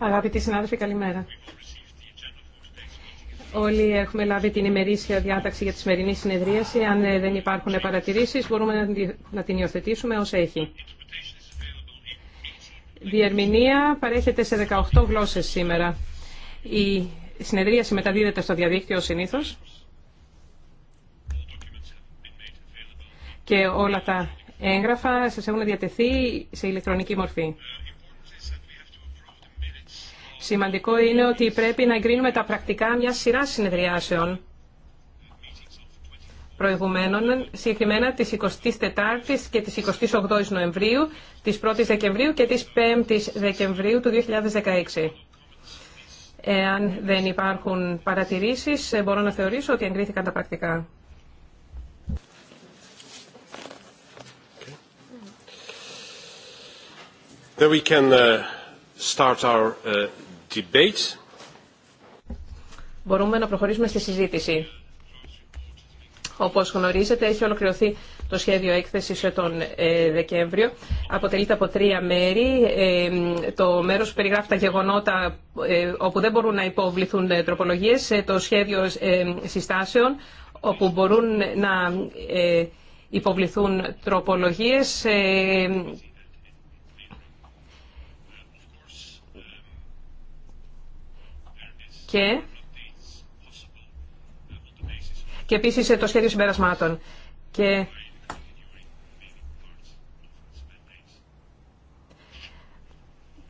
Αγαπητοί συνάδελφοι, καλημέρα. Όλοι έχουμε λάβει την ημερήσια διάταξη για τη σημερινή συνεδρίαση. Αν ε, δεν υπάρχουν παρατηρήσεις, μπορούμε να την υιοθετήσουμε ως έχει. Διερμηνία παρέχεται σε 18 γλώσσες σήμερα. Η συνεδρίαση μεταδίδεται στο διαδίκτυο συνήθως. Και όλα τα έγγραφα σας έχουν διατεθεί σε ηλεκτρονική μορφή. Σημαντικό είναι ότι πρέπει να εγκρίνουμε τα πρακτικά μια σειρά συνεδριάσεων προηγουμένων, συγκεκριμένα της 24ης και της 28ης Νοεμβρίου, της 1ης Δεκεμβρίου και της 5ης Δεκεμβρίου του 2016. Εάν δεν υπάρχουν παρατηρήσεις, μπορώ να θεωρήσω ότι εγκρίθηκαν τα πρακτικά. Uh, uh, Μπορούμε να προχωρήσουμε στη συζήτηση. Όπως γνωρίζετε, έχει ολοκληρωθεί το σχέδιο έκθεσης ε, τον ε, Δεκέμβριο. Αποτελείται από τρία μέρη. Ε, το μέρος που περιγράφει τα γεγονότα όπου δεν μπορούν να υποβληθούν τροπολογίες, το σχέδιο συστάσεων όπου μπορούν να υποβληθούν τροπολογίες και, και επίσης ε, το σχέδιο συμπερασμάτων. Και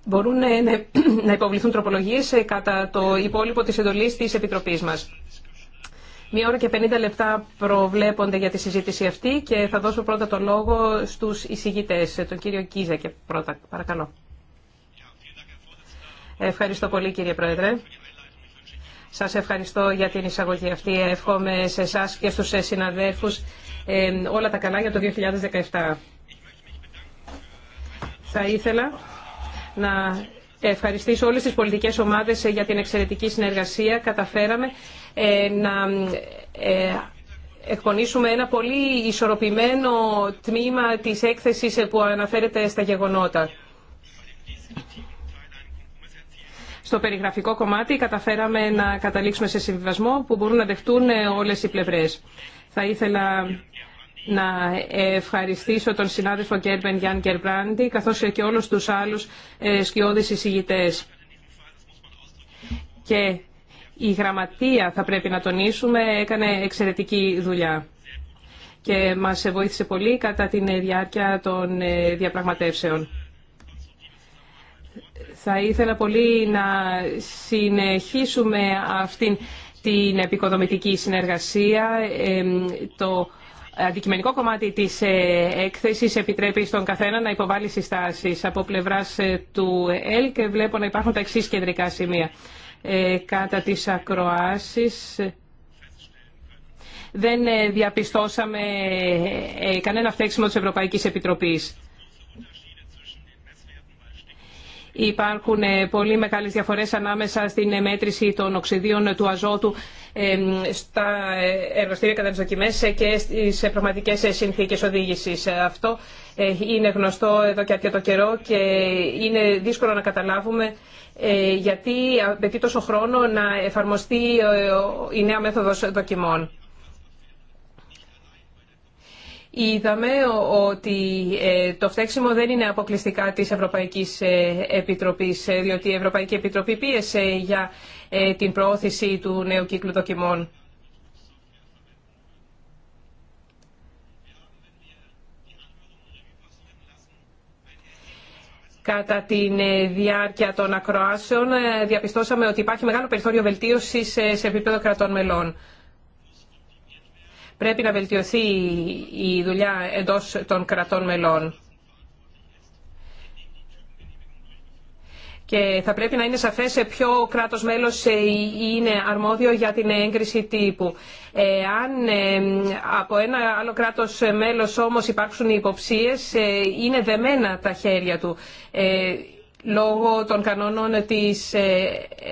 μπορούν ε, να υποβληθούν τροπολογίες ε, κατά το υπόλοιπο της εντολής της Επιτροπής μας. Μία ώρα και 50 λεπτά προβλέπονται για τη συζήτηση αυτή και θα δώσω πρώτα το λόγο στους εισηγητές, τον κύριο Κίζα και πρώτα. Παρακαλώ. Ευχαριστώ πολύ κύριε Πρόεδρε. Σας ευχαριστώ για την εισαγωγή αυτή. Εύχομαι σε εσά και στους ε, όλα τα καλά για το 2017. Θα ήθελα να ευχαριστήσω όλες τις πολιτικές ομάδες για την εξαιρετική συνεργασία. Καταφέραμε να ε, εκπονήσουμε ένα πολύ ισορροπημένο τμήμα της έκθεσης που αναφέρεται στα γεγονότα. στο περιγραφικό κομμάτι καταφέραμε να καταλήξουμε σε συμβιβασμό που μπορούν να δεχτούν ε, όλες οι πλευρές. Θα ήθελα να ευχαριστήσω τον συνάδελφο Κέρμπεν Γιάν Κερμπράντη καθώς και όλους τους άλλους ε, σκιώδεις εισηγητές. Και η γραμματεία, θα πρέπει να τονίσουμε, έκανε εξαιρετική δουλειά και μας βοήθησε πολύ κατά τη διάρκεια των ε, διαπραγματεύσεων. Θα ήθελα πολύ να συνεχίσουμε αυτήν την επικοδομητική συνεργασία. Το αντικειμενικό κομμάτι της ε, έκθεσης επιτρέπει στον καθένα να υποβάλει συστάσεις. Από πλευράς ε, του ΕΛ και βλέπω να υπάρχουν τα εξής κεντρικά σημεία. Ε, κατά τις ακροάσεις δεν διαπιστώσαμε κανένα φταίξιμο της Ευρωπαϊκής Επιτροπής. Υπάρχουν ε, πολύ μεγάλες διαφορές ανάμεσα στην ε, μέτρηση των οξυδίων ε, του αζότου στα εργαστήρια κατά τις δοκιμές και στις πραγματικές συνθήκες οδήγησης. Αυτό είναι γνωστό εδώ και αρκετό καιρό και είναι δύσκολο να καταλάβουμε γιατί απαιτεί τόσο χρόνο να εφαρμοστεί η νέα μέθοδος δοκιμών. Είδαμε ότι ε, το φταίξιμο δεν είναι αποκλειστικά της Ευρωπαϊκής ε, Επιτροπής, ε, διότι η Ευρωπαϊκή Επιτροπή πίεσε για την προώθηση του νέου κύκλου δοκιμών. Κατά τη διάρκεια των ακροάσεων διαπιστώσαμε ότι υπάρχει μεγάλο περιθώριο βελτίωσης σε επίπεδο κρατών μελών. Πρέπει να βελτιωθεί η δουλειά εντός των κρατών μελών. Και θα πρέπει να είναι σαφές σε ποιο κράτος μέλος ε, είναι αρμόδιο για την έγκριση τύπου. Ε, αν ε, από ένα άλλο κράτος μέλος όμως υπάρξουν υποψίες, είναι δεμένα τα χέρια του λόγω των κανόνων της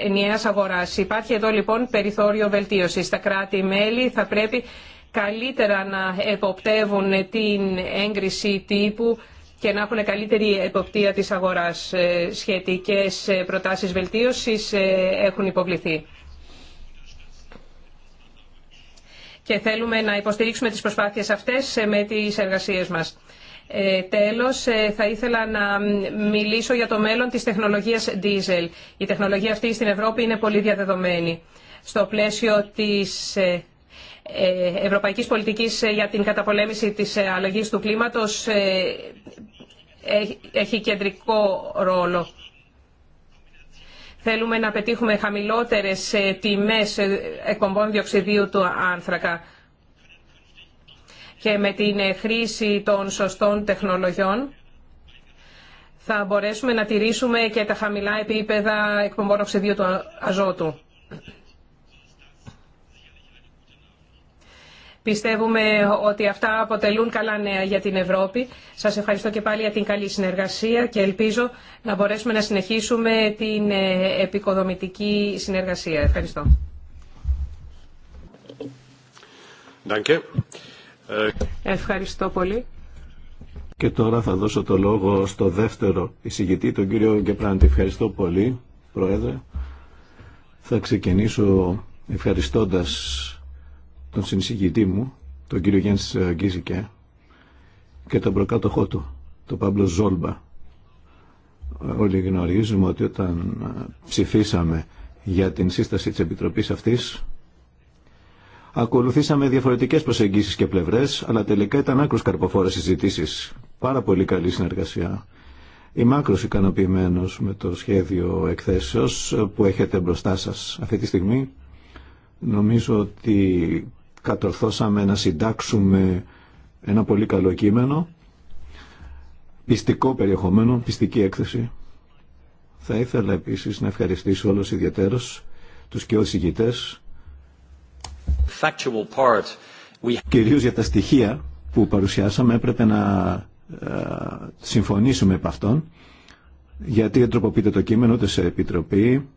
ενιαίας αγοράς. Υπάρχει εδώ λοιπόν περιθώριο βελτίωσης. Τα κράτη-μέλη θα πρέπει καλύτερα να εποπτεύουν την έγκριση τύπου και να έχουν καλύτερη εποπτεία της αγοράς. Ε, σχετικές ε, προτάσεις βελτίωσης ε, έχουν υποβληθεί. Και θέλουμε να υποστηρίξουμε τις προσπάθειες αυτές με τις εργασίες μας. Τέλος, θα ήθελα να μιλήσω για το μέλλον της τεχνολογίας diesel. Η τεχνολογία αυτή στην Ευρώπη είναι πολύ διαδεδομένη. Στο πλαίσιο της ε, ευρωπαϊκής πολιτικής ε, για την καταπολέμηση της ε, αλλαγής του κλίματος έχει κεντρικό ρόλο. Θέλουμε να πετύχουμε χαμηλότερες τιμές εκπομπών διοξιδίου του άνθρακα και με την χρήση των σωστών τεχνολογιών θα μπορέσουμε να τηρήσουμε και τα χαμηλά επίπεδα εκπομπών οξυδίου του αζότου. Πιστεύουμε ότι αυτά αποτελούν καλά νέα για την Ευρώπη. Σας ευχαριστώ και πάλι για την καλή συνεργασία και ελπίζω να μπορέσουμε να συνεχίσουμε την ε, επικοδομητική συνεργασία. Ευχαριστώ. Ε, ευχαριστώ πολύ. Και τώρα θα δώσω το λόγο στο δεύτερο εισηγητή, τον κύριο Γκεπράντη. Ευχαριστώ πολύ, Πρόεδρε. Θα ξεκινήσω ευχαριστώντας τον συνεισηγητή μου, τον κύριο Γιάννης ε, Γκίζικε, και τον προκάτοχό του, τον Παύλο Ζόλμπα. Ε, όλοι γνωρίζουμε ότι όταν ε, ψηφίσαμε για την σύσταση της Επιτροπής αυτής, ακολουθήσαμε διαφορετικές προσεγγίσεις και πλευρές, αλλά τελικά ήταν άκρος καρποφόρες συζητήσεις. Πάρα πολύ καλή συνεργασία. Είμαι άκρος ικανοποιημένος με το σχέδιο εκθέσεως που έχετε μπροστά σας αυτή τη στιγμή. Νομίζω ότι κατορθώσαμε να συντάξουμε ένα πολύ καλό κείμενο, πιστικό περιεχομένο, πιστική έκθεση. Θα ήθελα επίσης να ευχαριστήσω όλους ιδιαίτερος τους και όσοι ηγητές, κυρίως για τα στοιχεία που παρουσιάσαμε έπρεπε να ε, συμφωνήσουμε επ' αυτών γιατί δεν τροποποιείται το κείμενο ούτε σε επιτροπή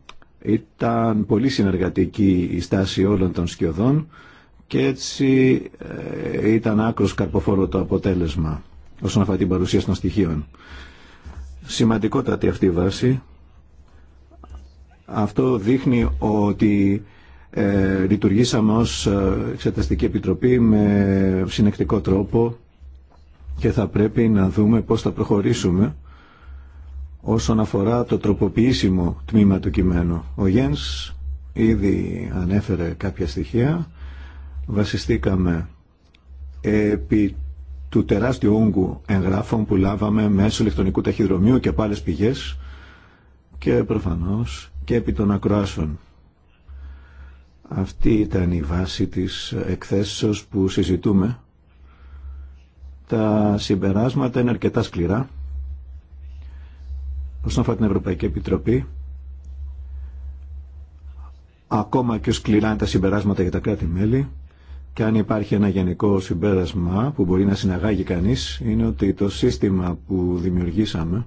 ήταν πολύ συνεργατική η στάση όλων των σκιωδών και έτσι ε, ήταν άκρος καρποφόρο το αποτέλεσμα όσον αφορά την παρουσίαση των στοιχείων. Σημαντικότατη αυτή η βάση. Αυτό δείχνει ότι ε, λειτουργήσαμε ως ε, Εξεταστική Επιτροπή με συνεκτικό τρόπο και θα πρέπει να δούμε πώς θα προχωρήσουμε όσον αφορά το τροποποιήσιμο τμήμα του κειμένου. Ο Γένς ήδη ανέφερε κάποια στοιχεία βασιστήκαμε επί του τεράστιου όγκου εγγράφων που λάβαμε μέσω ηλεκτρονικού ταχυδρομείου και από άλλες πηγές και προφανώς και επί των ακροάσεων. Αυτή ήταν η βάση της εκθέσεως που συζητούμε. Τα συμπεράσματα είναι αρκετά σκληρά. Όσον αφορά την Ευρωπαϊκή Επιτροπή, ακόμα και σκληρά είναι τα συμπεράσματα για τα κράτη-μέλη. Και αν υπάρχει ένα γενικό συμπέρασμα που μπορεί να συναγάγει κανείς, είναι ότι το σύστημα που δημιουργήσαμε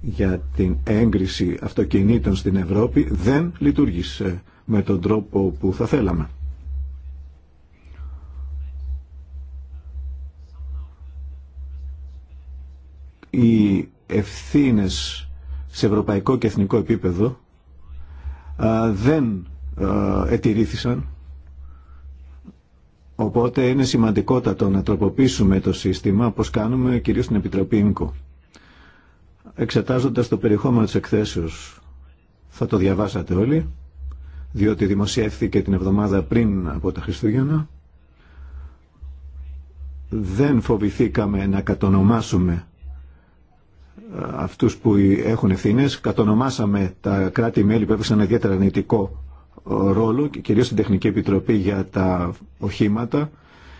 για την έγκριση αυτοκινήτων στην Ευρώπη δεν λειτουργήσε με τον τρόπο που θα θέλαμε. Οι ευθύνες σε ευρωπαϊκό και εθνικό επίπεδο δεν ετηρήθησαν Οπότε είναι σημαντικότατο να τροποποιήσουμε το σύστημα, όπως κάνουμε κυρίως στην Επιτροπή ΙΜΚΟ. Εξετάζοντας το περιεχόμενο της εκθέσεως, θα το διαβάσατε όλοι, διότι δημοσιεύθηκε την εβδομάδα πριν από τα Χριστούγεννα. Δεν φοβηθήκαμε να κατονομάσουμε ε, αυτούς που έχουν ευθύνε. Κατονομάσαμε τα κράτη-μέλη που έπαιξαν ιδιαίτερα αρνητικό ρόλο και κυρίως στην Τεχνική Επιτροπή για τα οχήματα,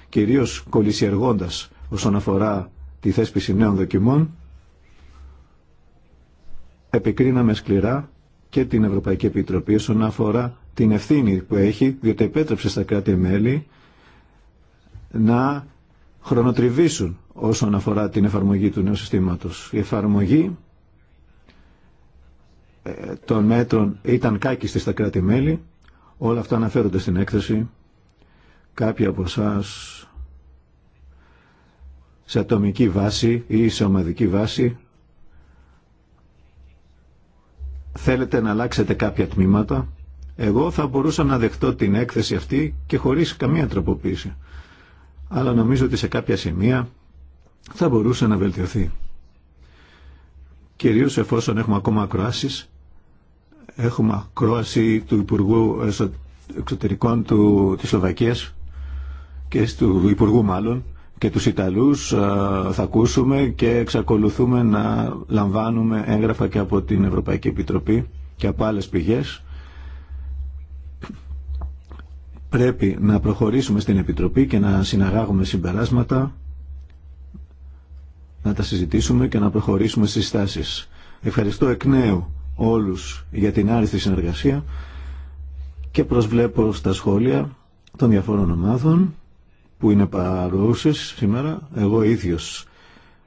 κυρίως κολλησιεργώντας όσον αφορά τη θέσπιση νέων δοκιμών, επικρίναμε σκληρά και την Ευρωπαϊκή Επιτροπή όσον αφορά την ευθύνη που έχει, διότι επέτρεψε στα κράτη-μέλη να χρονοτριβήσουν όσον αφορά την εφαρμογή του νέου συστήματος. Η εφαρμογή των μέτρων ήταν κάκιστη στα κράτη-μέλη. Όλα αυτά αναφέρονται στην έκθεση. Κάποιοι από εσά σε ατομική βάση ή σε ομαδική βάση θέλετε να αλλάξετε κάποια τμήματα. Εγώ θα μπορούσα να δεχτώ την έκθεση αυτή και χωρίς καμία τροποποίηση. Αλλά νομίζω ότι σε κάποια σημεία θα μπορούσε να βελτιωθεί. Κυρίως εφόσον έχουμε ακόμα ακροάσεις Έχουμε ακρόαση του Υπουργού Εξωτερικών του, της Σλοβακίας και του Υπουργού μάλλον και τους Ιταλούς θα ακούσουμε και εξακολουθούμε να λαμβάνουμε έγγραφα και από την Ευρωπαϊκή Επιτροπή και από άλλες πηγές. Πρέπει να προχωρήσουμε στην Επιτροπή και να συναγάγουμε συμπεράσματα, να τα συζητήσουμε και να προχωρήσουμε στις στάσεις. Ευχαριστώ εκ νέου όλους για την άριστη συνεργασία και προσβλέπω στα σχόλια των διαφόρων ομάδων που είναι παρούσες σήμερα. Εγώ ίδιος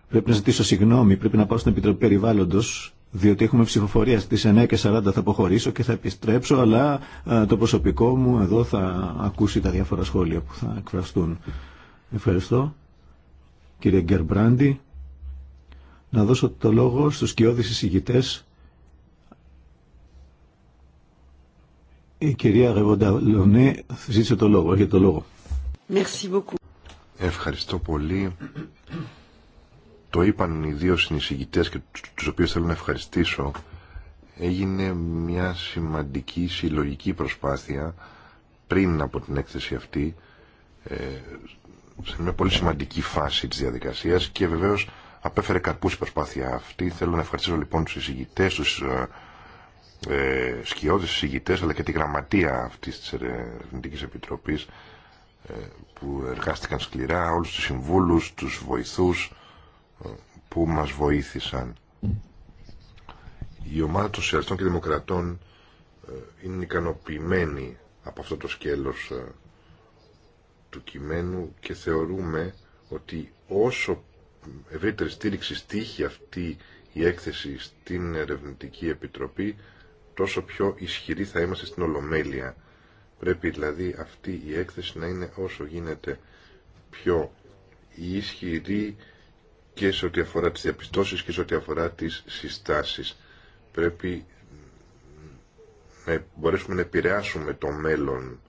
πρέπει να ζητήσω συγγνώμη, πρέπει να πάω στην Επιτροπή Περιβάλλοντος διότι έχουμε ψηφοφορία στις 9.40 θα αποχωρήσω και θα επιστρέψω, αλλά το προσωπικό μου εδώ θα ακούσει τα διάφορα σχόλια που θα εκφραστούν. Ευχαριστώ. Κύριε Μπράντι, να δώσω το λόγο στους κοιόδης εισηγητές Η κυρία Λονέ, ζήτησε το λόγο. Έχετε το λόγο. Ευχαριστώ πολύ. Το είπαν οι δύο συνεισηγητές και τους οποίους θέλω να ευχαριστήσω. Έγινε μια σημαντική συλλογική προσπάθεια πριν από την έκθεση αυτή ε, σε μια πολύ σημαντική φάση της διαδικασίας και βεβαίως απέφερε καρπούς η προσπάθεια αυτή. Θέλω να ευχαριστήσω λοιπόν τους συζητητές, τους ε, ε, σκιώδεις αλλά και τη γραμματεία αυτής της Ερευνητικής Επιτροπής ε, που εργάστηκαν σκληρά, όλους τους συμβούλους, τους βοηθούς ε, που μας βοήθησαν. Η ομάδα των Σοσιαλιστών και Δημοκρατών ε, είναι ικανοποιημένη από αυτό το σκέλος του κειμένου και θεωρούμε ότι όσο ευρύτερη στήριξη στήχει αυτή η έκθεση στην Ερευνητική Επιτροπή τόσο πιο ισχυρή θα είμαστε στην Ολομέλεια. Πρέπει δηλαδή αυτή η έκθεση να είναι όσο γίνεται πιο ισχυρή και σε ό,τι αφορά τις διαπιστώσεις και σε ό,τι αφορά τις συστάσεις. Πρέπει να μπορέσουμε να επηρεάσουμε το μέλλον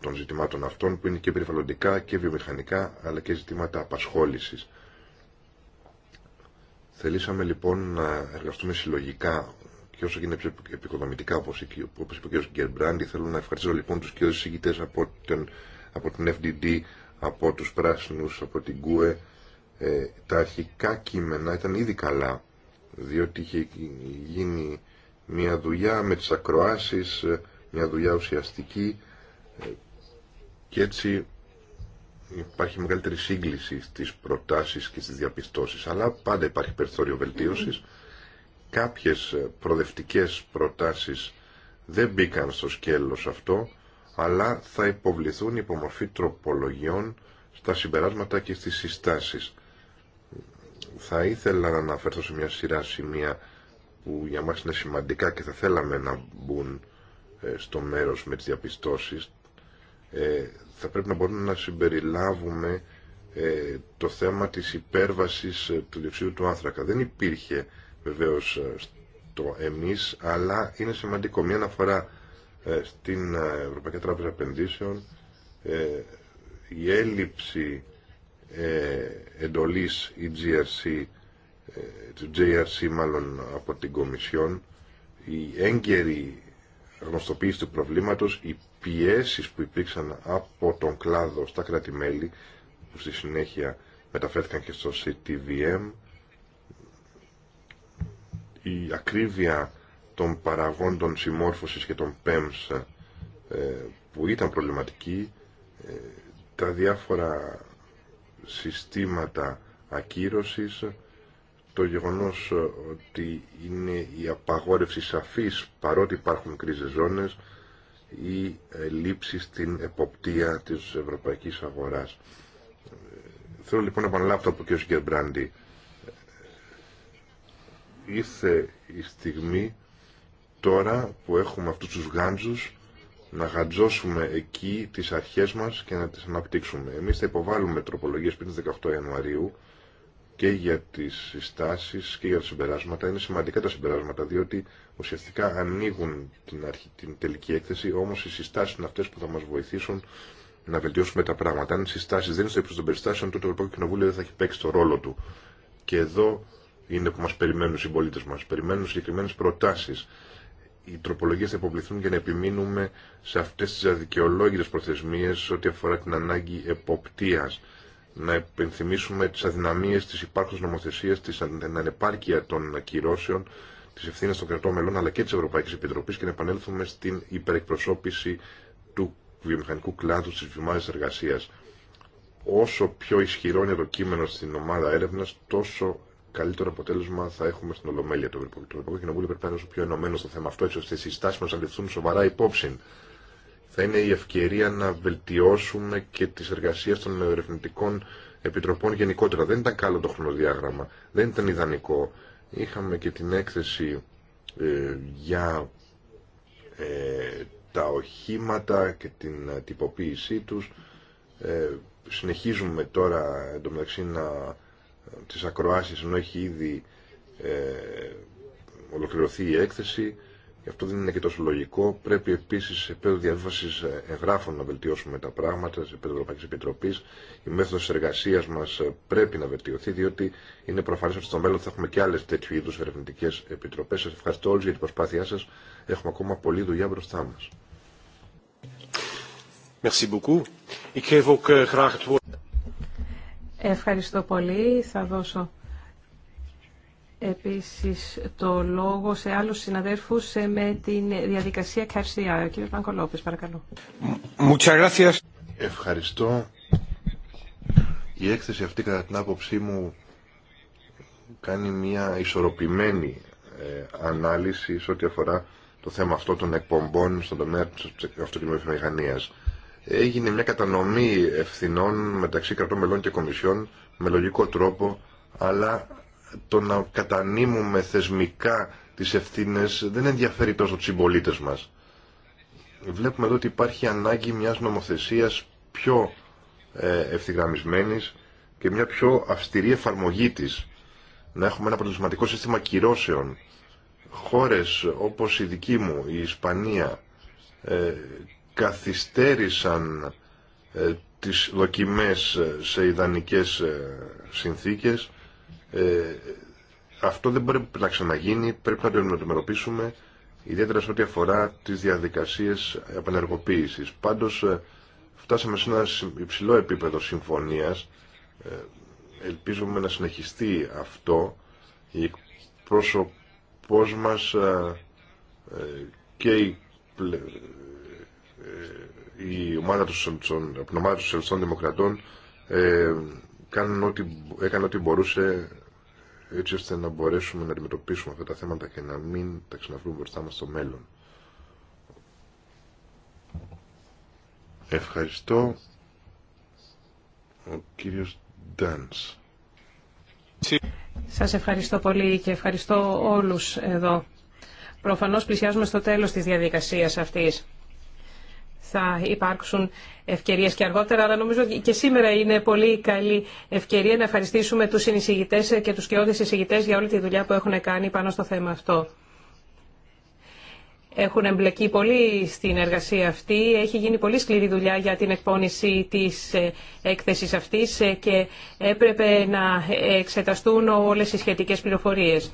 των ζητημάτων αυτών που είναι και περιβαλλοντικά και βιομηχανικά αλλά και ζητήματα απασχόλησης. Θελήσαμε λοιπόν να εργαστούμε συλλογικά και όσο γίνεται επικοδομητικά, όπως, είπε ο κ. Γκερμπράντι, θέλω να ευχαριστήσω λοιπόν τους κύριους συζητητές από, από την FDD, από τους πράσινους, από την ΚΟΕ. Ε, τα αρχικά κείμενα ήταν ήδη καλά, διότι είχε γίνει μια δουλειά με τις ακροάσεις, ε, μια δουλειά ουσιαστική ε, και έτσι υπάρχει μεγαλύτερη σύγκληση στις προτάσεις και στις διαπιστώσεις, αλλά πάντα υπάρχει περιθώριο βελτίωσης. Κάποιες ε, προδευτικές προτάσεις δεν μπήκαν στο σκέλος αυτό, αλλά θα υποβληθούν μορφή τροπολογιών στα συμπεράσματα και στις συστάσεις. Θα ήθελα να αναφερθώ σε μια σειρά σημεία που για μας είναι σημαντικά και θα θέλαμε να μπουν ε, στο μέρος με τις διαπιστώσεις. Ε, θα πρέπει να μπορούμε να συμπεριλάβουμε το θέμα της υπέρβασης του διοξείδου του άνθρακα. Δεν υπήρχε βεβαίως ε, στο εμείς, αλλά είναι σημαντικό. Μια αναφορά ε, στην ε, Ευρωπαϊκή Τράπεζα Επενδύσεων, η έλλειψη εντολής η GRC, του JRC μάλλον από την Κομισιόν, η έγκαιρη γνωστοποίηση του προβλήματος, οι πιέσεις που υπήρξαν από τον κλάδο στα κράτη-μέλη, που στη συνέχεια μεταφέρθηκαν και στο CTVM, η ακρίβεια των παραγόντων συμμόρφωσης και των ΠΕΜΣ που ήταν προβληματική, ε, τα διάφορα συστήματα ακύρωσης, το γεγονός ε, ότι είναι η απαγόρευση σαφής παρότι υπάρχουν κρίζες ζώνες ή ε, λήψη στην εποπτεία της ευρωπαϊκής αγοράς. Θέλω λοιπόν να επαναλάβω αυτό που κ ήρθε η στιγμή τώρα που έχουμε αυτούς τους γάντζους να γαντζώσουμε εκεί τις αρχές μας και να τις αναπτύξουμε. Εμείς θα υποβάλουμε τροπολογίες πριν 18 Ιανουαρίου και για τις συστάσεις και για τα συμπεράσματα. Είναι σημαντικά τα συμπεράσματα διότι ουσιαστικά ανοίγουν την, την τελική έκθεση, όμως οι συστάσεις είναι αυτές που θα μας βοηθήσουν να βελτιώσουμε τα πράγματα. Αν οι συστάσεις δεν είναι στο ύψος των περιστάσεων, τότε το Ευρωπαϊκό Κοινοβούλιο δεν θα έχει παίξει το ρόλο του. Και εδώ είναι που μας περιμένουν οι συμπολίτες μας. Περιμένουν συγκεκριμένες προτάσεις. Οι τροπολογίες θα υποβληθούν για να επιμείνουμε σε αυτές τις αδικαιολόγητες προθεσμίες ό,τι αφορά την ανάγκη εποπτείας. Να επενθυμίσουμε τις αδυναμίες της υπάρχουσας νομοθεσίας, την ανεπάρκεια των ακυρώσεων, τις ευθύνης των κρατών μελών αλλά και της Ευρωπαϊκής Επιτροπής και να επανέλθουμε στην υπερεκπροσώπηση του βιομηχανικού κλάδου στις βιομάδες εργασίας. Όσο πιο ισχυρό είναι το κείμενο στην ομάδα έρευνας, τόσο καλύτερο αποτέλεσμα θα έχουμε στην Ολομέλεια του Ευρωπαϊκού. Το Ευρωπαϊκό Κοινοβούλιο πρέπει να είναι όσο πιο ενωμένο στο θέμα αυτό, έτσι ώστε οι συστάσει μα να ληφθούν σοβαρά υπόψη. Θα είναι η ευκαιρία να βελτιώσουμε και τι εργασίε των ερευνητικών επιτροπών γενικότερα. Δεν ήταν καλό το χρονοδιάγραμμα, δεν ήταν ιδανικό. Είχαμε και την έκθεση ε, για ε, τα οχήματα και την ε, τυποποίησή τους. Ε, συνεχίζουμε τώρα εντωμεταξύ να τις ακροάσεις ενώ έχει ήδη ε, ολοκληρωθεί η έκθεση Γι' αυτό δεν είναι και τόσο λογικό. Πρέπει επίση σε επίπεδο διαβίβαση εγγράφων να βελτιώσουμε τα πράγματα, σε επίπεδο Ευρωπαϊκή Επιτροπή. Η μέθοδο εργασία μα πρέπει να βελτιωθεί, διότι είναι προφανέ ότι στο μέλλον θα έχουμε και άλλε τέτοιου είδου ερευνητικέ επιτροπέ. Σα ευχαριστώ όλου για την προσπάθειά σα. Έχουμε ακόμα πολλή δουλειά μπροστά μα. Ευχαριστώ πολύ. Θα δώσω επίσης το λόγο σε άλλους συναδέρφους με τη διαδικασία Καρσιά. Ο κ. Πανκολόπης, παρακαλώ. Ευχαριστώ. Η έκθεση αυτή κατά την άποψή μου κάνει μια ισορροπημένη ε, ανάλυση σε ό,τι αφορά το θέμα αυτό των εκπομπών στον τομέα της αυτοκινημιομηχανίας έγινε μια κατανομή ευθυνών μεταξύ κρατών μελών και κομισιών με λογικό τρόπο, αλλά το να κατανείμουμε θεσμικά τις ευθύνες δεν ενδιαφέρει τόσο τους συμπολίτε μας. Βλέπουμε εδώ ότι υπάρχει ανάγκη μιας νομοθεσίας πιο ε, ευθυγραμμισμένης και μια πιο αυστηρή εφαρμογή της. Να έχουμε ένα αποτελεσματικό σύστημα κυρώσεων. Χώρες όπως η δική μου, η Ισπανία, ε, καθυστέρησαν ε, τις δοκιμές ε, σε ιδανικές ε, συνθήκες. Ε, αυτό δεν πρέπει να ξαναγίνει, πρέπει να το αντιμετωπίσουμε, ιδιαίτερα σε ό,τι αφορά τις διαδικασίες επανεργοποίησης. Πάντως, ε, φτάσαμε σε ένα υψηλό επίπεδο συμφωνίας. ελπίζουμε να συνεχιστεί αυτό. Η πρόσωπός μας και η ε, η ομάδα των, από των Δημοκρατών ε, κάνουν ό,τι, έκανε ό,τι μπορούσε έτσι ώστε να μπορέσουμε να αντιμετωπίσουμε αυτά τα θέματα και να μην τα ξαναβρούμε μπροστά μας στο μέλλον. Ευχαριστώ. Ο κύριος Ντάνς. Σας ευχαριστώ πολύ και ευχαριστώ όλους εδώ. Προφανώς πλησιάζουμε στο τέλος της διαδικασίας αυτής θα υπάρξουν ευκαιρίες και αργότερα, αλλά νομίζω και σήμερα είναι πολύ καλή ευκαιρία να ευχαριστήσουμε τους συνεισηγητές και τους κοιόδες εισηγητές για όλη τη δουλειά που έχουν κάνει πάνω στο θέμα αυτό. Έχουν εμπλεκεί πολύ στην εργασία αυτή. Έχει γίνει πολύ σκληρή δουλειά για την εκπόνηση της ε, έκθεσης αυτής ε, και έπρεπε να εξεταστούν όλες οι σχετικές πληροφορίες.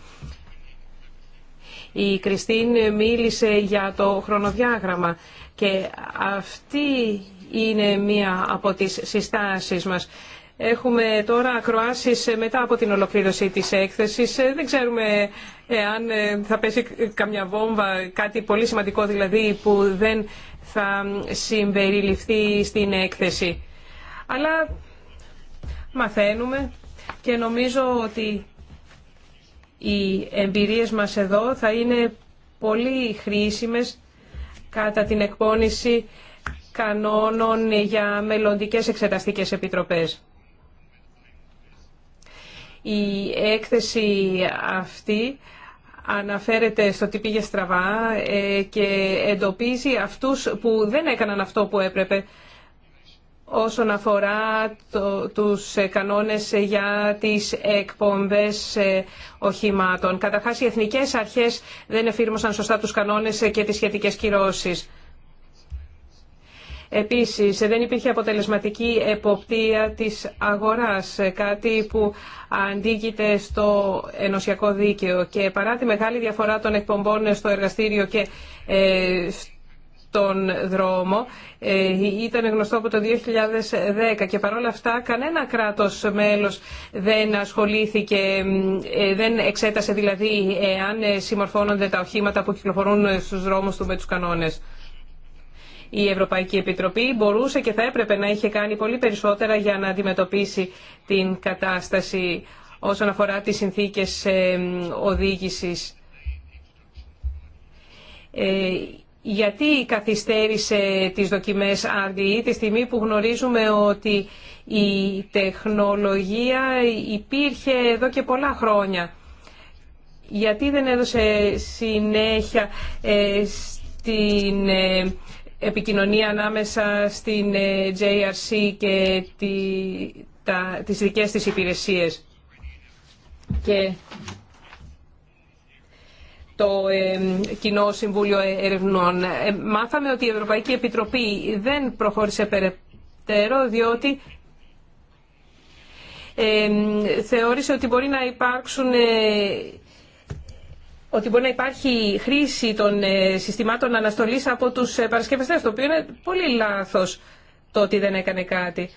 Η Κριστίν μίλησε για το χρονοδιάγραμμα. Και αυτή είναι μία από τις συστάσεις μας. Έχουμε τώρα ακροάσεις ε, μετά από την ολοκλήρωση της έκθεσης. Ε, δεν ξέρουμε ε, αν θα πέσει καμιά βόμβα, κάτι πολύ σημαντικό δηλαδή που δεν θα συμπεριληφθεί στην έκθεση. Αλλά μαθαίνουμε και νομίζω ότι οι εμπειρίες μας εδώ θα είναι πολύ χρήσιμες κατά την εκπόνηση κανόνων για μελλοντικές εξεταστικές επιτροπές. Η έκθεση αυτή αναφέρεται στο τι πήγε στραβά ε, και εντοπίζει αυτούς που δεν έκαναν αυτό που έπρεπε όσον αφορά τους ε, κανόνες ε, για τις εκπομπές ε, οχημάτων. Καταρχάς, οι εθνικές αρχές δεν εφήρμοσαν σωστά τους κανόνες και τις σχετικές κυρώσεις. Επίσης, δεν υπήρχε αποτελεσματική εποπτεία της αγοράς, κάτι που αντίκειται στο ενωσιακό δίκαιο. Και παρά τη μεγάλη διαφορά των εκπομπών στο εργαστήριο και ε, τον δρόμο. Ε, ήταν γνωστό από το 2010 και παρόλα αυτά κανένα κράτος μέλος δεν ασχολήθηκε, ε, δεν εξέτασε δηλαδή ε, αν συμμορφώνονται τα οχήματα που κυκλοφορούν στους δρόμους του με τους κανόνες. Η Ευρωπαϊκή Επιτροπή μπορούσε και θα έπρεπε να είχε κάνει πολύ περισσότερα για να αντιμετωπίσει την κατάσταση όσον αφορά τις συνθήκες οδήγησης γιατί καθυστέρησε τις δοκιμές RDE τη στιγμή που γνωρίζουμε ότι η τεχνολογία υπήρχε εδώ και πολλά χρόνια. Γιατί δεν έδωσε συνέχεια ε, στην ε, επικοινωνία ανάμεσα στην ε, JRC και τη, τα, τις δικές της υπηρεσίες. Και το Κοινό Συμβούλιο Ερευνών. Ε, μάθαμε ότι η Ευρωπαϊκή Επιτροπή δεν προχώρησε περαιτέρω διότι θεώρησε ότι μπορεί να υπάρξουν ε, ότι μπορεί να υπάρχει χρήση των ε, συστημάτων αναστολής από τους παρασκευαστές, το οποίο είναι πολύ λάθος το ότι δεν έκανε κάτι.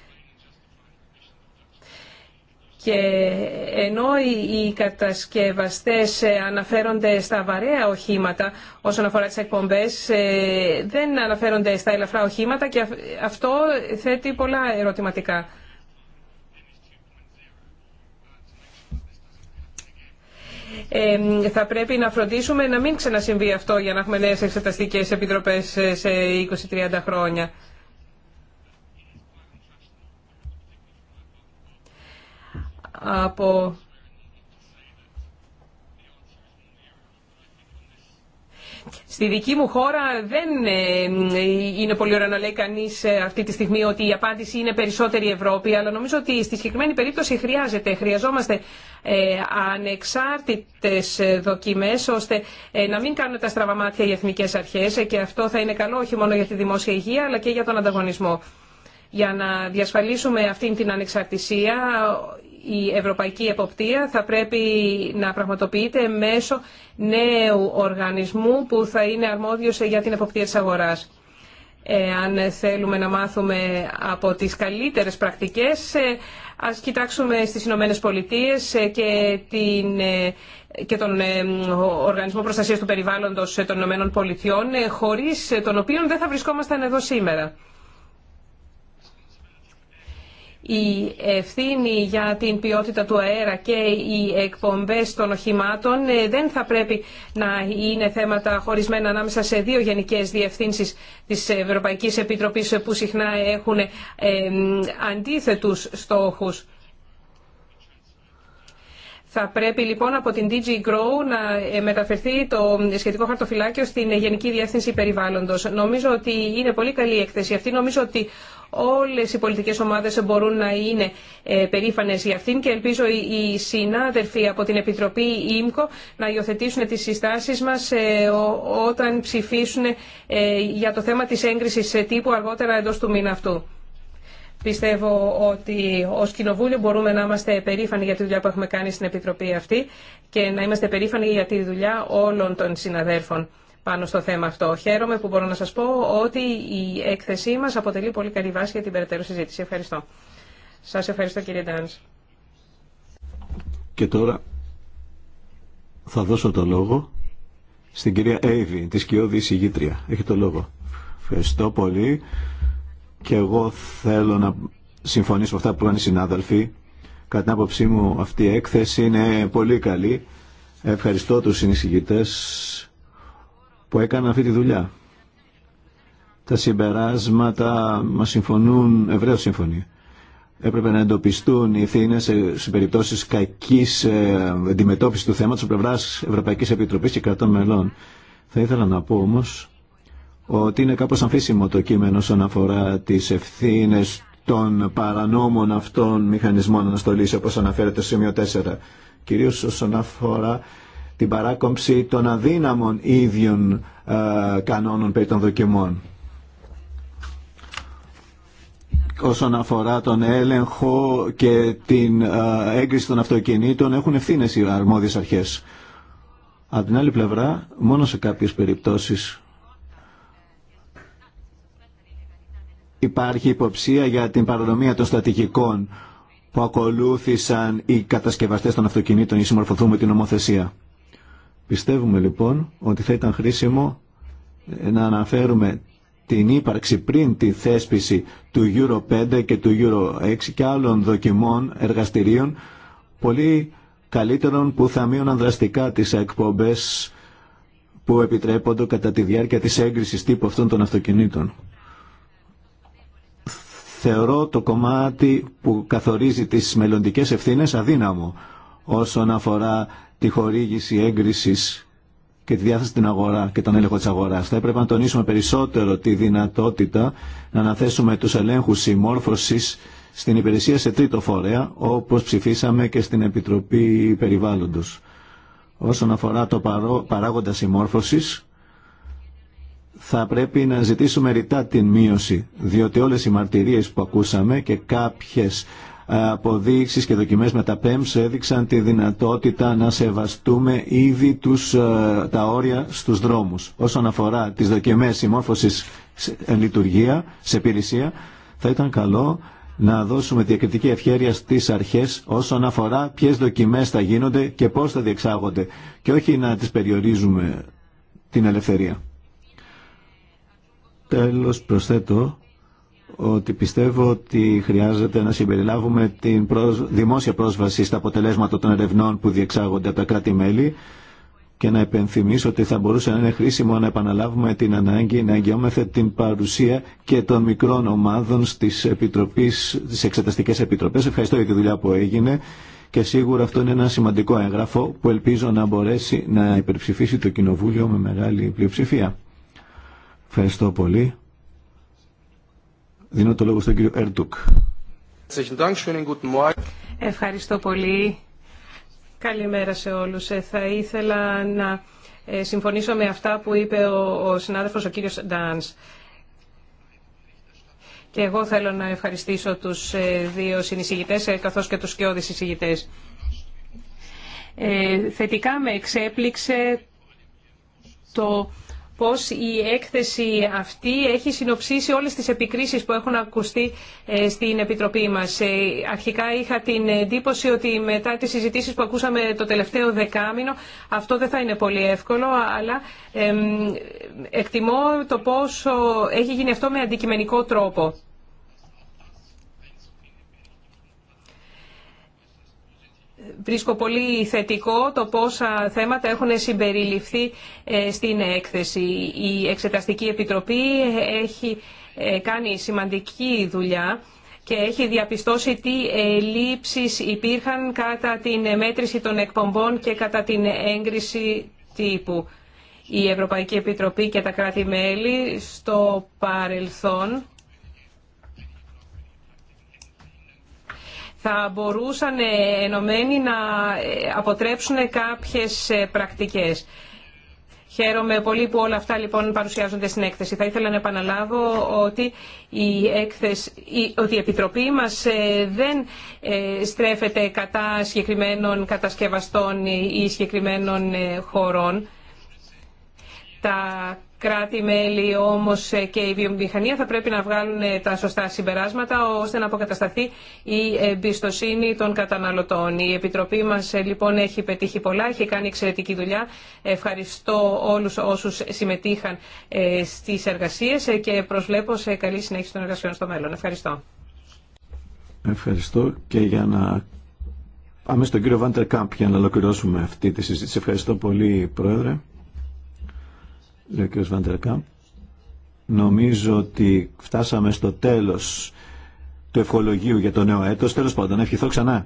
Και ενώ οι κατασκευαστές ε, αναφέρονται στα βαρέα οχήματα όσον αφορά τις εκπομπές, ε, δεν αναφέρονται στα ελαφρά οχήματα και αυτό θέτει πολλά ερωτηματικά. θα πρέπει να φροντίσουμε να μην ξανασυμβεί αυτό για να έχουμε νέες εξεταστικές επιτροπές ε, σε 20-30 χρόνια. από Στη δική μου χώρα δεν ε, ε, είναι πολύ ωραίο να λέει κανεί ε, αυτή τη στιγμή ότι η απάντηση είναι περισσότερη Ευρώπη, αλλά νομίζω ότι στη συγκεκριμένη περίπτωση χρειάζεται. Χρειαζόμαστε ανεξάρτητες δοκιμές ώστε να μην κάνουν τα στραβαμάτια οι εθνικές αρχές και αυτό θα είναι καλό όχι μόνο για τη δημόσια υγεία αλλά και για τον ανταγωνισμό. Για να διασφαλίσουμε αυτή την ανεξαρτησία η ευρωπαϊκή εποπτεία θα πρέπει να πραγματοποιείται μέσω νέου οργανισμού που θα είναι αρμόδιος για την εποπτεία της αγοράς. Αν θέλουμε να μάθουμε από τις καλύτερες πρακτικές, ας κοιτάξουμε στις Ηνωμένε Πολιτείε και, την, και τον ε, Οργανισμό Προστασίας του Περιβάλλοντος των Ηνωμένων Πολιτειών, ε, χωρίς τον οποίο δεν θα βρισκόμασταν εδώ σήμερα η ευθύνη για την ποιότητα του αέρα και οι εκπομπές των οχημάτων ε, δεν θα πρέπει να είναι θέματα χωρισμένα ανάμεσα σε δύο γενικές διευθύνσεις της Ευρωπαϊκής Επιτροπής που συχνά έχουν ε, αντίθετους στόχους. Θα πρέπει λοιπόν από την DG Grow να ε, μεταφερθεί το σχετικό χαρτοφυλάκιο στην Γενική Διεύθυνση Περιβάλλοντος. Νομίζω ότι είναι πολύ καλή η έκθεση αυτή. Νομίζω ότι όλες οι πολιτικές ομάδες μπορούν να είναι ε, περήφανες για αυτήν και ελπίζω οι συνάδελφοι από την Επιτροπή ΙΜΚΟ να υιοθετήσουν τις συστάσεις μας ε, όταν ψηφίσουν για το θέμα της έγκρισης τύπου αργότερα εντός του μήνα αυτού. Πιστεύω ότι ω Κοινοβούλιο μπορούμε να είμαστε περήφανοι για τη δουλειά που έχουμε κάνει στην Επιτροπή αυτή και να είμαστε περήφανοι για τη δουλειά όλων των συναδέρφων πάνω στο θέμα αυτό. Χαίρομαι που μπορώ να σας πω ότι η έκθεσή μας αποτελεί πολύ καλή βάση για την περαιτέρω συζήτηση. Ευχαριστώ. Σας ευχαριστώ κύριε Ντάνς. Και τώρα θα δώσω το λόγο στην κυρία Έιβη, τη σκιώδη εισηγήτρια. Έχει το λόγο. Ευχαριστώ πολύ. Και εγώ θέλω να συμφωνήσω με αυτά που λένε οι συνάδελφοι. Κατά την άποψή μου αυτή η έκθεση είναι πολύ καλή. Ευχαριστώ τους συνεισηγητές που έκαναν αυτή τη δουλειά. Τα συμπεράσματα μα συμφωνούν, ευρέω συμφωνεί. Έπρεπε να εντοπιστούν οι ευθύνε σε περιπτώσει κακή ε, αντιμετώπιση του θέματο από πλευρά Ευρωπαϊκή Επιτροπή και κρατών μελών. Θα ήθελα να πω όμω ότι είναι κάπως αμφίσιμο το κείμενο όσον αφορά τις ευθύνες των παρανόμων αυτών μηχανισμών αναστολής όπως αναφέρεται στο σημείο 4. Κυρίως όσον αφορά την παράκομψη των αδύναμων ίδιων ε, κανόνων περί των δοκιμών. Όσον αφορά τον έλεγχο και την ε, έγκριση των αυτοκινήτων έχουν ευθύνες οι αρμόδιες αρχές. Από την άλλη πλευρά, μόνο σε κάποιες περιπτώσεις υπάρχει υποψία για την παρανομία των στατικικών που ακολούθησαν οι κατασκευαστές των αυτοκινήτων ή συμμορφωθούν την νομοθεσία. Πιστεύουμε λοιπόν ότι θα ήταν χρήσιμο ε, να αναφέρουμε την ύπαρξη πριν τη θέσπιση του Euro 5 και του Euro 6 και άλλων δοκιμών εργαστηρίων πολύ καλύτερων που θα μείωναν δραστικά τις εκπομπές που επιτρέπονται κατά τη διάρκεια της έγκρισης τύπου αυτών των αυτοκινήτων θεωρώ το κομμάτι που καθορίζει τις μελλοντικέ ευθύνες αδύναμο όσον αφορά τη χορήγηση έγκρισης και τη διάθεση στην αγορά και τον έλεγχο της αγοράς. Θα έπρεπε να τονίσουμε περισσότερο τη δυνατότητα να αναθέσουμε τους ελέγχους συμμόρφωσης στην υπηρεσία σε τρίτο φορέα, όπως ψηφίσαμε και στην Επιτροπή Περιβάλλοντος. Όσον αφορά το παράγοντα συμμόρφωσης, θα πρέπει να ζητήσουμε ρητά την μείωση, διότι όλες οι μαρτυρίες που ακούσαμε και κάποιες ε, αποδείξεις και δοκιμές με τα ΠΕΜΣ έδειξαν τη δυνατότητα να σεβαστούμε ήδη τους, ε, τα όρια στους δρόμους. Όσον αφορά τις δοκιμές συμμόρφωσης σε λειτουργία, σε υπηρεσία, θα ήταν καλό να δώσουμε διακριτική ευχέρεια στις αρχές όσον αφορά ποιες δοκιμές θα γίνονται και πώς θα διεξάγονται και όχι να τις περιορίζουμε την ελευθερία. Τέλος προσθέτω ότι πιστεύω ότι χρειάζεται να συμπεριλάβουμε την δημόσια πρόσβαση στα αποτελέσματα των ερευνών που διεξάγονται από τα κράτη-μέλη και να επενθυμίσω ότι θα μπορούσε να είναι χρήσιμο να επαναλάβουμε την ανάγκη να εγγυόμεθε την παρουσία και των μικρών ομάδων στις, επιτροπές, στις εξεταστικές επιτροπές. Ευχαριστώ για τη δουλειά που έγινε και σίγουρα αυτό είναι ένα σημαντικό έγγραφο που ελπίζω να μπορέσει να υπερψηφίσει το Κοινοβούλιο με μεγάλη πλειοψηφία. Ευχαριστώ πολύ. Δίνω το λόγο στον κύριο Ερντούκ. Ευχαριστώ πολύ. Καλημέρα σε όλους. Ε, θα ήθελα να ε, συμφωνήσω με αυτά που είπε ο, ο συνάδελφος ο κύριος Ντάνς. Και εγώ θέλω να ευχαριστήσω τους ε, δύο συνεισηγητές καθώς και τους σκιώδεις συνεισηγητές. Ε, θετικά με εξέπληξε το πως η έκθεση αυτή έχει συνοψίσει όλες τις επικρίσεις που έχουν ακουστεί ε, στην Επιτροπή μας. Ε, αρχικά είχα την εντύπωση ότι μετά τις συζητήσεις που ακούσαμε το τελευταίο δεκάμινο αυτό δεν θα είναι πολύ εύκολο, αλλά εκτιμώ το πόσο έχει γίνει αυτό με αντικειμενικό τρόπο. βρίσκω πολύ θετικό το πόσα θέματα έχουν συμπεριληφθεί ε, στην έκθεση. Η Εξεταστική Επιτροπή έχει ε, κάνει σημαντική δουλειά και έχει διαπιστώσει τι λήψεις υπήρχαν κατά την μέτρηση των εκπομπών και κατά την έγκριση τύπου. Η Ευρωπαϊκή Επιτροπή και τα κράτη-μέλη στο παρελθόν θα μπορούσαν ε, ενωμένοι να ε, αποτρέψουν κάποιες ε, πρακτικές. Χαίρομαι πολύ που όλα αυτά λοιπόν παρουσιάζονται στην έκθεση. Θα ήθελα να επαναλάβω ότι η, έκθεση, ότι η Επιτροπή μας δεν στρέφεται κατά συγκεκριμένων κατασκευαστών ή συγκεκριμένων χωρών κράτη-μέλη όμως ε, και η βιομηχανία θα πρέπει να βγάλουν ε, τα σωστά συμπεράσματα ώστε να αποκατασταθεί η εμπιστοσύνη των καταναλωτών. Η Επιτροπή μας ε, λοιπόν έχει πετύχει πολλά, έχει κάνει εξαιρετική δουλειά. Ευχαριστώ όλους όσους συμμετείχαν στις εργασίες και προσβλέπω σε καλή συνέχιση των εργασιών στο μέλλον. Ευχαριστώ. Ευχαριστώ και για να πάμε στον κύριο Βάντερ Κάμπ για να ολοκληρώσουμε αυτή τη συζήτηση. Ευχαριστώ πολύ, Πρόεδρε λέει ο Νομίζω ότι φτάσαμε στο τέλος του ευχολογίου για το νέο έτος. Τέλος πάντων, ευχηθώ ξανά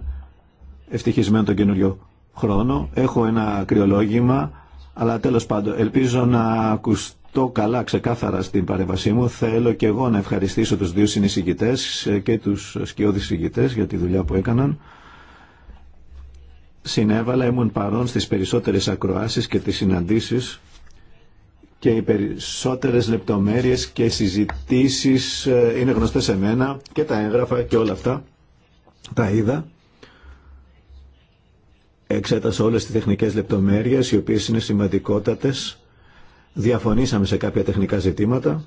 ευτυχισμένο τον καινούριο χρόνο. Έχω ένα κρυολόγημα, αλλά τέλος πάντων ελπίζω να ακουστώ καλά ξεκάθαρα στην παρέμβασή μου. Θέλω και εγώ να ευχαριστήσω τους δύο συνεισηγητές και τους σκιώδης συγητές για τη δουλειά που έκαναν. Συνέβαλα, ήμουν παρόν στις περισσότερες ακροάσεις και τις συναντήσεις και οι περισσότερες λεπτομέρειες και συζητήσεις ε, είναι γνωστές σε και τα έγγραφα και όλα αυτά τα είδα. Εξέτασα όλες τις τεχνικές λεπτομέρειες οι οποίες είναι σημαντικότατες. Διαφωνήσαμε σε κάποια τεχνικά ζητήματα.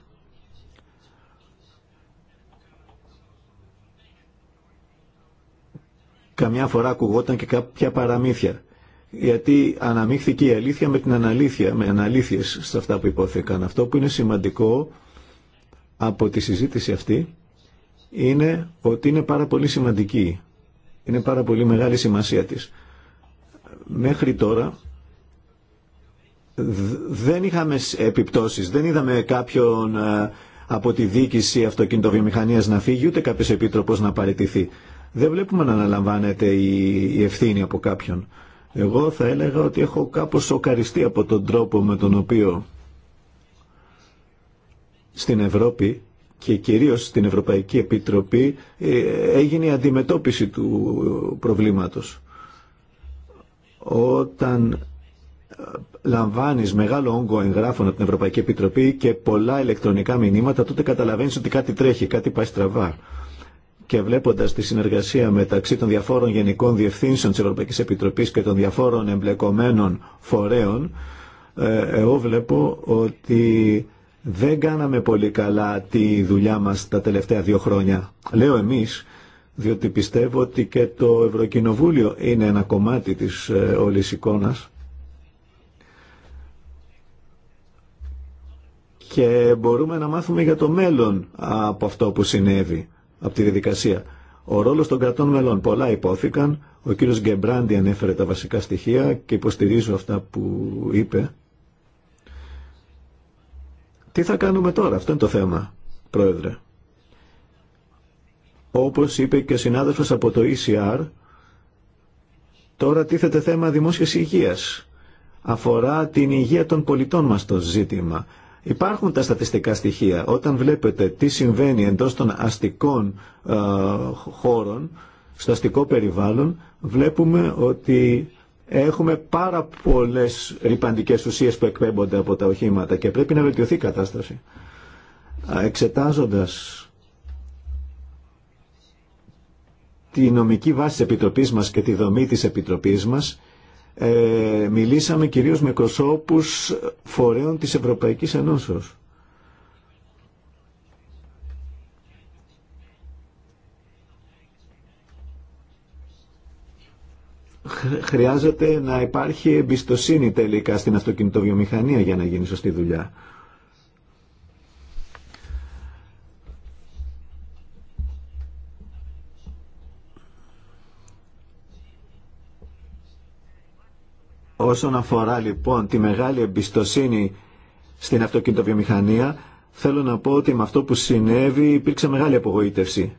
Καμιά φορά ακουγόταν και κάποια παραμύθια γιατί αναμίχθηκε η αλήθεια με την αναλήθεια, με αναλήθειες σε αυτά που υπόθηκαν. Αυτό που είναι σημαντικό από τη συζήτηση αυτή είναι ότι είναι πάρα πολύ σημαντική. Είναι πάρα πολύ μεγάλη σημασία της. Μέχρι τώρα δεν είχαμε επιπτώσεις, δεν είδαμε κάποιον ε, από τη διοίκηση αυτοκινητοβιομηχανίας να φύγει, ούτε κάποιος επίτροπος να παραιτηθεί. Δεν βλέπουμε να αναλαμβάνεται η ευθύνη από κάποιον. Εγώ θα έλεγα ότι έχω κάπως σοκαριστεί από τον τρόπο με τον οποίο στην Ευρώπη και κυρίως στην Ευρωπαϊκή Επιτροπή ε, έγινε η αντιμετώπιση του προβλήματος. Όταν ε, λαμβάνεις μεγάλο όγκο εγγράφων από την Ευρωπαϊκή Επιτροπή και πολλά ηλεκτρονικά μηνύματα, τότε καταλαβαίνεις ότι κάτι τρέχει, κάτι πάει στραβά και βλέποντα τη συνεργασία μεταξύ των διαφόρων γενικών διευθύνσεων τη Ευρωπαϊκή Επιτροπή και των διαφόρων εμπλεκομένων φορέων, ε, εγώ βλέπω ότι δεν κάναμε πολύ καλά τη δουλειά μας τα τελευταία δύο χρόνια. Λέω εμείς, διότι πιστεύω ότι και το Ευρωκοινοβούλιο είναι ένα κομμάτι της ε, όλη εικόνα. και μπορούμε να μάθουμε για το μέλλον από αυτό που συνέβη από τη διαδικασία. Ο ρόλο των κρατών μελών. Πολλά υπόθηκαν. Ο κύριος Γκεμπράντι ανέφερε τα βασικά στοιχεία και υποστηρίζω αυτά που είπε. Τι θα κάνουμε τώρα, αυτό είναι το θέμα, Πρόεδρε. Όπως είπε και ο συνάδελφο από το ECR, τώρα τίθεται θέμα δημόσιας υγείας. Αφορά την υγεία των πολιτών μας το ζήτημα. Υπάρχουν τα στατιστικά στοιχεία. Όταν βλέπετε τι συμβαίνει εντός των αστικών ε, χώρων, στο αστικό περιβάλλον, βλέπουμε ότι έχουμε πάρα πολλές ρηπαντικές ουσίες που εκπέμπονται από τα οχήματα και πρέπει να βελτιωθεί η κατάσταση. Εξετάζοντας τη νομική βάση της Επιτροπής μας και τη δομή της Επιτροπής μας, ε, μιλήσαμε κυρίως με προσώπους φορέων της Ευρωπαϊκής Ενώσεως. Χρειάζεται να υπάρχει εμπιστοσύνη τελικά στην αυτοκινητοβιομηχανία για να γίνει σωστή δουλειά. Όσον αφορά λοιπόν τη μεγάλη εμπιστοσύνη στην αυτοκινητοβιομηχανία, θέλω να πω ότι με αυτό που συνέβη υπήρξε μεγάλη απογοήτευση.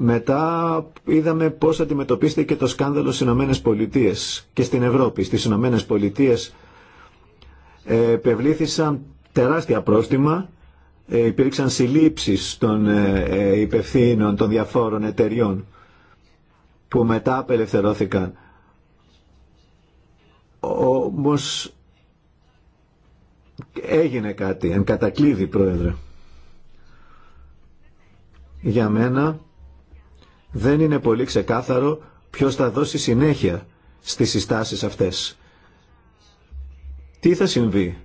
Μετά είδαμε πώς αντιμετωπίστηκε το σκάνδαλο στις Ηνωμένε Πολιτείε και στην Ευρώπη. Στις Ηνωμένες Πολιτείες ε, επευλήθησαν τεράστια πρόστιμα, ε, υπήρξαν συλλήψεις των ε, υπευθύνων των διαφόρων εταιριών που μετά απελευθερώθηκαν. Όμως έγινε κάτι, εν κατακλείδη πρόεδρε. Για μένα δεν είναι πολύ ξεκάθαρο ποιος θα δώσει συνέχεια στις συστάσεις αυτές. Τι θα συμβεί,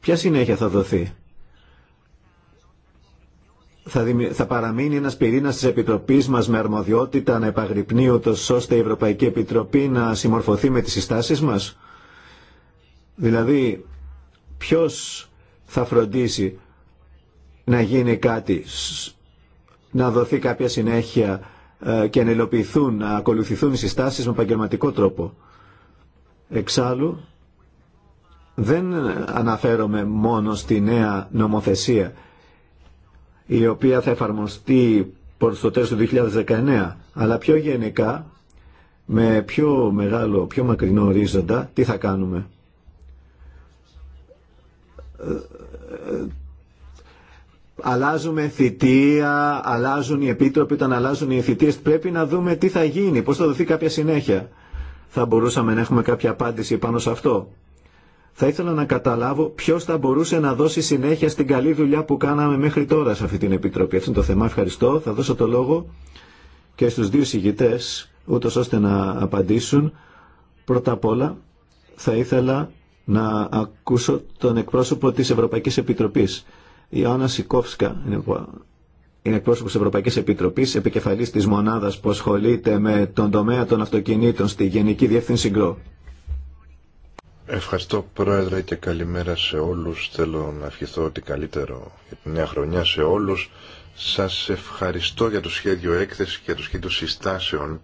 ποια συνέχεια θα δοθεί θα, θα παραμείνει ένας πυρήνας της Επιτροπής μας με αρμοδιότητα να επαγρυπνεί ούτως ώστε η Ευρωπαϊκή Επιτροπή να συμμορφωθεί με τις συστάσεις μας. Δηλαδή, ποιος θα φροντίσει να γίνει κάτι, να δοθεί κάποια συνέχεια ε, και να υλοποιηθούν, να ακολουθηθούν οι συστάσεις με επαγγελματικό τρόπο. Εξάλλου, δεν αναφέρομαι μόνο στη νέα νομοθεσία η οποία θα εφαρμοστεί προς το τέλος του 2019, αλλά πιο γενικά, με πιο μεγάλο, πιο μακρινό ορίζοντα, τι θα κάνουμε. Αλλάζουμε θητεία, αλλάζουν οι επίτροποι, όταν αλλάζουν οι θητείες πρέπει να δούμε τι θα γίνει, πώς θα δοθεί κάποια συνέχεια. Θα μπορούσαμε να έχουμε κάποια απάντηση πάνω σε αυτό. Θα ήθελα να καταλάβω ποιο θα μπορούσε να δώσει συνέχεια στην καλή δουλειά που κάναμε μέχρι τώρα σε αυτή την Επιτροπή. Αυτό είναι το θέμα. Ευχαριστώ. Θα δώσω το λόγο και στους δύο συγητές, ούτω ώστε να απαντήσουν. Πρώτα απ' όλα θα ήθελα να ακούσω τον εκπρόσωπο της Ευρωπαϊκής Επιτροπής. Η Άννα Σικόφσκα είναι εκπρόσωπος της Ευρωπαϊκής Επιτροπής, επικεφαλής της μονάδας που ασχολείται με τον τομέα των αυτοκινήτων στη Γενική Διεύθυνση Γκρό. Ευχαριστώ Πρόεδρε και καλημέρα σε όλους. Θέλω να ευχηθώ ότι καλύτερο για τη νέα χρονιά σε όλους. Σας ευχαριστώ για το σχέδιο έκθεση και για το σχέδιο συστάσεων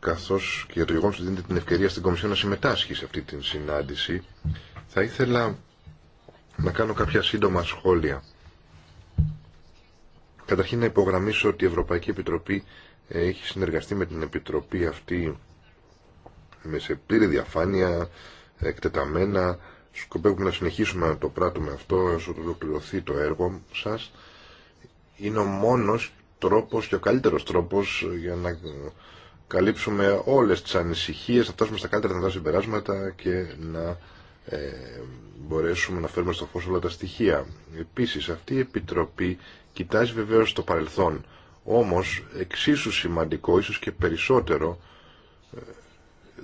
καθώς και για το γεγονός ότι δίνετε την ευκαιρία στην Κομισιόν να συμμετάσχει σε αυτή την συνάντηση. Θα ήθελα να κάνω κάποια σύντομα σχόλια. Καταρχήν να υπογραμμίσω ότι η Ευρωπαϊκή Επιτροπή έχει συνεργαστεί με την Επιτροπή αυτή με σε πλήρη διαφάνεια, εκτεταμένα. Σκοπεύουμε να συνεχίσουμε να το πράττουμε αυτό έως το ολοκληρωθεί το έργο σας. Είναι ο μόνος τρόπος και ο καλύτερος τρόπος για να καλύψουμε όλες τις ανησυχίες, να φτάσουμε στα καλύτερα δυνατά συμπεράσματα και να ε, μπορέσουμε να φέρουμε στο φως όλα τα στοιχεία. Επίσης, αυτή η Επιτροπή κοιτάζει βεβαίως το παρελθόν. Όμως, εξίσου σημαντικό, ίσως και περισσότερο, ε,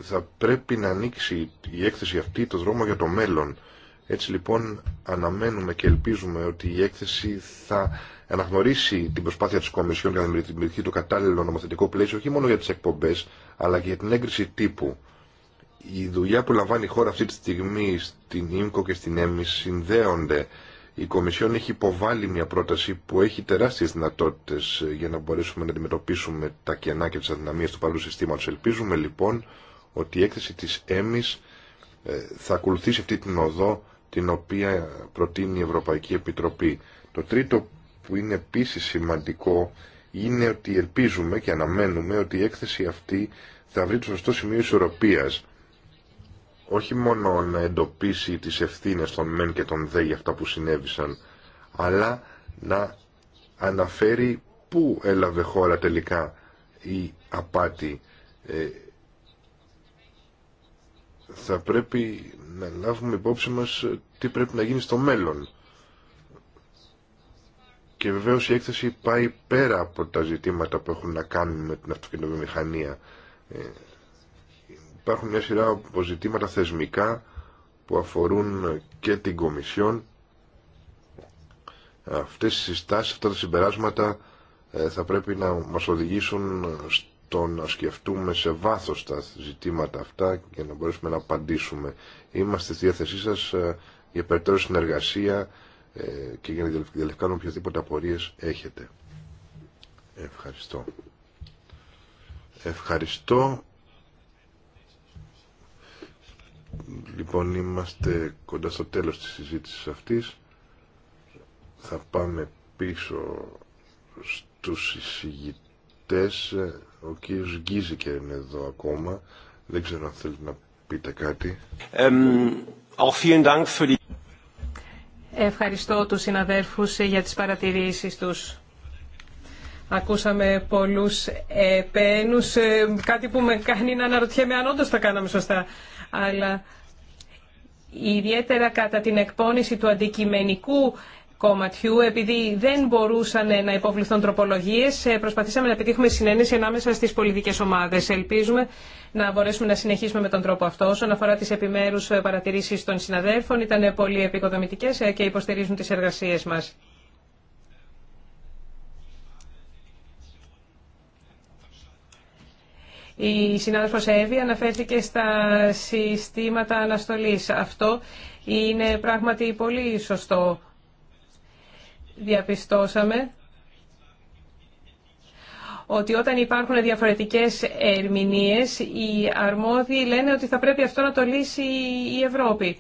θα πρέπει να ανοίξει η έκθεση αυτή το δρόμο για το μέλλον. Έτσι λοιπόν αναμένουμε και ελπίζουμε ότι η έκθεση θα αναγνωρίσει την προσπάθεια της Κομισιόν για να δημιουργηθεί το κατάλληλο νομοθετικό πλαίσιο όχι μόνο για τις εκπομπές αλλά και για την έγκριση τύπου. Η δουλειά που λαμβάνει η χώρα αυτή τη στιγμή στην ΙΜΚΟ και στην ΕΜΗ συνδέονται. Η Κομισιόν έχει υποβάλει μια πρόταση που έχει τεράστιες δυνατότητες ε, για να μπορέσουμε να αντιμετωπίσουμε τα κενά και τις αδυναμίες του παρού συστήματος. Ελπίζουμε λοιπόν ότι η έκθεση της ΕΜΙΣ ε, θα ακολουθήσει αυτή την οδό την οποία προτείνει η Ευρωπαϊκή Επιτροπή. Το τρίτο που είναι επίση σημαντικό είναι ότι ελπίζουμε και αναμένουμε ότι η έκθεση αυτή θα βρει το σωστό σημείο ισορροπίας. Όχι μόνο να εντοπίσει τις ευθύνες των μεν και των δε για αυτά που συνέβησαν, αλλά να αναφέρει πού έλαβε χώρα τελικά η απάτη ε, θα πρέπει να λάβουμε υπόψη μας τι πρέπει να γίνει στο μέλλον. Και βεβαίως η έκθεση πάει πέρα από τα ζητήματα που έχουν να κάνουν με την Ε, Υπάρχουν μια σειρά από ζητήματα θεσμικά που αφορούν και την Κομισιόν. Αυτές οι συστάσεις, αυτά τα συμπεράσματα ε, θα πρέπει να μας οδηγήσουν το να σκεφτούμε σε βάθος τα ζητήματα αυτά και να μπορέσουμε να απαντήσουμε. Είμαστε στη διάθεσή σας ε, για περαιτέρω συνεργασία ε, και για να διαλευκάνουμε οποιοδήποτε απορίες έχετε. Ευχαριστώ. Ευχαριστώ. Λοιπόν, είμαστε κοντά στο τέλος της συζήτησης αυτής. Θα πάμε πίσω στους εισηγητές. Ο κύριος Γκίζικε είναι εδώ ακόμα. Δεν ξέρω αν θέλετε να πείτε κάτι. Ευχαριστώ τους συναδέλφους για τις παρατηρήσεις τους. Ακούσαμε πολλούς επένους, ε, κάτι που με κάνει να αναρωτιέμαι αν όντως τα κάναμε σωστά. Αλλά ιδιαίτερα κατά την εκπόνηση του αντικειμενικού κομματιού, επειδή δεν μπορούσαν ε, να υποβληθούν τροπολογίες, ε, προσπαθήσαμε να πετύχουμε συνένεση ανάμεσα στις πολιτικές ομάδες. Ελπίζουμε να μπορέσουμε να συνεχίσουμε με τον τρόπο αυτό. Όσον αφορά τις επιμέρους ε, παρατηρήσεις των συναδέλφων, ήταν πολύ επικοδομητικέ και υποστηρίζουν τις εργασίες μα. Η συνάδελφο Εύη αναφέρθηκε στα συστήματα αναστολή. Αυτό είναι πράγματι πολύ σωστό διαπιστώσαμε ότι όταν υπάρχουν διαφορετικές ερμηνείες, οι αρμόδιοι λένε ότι θα πρέπει αυτό να το λύσει η Ευρώπη,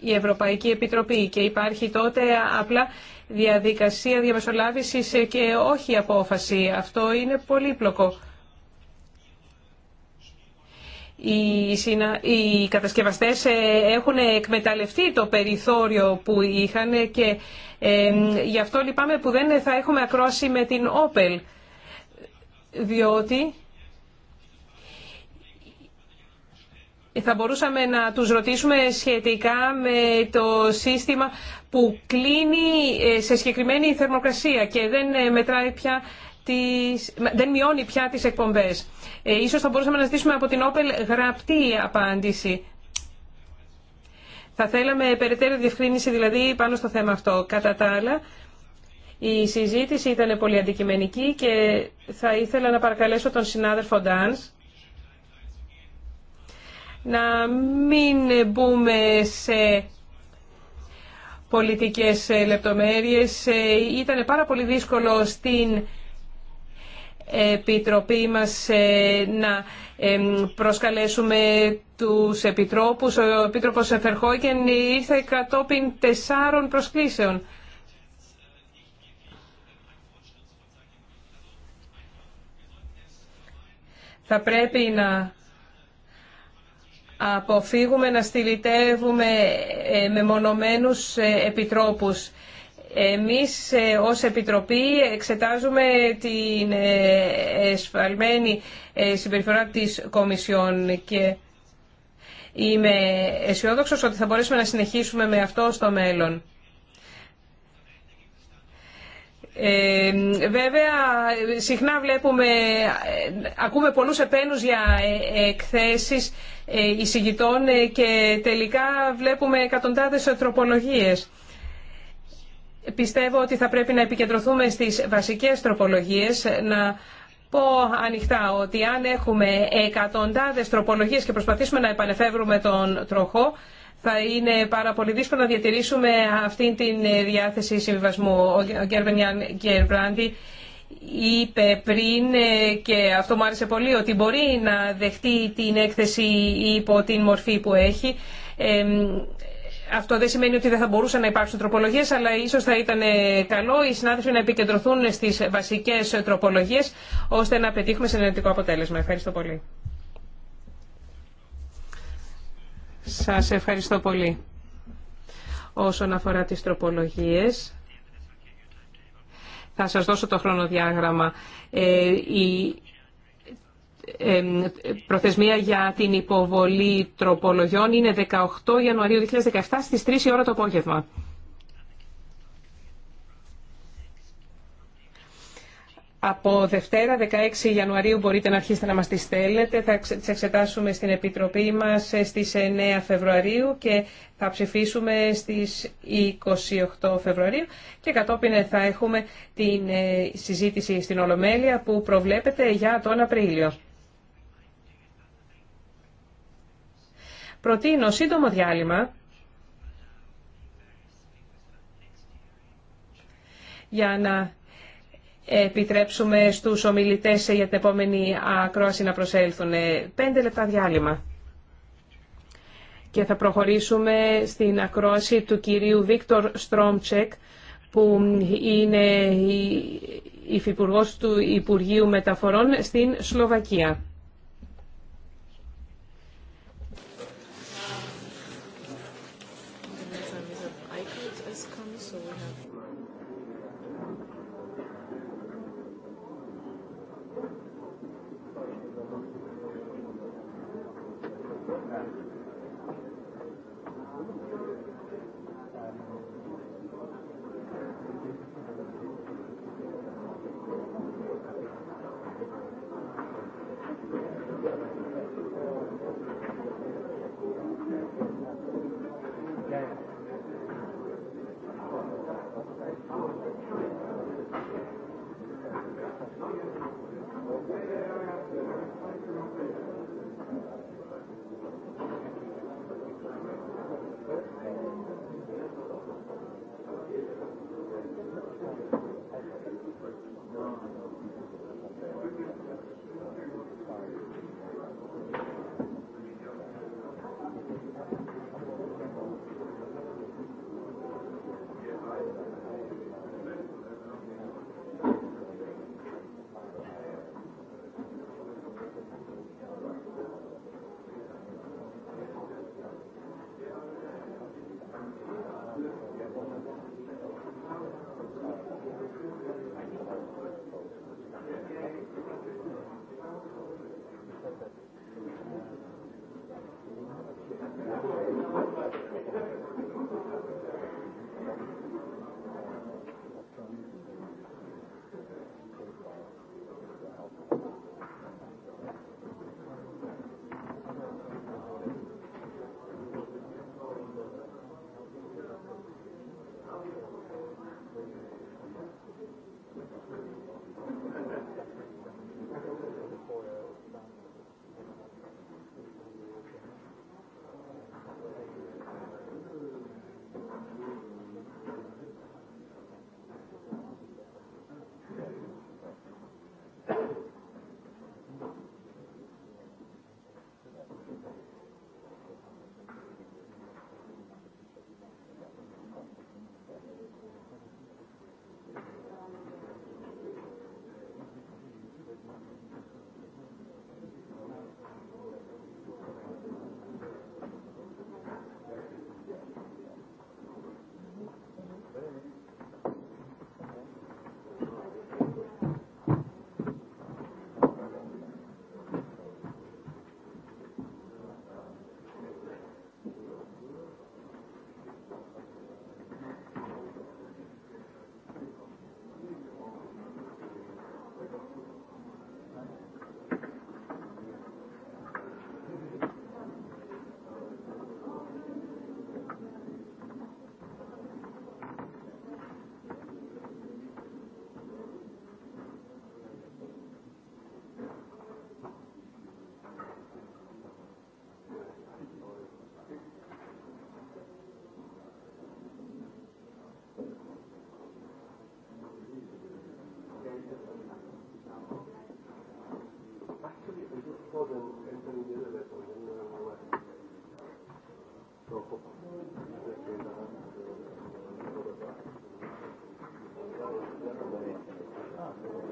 η Ευρωπαϊκή Επιτροπή. Και υπάρχει τότε απλά διαδικασία διαμεσολάβησης και όχι απόφαση. Αυτό είναι πολύπλοκο. Οι κατασκευαστές ε, έχουν εκμεταλλευτεί το περιθώριο που είχαν και γι' αυτό λυπάμαι που δεν θα έχουμε ακρόση με την Όπελ, διότι θα μπορούσαμε να τους ρωτήσουμε σχετικά με το σύστημα που κλείνει ε, σε συγκεκριμένη θερμοκρασία και δεν ε, μετράει πια τις, δεν μειώνει πια τις εκπομπές. Ε, ίσως θα μπορούσαμε να ζητήσουμε από την Όπελ γραπτή απάντηση. Θα θέλαμε περαιτέρω διευκρίνηση δηλαδή πάνω στο θέμα αυτό. Κατά τα άλλα, η συζήτηση ήταν πολύ αντικειμενική και θα ήθελα να παρακαλέσω τον συνάδελφο Ντάνς να μην μπούμε σε πολιτικές λεπτομέρειες. Ε, ήταν πάρα πολύ δύσκολο στην Επιτροπή μας ε, να προσκαλέσουμε τους Επιτρόπους. Ο Επίτροπος Εφερχόγεν ήρθε κατόπιν τεσσάρων προσκλήσεων. Θα πρέπει να αποφύγουμε να με ε, μονομένους ε, επιτρόπους. Εμείς ε, ως Επιτροπή εξετάζουμε την ε, εσφαλμένη ε, συμπεριφορά της Κομισιόν και είμαι αισιόδοξο ότι θα μπορέσουμε να συνεχίσουμε με αυτό στο μέλλον. βέβαια, συχνά βλέπουμε, ακούμε πολλούς επένους για εκθέσεις εισηγητών και τελικά βλέπουμε εκατοντάδες ανθρωπολογίες. Πιστεύω ότι θα πρέπει να επικεντρωθούμε στις βασικές τροπολογίες, να πω ανοιχτά ότι αν έχουμε εκατοντάδες τροπολογίες και προσπαθήσουμε να επανεφεύρουμε τον τροχό, θα είναι πάρα πολύ δύσκολο να διατηρήσουμε αυτή την διάθεση συμβιβασμού. Ο Γκέρβεν Ιαν Γκέρμπραντι είπε πριν ε, και αυτό μου άρεσε πολύ ότι μπορεί να δεχτεί την έκθεση υπό την μορφή που έχει αυτό δεν σημαίνει ότι δεν θα μπορούσαν να υπάρξουν τροπολογίε, αλλά ίσω θα ήταν ε, καλό οι συνάδελφοι να επικεντρωθούν στι βασικέ τροπολογίε, ώστε να πετύχουμε συνενετικό αποτέλεσμα. Ευχαριστώ πολύ. Σα ευχαριστώ πολύ. Όσον αφορά τι τροπολογίε. θα σας δώσω το χρονοδιάγραμμα. Ε, η προθεσμία για την υποβολή τροπολογιών είναι 18 Ιανουαρίου 2017 στις 3 η ώρα το απόγευμα. Από Δευτέρα, 16 Ιανουαρίου, μπορείτε να αρχίσετε να μας τις στέλνετε. Θα τις εξετάσουμε στην Επιτροπή μας ε, στις 9 Φεβρουαρίου και θα ψηφίσουμε στις 28 Φεβρουαρίου και κατόπιν ε, θα έχουμε την ε, συζήτηση στην Ολομέλεια που προβλέπεται για τον Απρίλιο. Προτείνω σύντομο διάλειμμα για να επιτρέψουμε στους ομιλητές για την επόμενη ακρόαση να προσέλθουν. Πέντε λεπτά διάλειμμα. Και θα προχωρήσουμε στην ακρόαση του κυρίου Βίκτορ Στρόμτσεκ, που είναι υφυπουργός του Υπουργείου Μεταφορών στην Σλοβακία. Εντάξει, έτσι.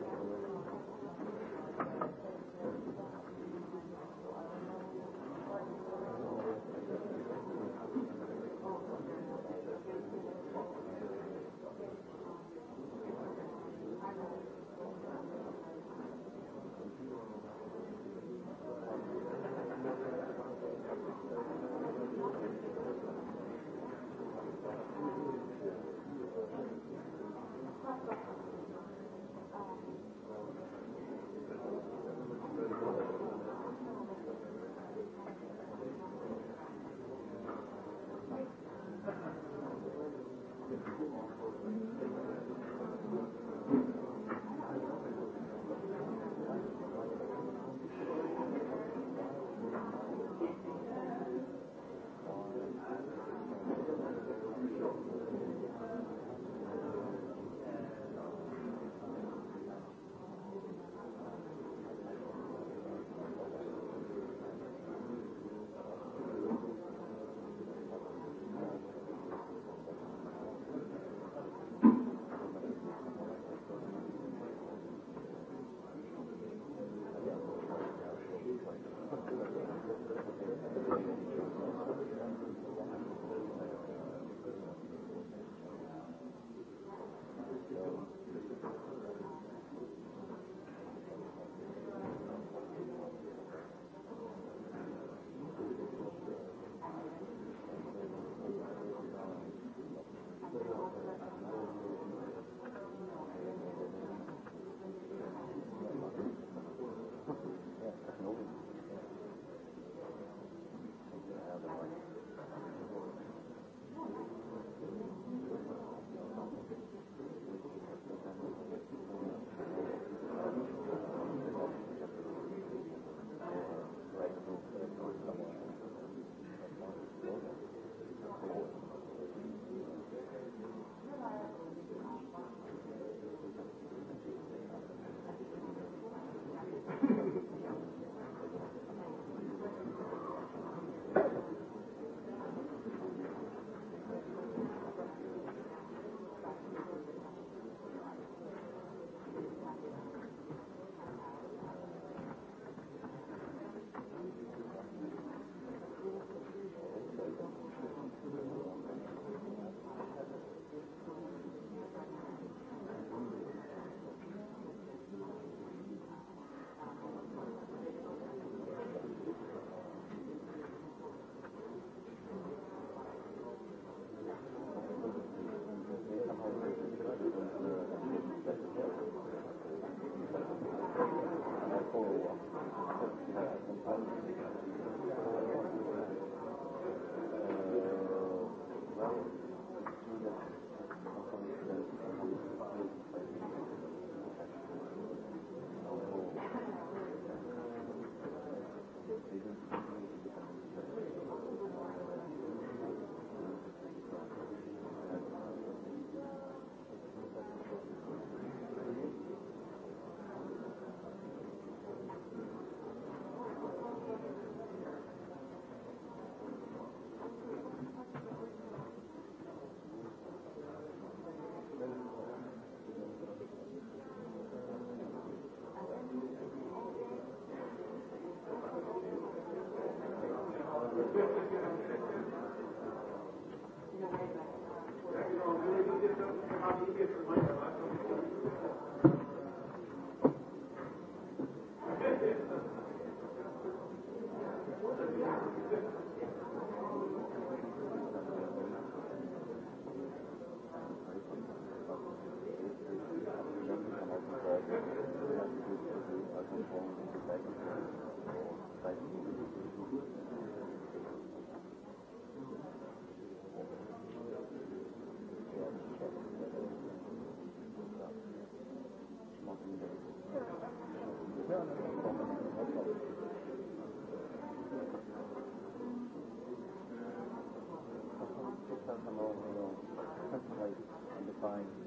fine.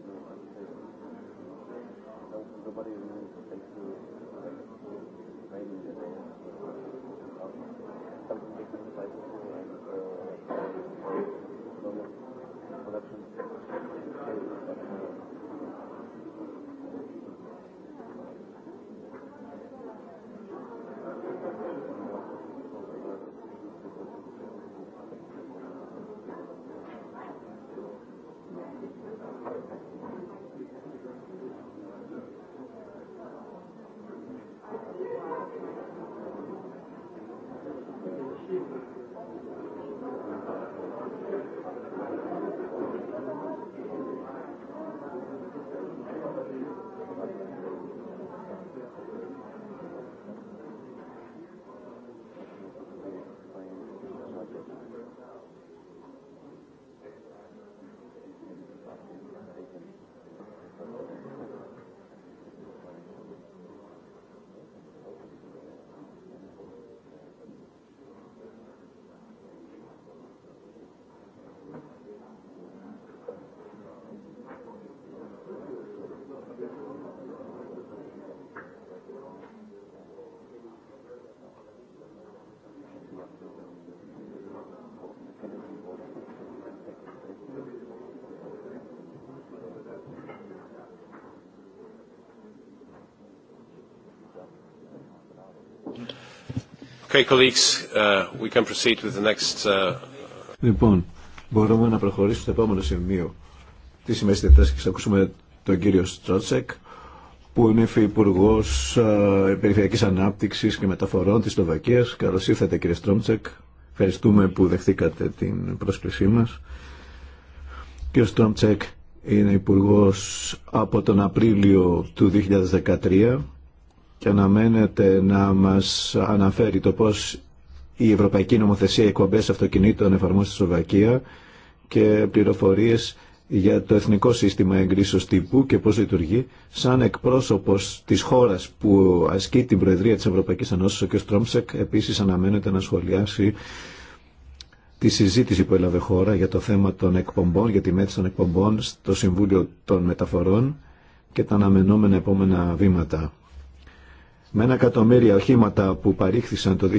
Λοιπόν, μπορούμε να προχωρήσουμε στο επόμενο σημείο τη σημερινή Τετάρτη και θα ακούσουμε τον κύριο Στρότσεκ, που είναι υφυπουργό ε, Περιφερειακή Ανάπτυξη και Μεταφορών τη Σλοβακία. Καλώ ήρθατε, κύριε Στρότσεκ. Ευχαριστούμε που δεχτήκατε την πρόσκλησή μα. Κύριο Στρότσεκ είναι υπουργό από τον Απρίλιο του 2013 και αναμένεται να μας αναφέρει το πώς η Ευρωπαϊκή Νομοθεσία εκπομπές αυτοκινήτων εφαρμόζεται στη Σοβακία και πληροφορίες για το Εθνικό Σύστημα Εγκρίσεως Τύπου και πώς λειτουργεί σαν εκπρόσωπος της χώρας που ασκεί την Προεδρία της Ευρωπαϊκής Ενώσης ο κ. Στρόμψεκ επίσης αναμένεται να σχολιάσει τη συζήτηση που έλαβε χώρα για το θέμα των εκπομπών, για τη μέτρηση των εκπομπών στο Συμβούλιο των Μεταφορών και τα αναμενόμενα επόμενα βήματα. Με ένα εκατομμύρια οχήματα που παρήχθησαν το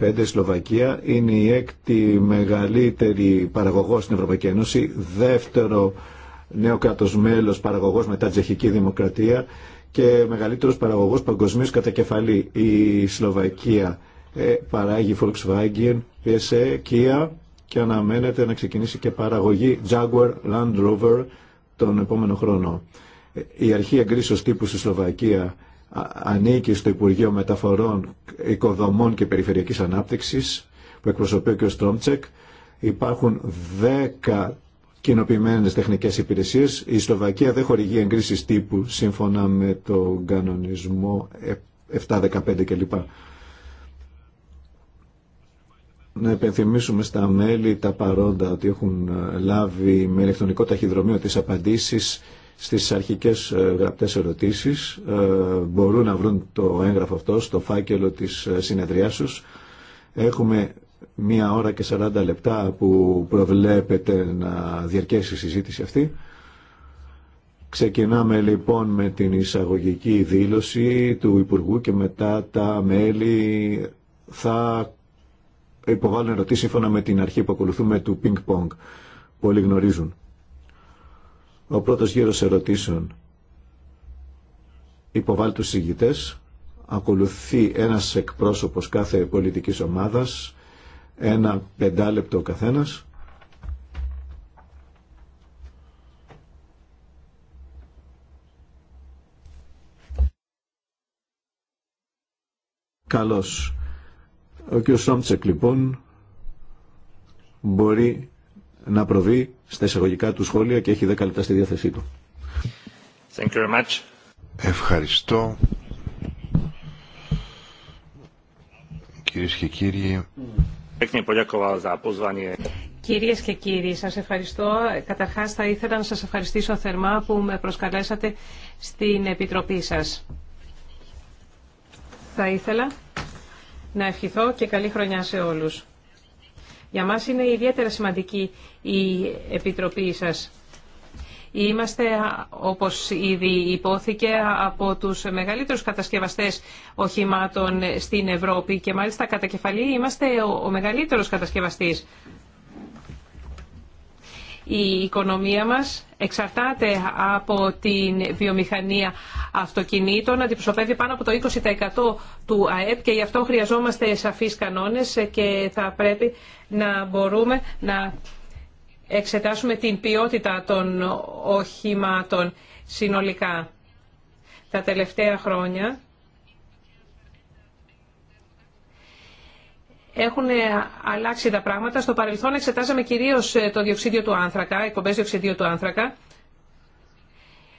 2015, η Σλοβακία είναι η έκτη μεγαλύτερη παραγωγός στην Ευρωπαϊκή Ένωση, δεύτερο νέο κράτος μέλος παραγωγός μετά Τσεχική Δημοκρατία και μεγαλύτερος παραγωγός παγκοσμίως κατά κεφαλή. Η Σλοβακία ε, παράγει Volkswagen, PSA, ε, Kia και αναμένεται να ξεκινήσει και παραγωγή Jaguar Land Rover τον επόμενο χρόνο. Ε, η αρχή εγκρίσεως τύπου στη Σλοβακία ανήκει στο Υπουργείο Μεταφορών, Οικοδομών και Περιφερειακής Ανάπτυξης που εκπροσωπεί ο κ. Στρόμτσεκ. Υπάρχουν 10 κοινοποιημένες τεχνικές υπηρεσίες. Η Σλοβακία δεν χορηγεί εγκρίσεις τύπου σύμφωνα με τον κανονισμο 715 κλπ. Να επενθυμίσουμε στα μέλη τα παρόντα ότι έχουν λάβει με ηλεκτρονικό ταχυδρομείο τις απαντήσεις στις αρχικές ε, γραπτές ερωτήσεις ε, μπορούν να βρουν το έγγραφο αυτό στο φάκελο της ε, συνεδριάσεως. Έχουμε μία ώρα και 40 λεπτά που προβλέπεται να διαρκέσει η συζήτηση αυτή. Ξεκινάμε λοιπόν με την εισαγωγική δήλωση του Υπουργού και μετά τα μέλη θα υποβάλουν ερωτήσεις σύμφωνα με την αρχή που ακολουθούμε του πινκ-πονγκ. Πολλοί γνωρίζουν. Ο πρώτος γύρος ερωτήσεων υποβάλλει τους συγγητές. Ακολουθεί ένας εκπρόσωπος κάθε πολιτικής ομάδας, ένα πεντάλεπτο ο καθένας. Καλώς. Ο κ. Σόμτσεκ λοιπόν μπορεί να προβεί στα εισαγωγικά του σχόλια και έχει 10 λεπτά στη διάθεσή του. Thank you very much. Ευχαριστώ. Κυρίες και κύριοι. Κυρίες και κύριοι, σας ευχαριστώ. Καταρχά θα ήθελα να σα ευχαριστήσω θερμά που με προσκαλέσατε στην Επιτροπή σα. Θα ήθελα να ευχηθώ και καλή χρονιά σε όλους. Για μας είναι ιδιαίτερα σημαντική η Επιτροπή σας. Είμαστε, όπως ήδη υπόθηκε, από τους μεγαλύτερους κατασκευαστές οχημάτων στην Ευρώπη και μάλιστα κατά κεφαλή είμαστε ο μεγαλύτερος κατασκευαστής. Η οικονομία μας εξαρτάται από την βιομηχανία αυτοκινήτων, αντιπροσωπεύει πάνω από το 20% του ΑΕΠ και γι' αυτό χρειαζόμαστε σαφείς κανόνες και θα πρέπει να μπορούμε να εξετάσουμε την ποιότητα των οχημάτων συνολικά. Τα τελευταία χρόνια έχουν ε, αλλάξει τα πράγματα. Στο παρελθόν εξετάζαμε κυρίως ε, το διοξίδιο του άνθρακα, εκπομπέ διοξιδίου του άνθρακα,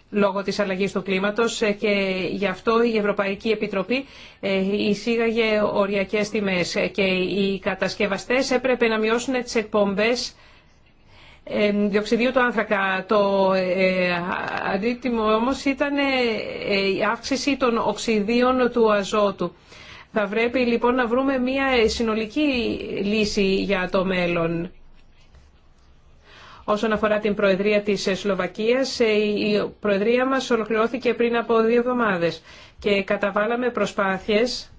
λόγω της αλλαγής του κλίματος ε, και γι' αυτό η Ευρωπαϊκή Επιτροπή εισήγαγε οριακές τιμές και οι κατασκευαστές έπρεπε να μειώσουν τις εκπομπές διοξιδίου του άνθρακα. Το αντίτιμο όμω ήταν η αύξηση των οξυδίων του αζότου. Θα πρέπει λοιπόν να βρούμε μια συνολική λύση για το μέλλον. Όσον αφορά την Προεδρία της Σλοβακίας, ε, η Προεδρία μας ολοκληρώθηκε πριν από δύο εβδομάδες και καταβάλαμε προσπάθειες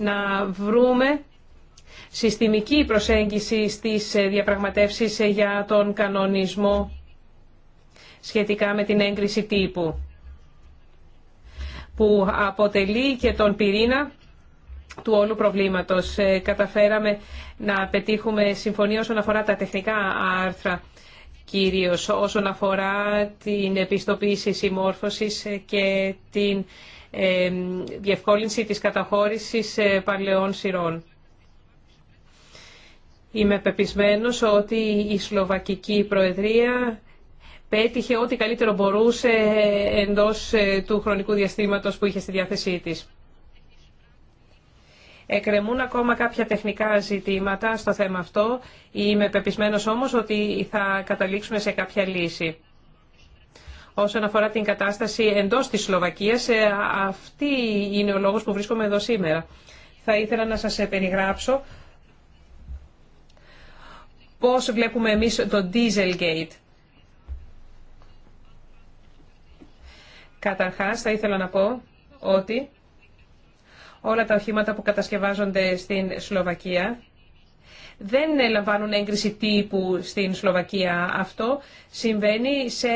να βρούμε συστημική προσέγγιση στις ε, διαπραγματεύσεις ε, για τον κανονισμό σχετικά με την έγκριση τύπου που αποτελεί και τον πυρήνα του όλου προβλήματος. Ε, καταφέραμε να πετύχουμε συμφωνία όσον αφορά τα τεχνικά άρθρα κυρίως όσον αφορά την επιστοποίηση συμμόρφωσης και την ε, διευκόλυνση της καταχώρησης ε, παλαιών σειρών. Είμαι πεπισμένος ότι η Σλοβακική Προεδρία πέτυχε ό,τι καλύτερο μπορούσε εντός ε, του χρονικού διαστήματος που είχε στη διάθεσή της. Εκρεμούν ακόμα κάποια τεχνικά ζητήματα στο θέμα αυτό. Είμαι πεπισμένος όμως ότι θα καταλήξουμε σε κάποια λύση. Όσον αφορά την κατάσταση εντός της Σλοβακίας, ε, αυτή είναι ο λόγος που βρίσκομαι εδώ σήμερα. Θα ήθελα να σας περιγράψω πώς βλέπουμε εμείς το Dieselgate. Καταρχάς, θα ήθελα να πω ότι όλα τα οχήματα που κατασκευάζονται στην Σλοβακία δεν λαμβάνουν έγκριση τύπου στην Σλοβακία. Αυτό συμβαίνει σε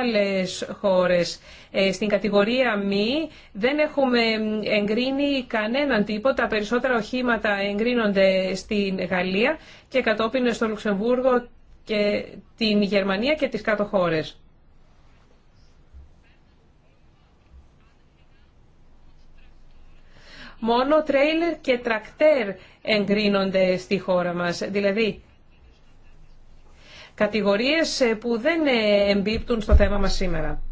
άλλες χώρες. Ε, στην κατηγορία μη δεν έχουμε εγκρίνει κανέναν τύπο. Τα περισσότερα οχήματα εγκρίνονται στην Γαλλία και κατόπιν στο Λουξεμβούργο και την Γερμανία και τις κάτω χώρες. μόνο τρέιλερ και τρακτέρ εγκρίνονται στη χώρα μας. Δηλαδή, κατηγορίες ε, που δεν ε, εμπίπτουν στο θέμα μας σήμερα.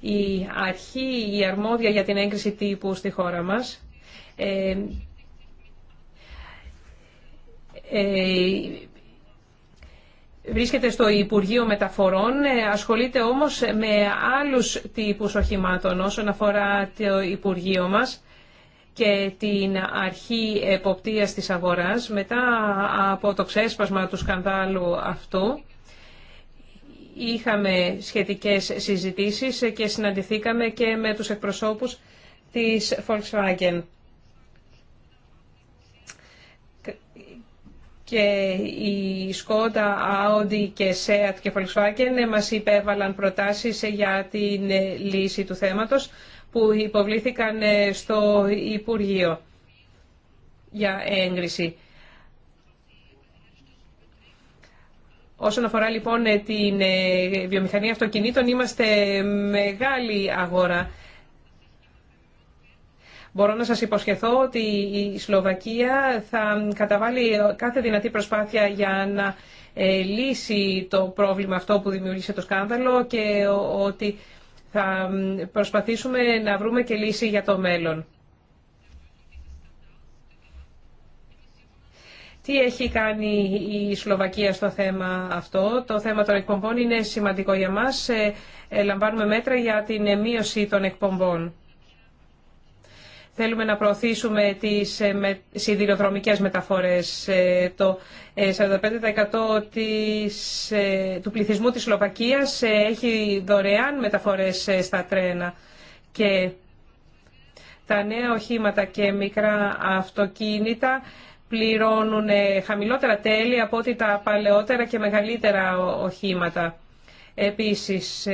Η αρχή, η αρμόδια για την έγκριση τύπου στη χώρα μας ε, βρίσκεται στο Υπουργείο Μεταφορών, ε, ασχολείται όμως με άλλους τύπους οχημάτων όσον αφορά το Υπουργείο μας και την αρχή εποπτείας της αγοράς. Μετά από το ξέσπασμα του σκανδάλου αυτού, είχαμε σχετικές συζητήσεις και συναντηθήκαμε και με τους εκπροσώπους της Volkswagen. και η Σκότα, Audi και ΣΕΑΤ και Volkswagen μας υπέβαλαν προτάσεις για την λύση του θέματος που υποβλήθηκαν στο Υπουργείο για έγκριση. Όσον αφορά λοιπόν την βιομηχανία αυτοκινήτων, είμαστε μεγάλη αγορά Μπορώ να σας υποσχεθώ ότι η Σλοβακία θα καταβάλει κάθε δυνατή προσπάθεια για να ε, λύσει το πρόβλημα αυτό που δημιούργησε το σκάνδαλο και ότι θα προσπαθήσουμε να βρούμε και λύση για το μέλλον. Τι έχει κάνει η Σλοβακία στο θέμα αυτό. Το θέμα των εκπομπών είναι σημαντικό για μας. Ε, ε, λαμβάνουμε μέτρα για την μείωση των εκπομπών. Θέλουμε να προωθήσουμε τις ε, σιδηροδρομικές μεταφορές. Ε, το 45% ε, της, του πληθυσμού της Σλοβακίας έχει δωρεάν μεταφορές στα τρένα. Και τα νέα οχήματα και μικρά αυτοκίνητα πληρώνουν χαμηλότερα τέλη από ό,τι τα παλαιότερα και μεγαλύτερα οχήματα. Επίσης,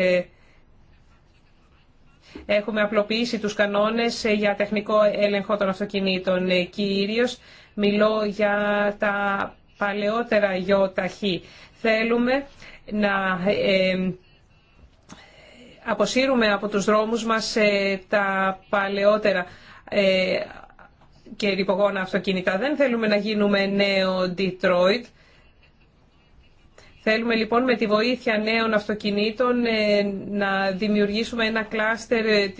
Έχουμε απλοποιήσει τους κανόνες ε, για τεχνικό έλεγχο των αυτοκινήτων. Ε, κυρίως μιλώ για τα παλαιότερα γιοταχή. Θέλουμε να ε, αποσύρουμε από τους δρόμους μας τα παλαιότερα και ρηπογόνα αυτοκίνητα. Δεν θέλουμε να γίνουμε νέο Detroit. Θέλουμε λοιπόν με τη βοήθεια νέων αυτοκινήτων ε, να δημιουργήσουμε ένα κλάστερ ε,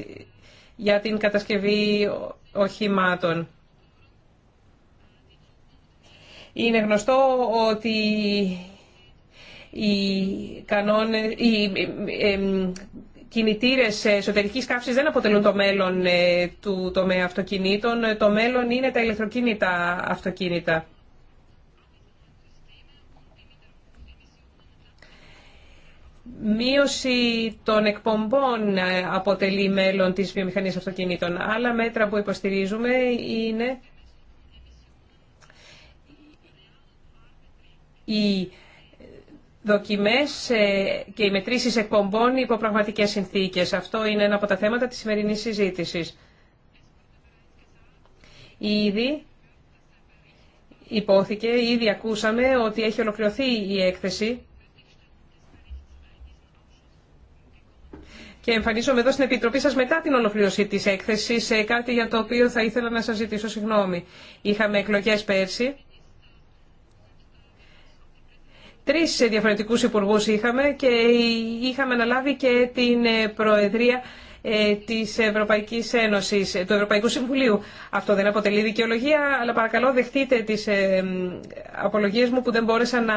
για την κατασκευή οχημάτων. Είναι γνωστό ότι οι, κανόνες, οι ε, κινητήρες εσωτερικής καύσης δεν αποτελούν το μέλλον του τομέα αυτοκινήτων. Το μέλλον είναι τα ηλεκτροκίνητα αυτοκίνητα. Μείωση των εκπομπών ε, αποτελεί μέλλον της βιομηχανίας αυτοκινήτων. Άλλα μέτρα που υποστηρίζουμε είναι οι δοκιμές ε, και οι μετρήσεις εκπομπών υπό πραγματικές συνθήκες. Αυτό είναι ένα από τα θέματα της σημερινής συζήτησης. Ήδη υπόθηκε, ήδη ακούσαμε ότι έχει ολοκληρωθεί η έκθεση και εμφανίζομαι εδώ στην Επιτροπή σα μετά την ολοκλήρωση τη έκθεσης σε κάτι για το οποίο θα ήθελα να σας ζητήσω συγγνώμη. Είχαμε εκλογέ πέρσι. Τρεις διαφορετικού υπουργού είχαμε και είχαμε αναλάβει και την ε, Προεδρία ε, της Ευρωπαϊκής Ένωσης, του Ευρωπαϊκού Συμβουλίου. Αυτό δεν αποτελεί δικαιολογία, αλλά παρακαλώ δεχτείτε τις ε, απολογίες μου που δεν μπόρεσα να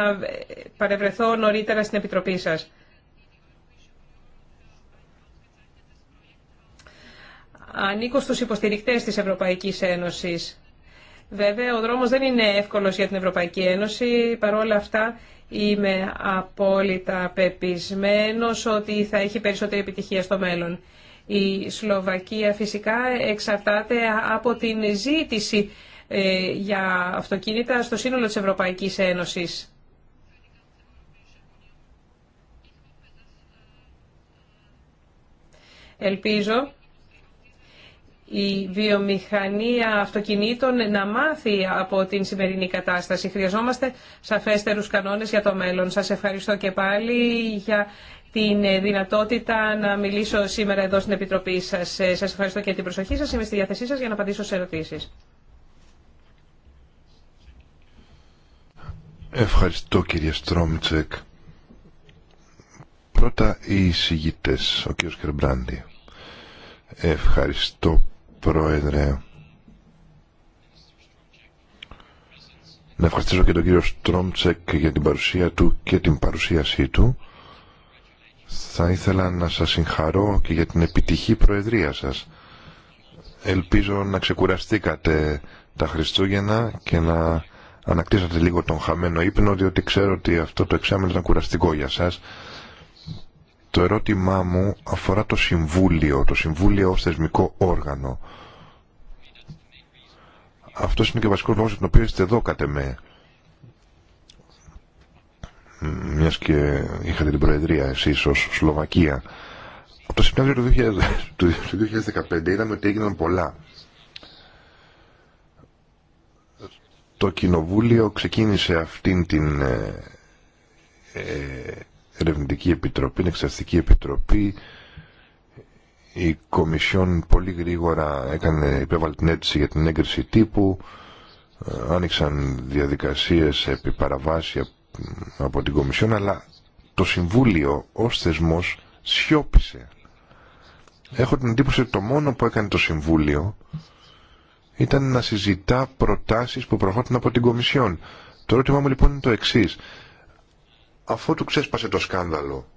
παρευρεθώ νωρίτερα στην Επιτροπή σας. ανήκω στους υποστηρικτές της Ευρωπαϊκής Ένωσης. Βέβαια, ο δρόμος δεν είναι εύκολος για την Ευρωπαϊκή Ένωση. Παρ' όλα αυτά, είμαι απόλυτα πεπισμένος ότι θα έχει περισσότερη επιτυχία στο μέλλον. Η Σλοβακία φυσικά εξαρτάται από την ζήτηση ε, για αυτοκίνητα στο σύνολο της Ευρωπαϊκής Ένωσης. Ελπίζω η βιομηχανία αυτοκινήτων να μάθει από την σημερινή κατάσταση. Χρειαζόμαστε σαφέστερους κανόνες για το μέλλον. Σας ευχαριστώ και πάλι για την δυνατότητα να μιλήσω σήμερα εδώ στην Επιτροπή σας. Σας ευχαριστώ και την προσοχή σας. Είμαι στη διάθεσή σας για να απαντήσω σε ερωτήσεις. Ευχαριστώ κύριε Στρόμτσεκ. Πρώτα οι εισηγητές, ο κύριος Κερμπράντη. Ευχαριστώ Πρόεδρε. Να ευχαριστήσω και τον κύριο Στρόμτσεκ για την παρουσία του και την παρουσίασή του. Θα ήθελα να σας συγχαρώ και για την επιτυχή προεδρία σας. Ελπίζω να ξεκουραστήκατε τα Χριστούγεννα και να ανακτήσατε λίγο τον χαμένο ύπνο, διότι ξέρω ότι αυτό το εξάμεινο ήταν κουραστικό για σας. Το ερώτημά μου αφορά το Συμβούλιο, το Συμβούλιο ως θεσμικό όργανο. Αυτός είναι και ο βασικός λόγος για τον οποίο είστε εδώ κατ' εμέ. Μιας και είχατε την Προεδρία εσείς ως Σλοβακία. Από το Σεπτέμβριο του 2015 είδαμε ότι έγιναν πολλά. Το Κοινοβούλιο ξεκίνησε αυτήν την ε, ε Ερευνητική Επιτροπή, Εξαρτική Επιτροπή. Η Κομισιόν πολύ γρήγορα έκανε, υπέβαλε την αίτηση για την έγκριση τύπου. Ε, άνοιξαν διαδικασίες επί παραβάση από την Κομισιόν, αλλά το Συμβούλιο ως θεσμός σιώπησε. Έχω την εντύπωση ότι το μόνο που έκανε το Συμβούλιο ήταν να συζητά προτάσεις που προχώρησαν από την Κομισιόν. Το ερώτημά μου λοιπόν είναι το εξής αφού του ξέσπασε το σκάνδαλο.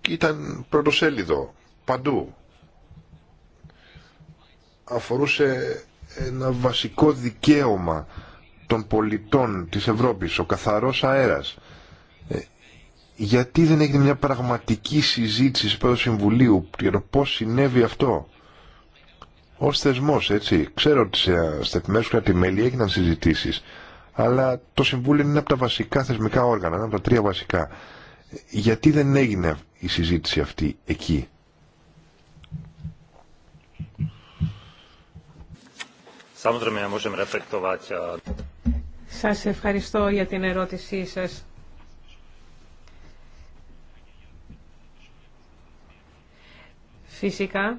Και ήταν πρωτοσέλιδο, παντού. Αφορούσε ένα βασικό δικαίωμα των πολιτών της Ευρώπης, ο καθαρός αέρας. Ε, γιατί δεν έγινε μια πραγματική συζήτηση πρώτο Συμβουλίου για το πώς συνέβη αυτό. Ως θεσμός, έτσι. Ξέρω ότι στα επιμερους κρατημέλη έγιναν συζητήσεις αλλά το Συμβούλιο είναι από τα βασικά θεσμικά όργανα, από τα τρία βασικά. Γιατί δεν έγινε η συζήτηση αυτή εκεί. Eh, σας ευχαριστώ για την ερώτησή σας. Φυσικά,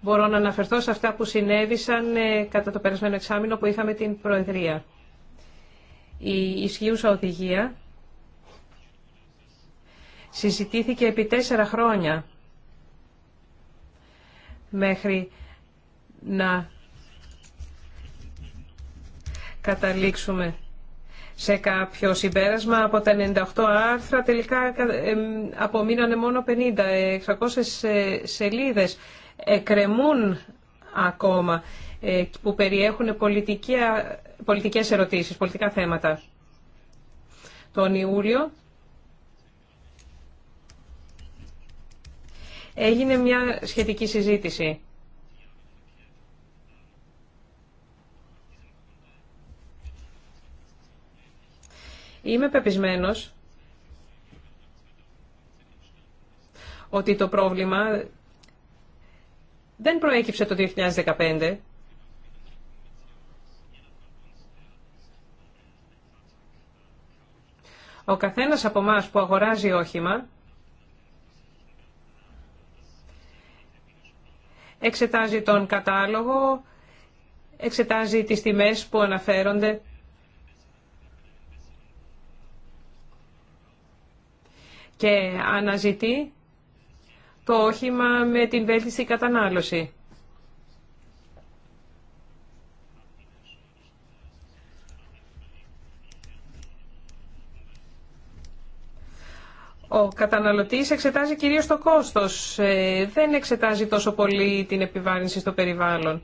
μπορώ να αναφερθώ σε αυτά που συνέβησαν ε, κατά το περασμένο εξάμεινο που είχαμε την Προεδρία. Η ισχύουσα οδηγία συζητήθηκε επί τέσσερα χρόνια μέχρι να καταλήξουμε σε κάποιο συμπέρασμα. Από τα 98 άρθρα τελικά ε, απομείνανε μόνο 50. 600 ε, σελίδες εκρεμούν ακόμα. Ε, που περιέχουν πολιτικές ερωτήσεις, πολιτικά θέματα. Τον Ιούλιο έγινε μια σχετική συζήτηση. Είμαι πεπισμένος ότι το πρόβλημα δεν προέκυψε το 2015 Ο καθένας από εμά που αγοράζει όχημα εξετάζει τον κατάλογο, εξετάζει τις τιμές που αναφέρονται και αναζητεί το όχημα με την βέλτιστη κατανάλωση. Ο καταναλωτής εξετάζει κυρίως το κόστος, ε, δεν εξετάζει τόσο πολύ την επιβάρυνση στο περιβάλλον.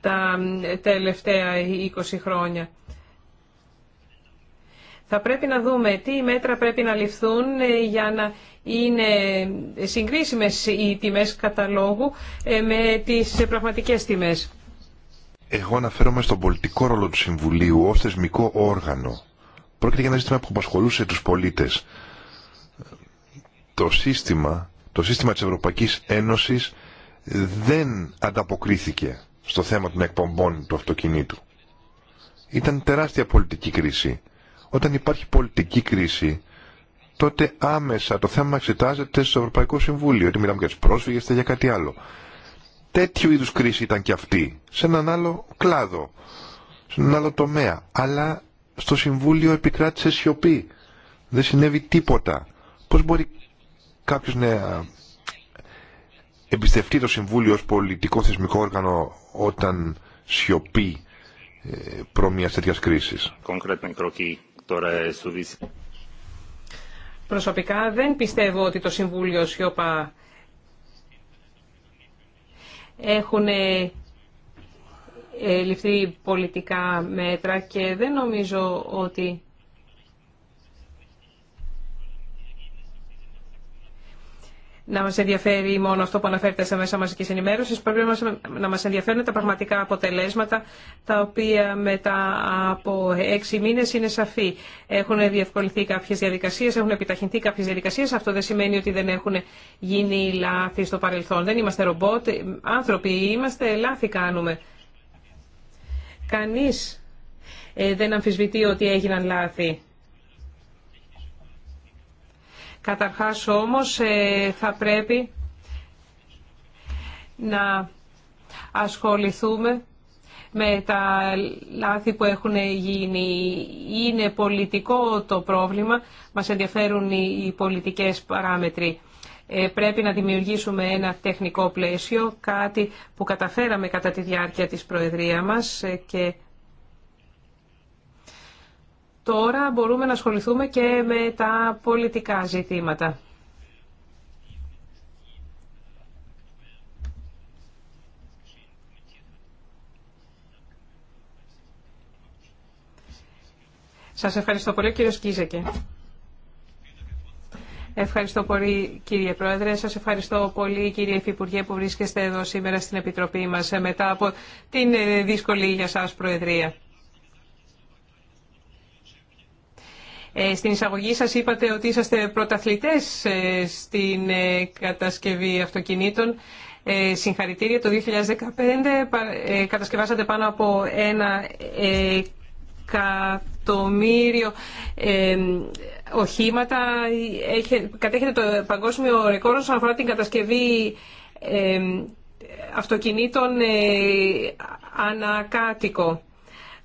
τα ε, τελευταία 20 χρόνια. Θα πρέπει να δούμε τι μέτρα πρέπει να ληφθούν ε, για να είναι συγκρίσιμες οι τιμές καταλόγου με τις πραγματικές τιμές. Εγώ αναφέρομαι στον πολιτικό ρόλο του Συμβουλίου ω θεσμικό όργανο. Πρόκειται για ένα ζήτημα που απασχολούσε του πολίτε. Το σύστημα, το σύστημα της Ευρωπαϊκής Ένωσης δεν ανταποκρίθηκε στο θέμα των εκπομπών του αυτοκινήτου. Ήταν τεράστια πολιτική κρίση. Όταν υπάρχει πολιτική κρίση, τότε άμεσα το θέμα εξετάζεται στο Ευρωπαϊκό Συμβούλιο. Ότι μιλάμε για τι πρόσφυγες, είτε για κάτι άλλο τέτοιου είδους κρίση ήταν και αυτή, σε έναν άλλο κλάδο, σε έναν άλλο τομέα. Αλλά στο Συμβούλιο επικράτησε σιωπή. Δεν συνέβη τίποτα. Πώς μπορεί κάποιος να ε, εμπιστευτεί το Συμβούλιο ως πολιτικό θεσμικό όργανο όταν σιωπή ε, προ μια τέτοιας κρίσης. Ε, Προσωπικά δεν πιστεύω ότι το Συμβούλιο σιωπά έχουν ε, ε, ληφθεί πολιτικά μέτρα και δεν νομίζω ότι να μα ενδιαφέρει μόνο αυτό που αναφέρεται στα μέσα μαζική ενημέρωση. πρέπει να μα ενδιαφέρουν τα πραγματικά αποτελέσματα, τα οποία μετά από έξι μήνε είναι σαφή. Έχουν διευκολυνθεί κάποιε διαδικασίε, έχουν επιταχυνθεί κάποιε διαδικασίε. αυτό δεν σημαίνει ότι δεν έχουν γίνει λάθη στο παρελθόν. Δεν είμαστε ρομπότ, άνθρωποι είμαστε, λάθη κάνουμε. Κανείς ε, δεν αμφισβητεί ότι έγιναν λάθη. Καταρχάς όμως ε, θα πρέπει να ασχοληθούμε με τα λάθη που έχουν γίνει. Είναι πολιτικό το πρόβλημα, μας ενδιαφέρουν οι πολιτικές παράμετροι. Ε, πρέπει να δημιουργήσουμε ένα τεχνικό πλαίσιο, κάτι που καταφέραμε κατά τη διάρκεια της Προεδρία μας ε, και Τώρα μπορούμε να ασχοληθούμε και με τα πολιτικά ζητήματα. Σας ευχαριστώ πολύ κύριο Σκίζεκε. Ευχαριστώ πολύ κύριε Πρόεδρε. Σας ευχαριστώ πολύ κύριε Υφυπουργέ που βρίσκεστε εδώ σήμερα στην Επιτροπή μας ε, μετά από την ε, δύσκολη για σας Προεδρία. Ε, στην εισαγωγή σας είπατε ότι είσαστε πρωταθλητές ε, στην ε, κατασκευή αυτοκινήτων. Συγχαρητήρια, το 2015 κατασκευάσατε πάνω από ένα εκατομμύριο οχήματα. Κατέχετε το παγκόσμιο ρεκόρ όσον αφορά την κατασκευή αυτοκινήτων ανακάτοικο.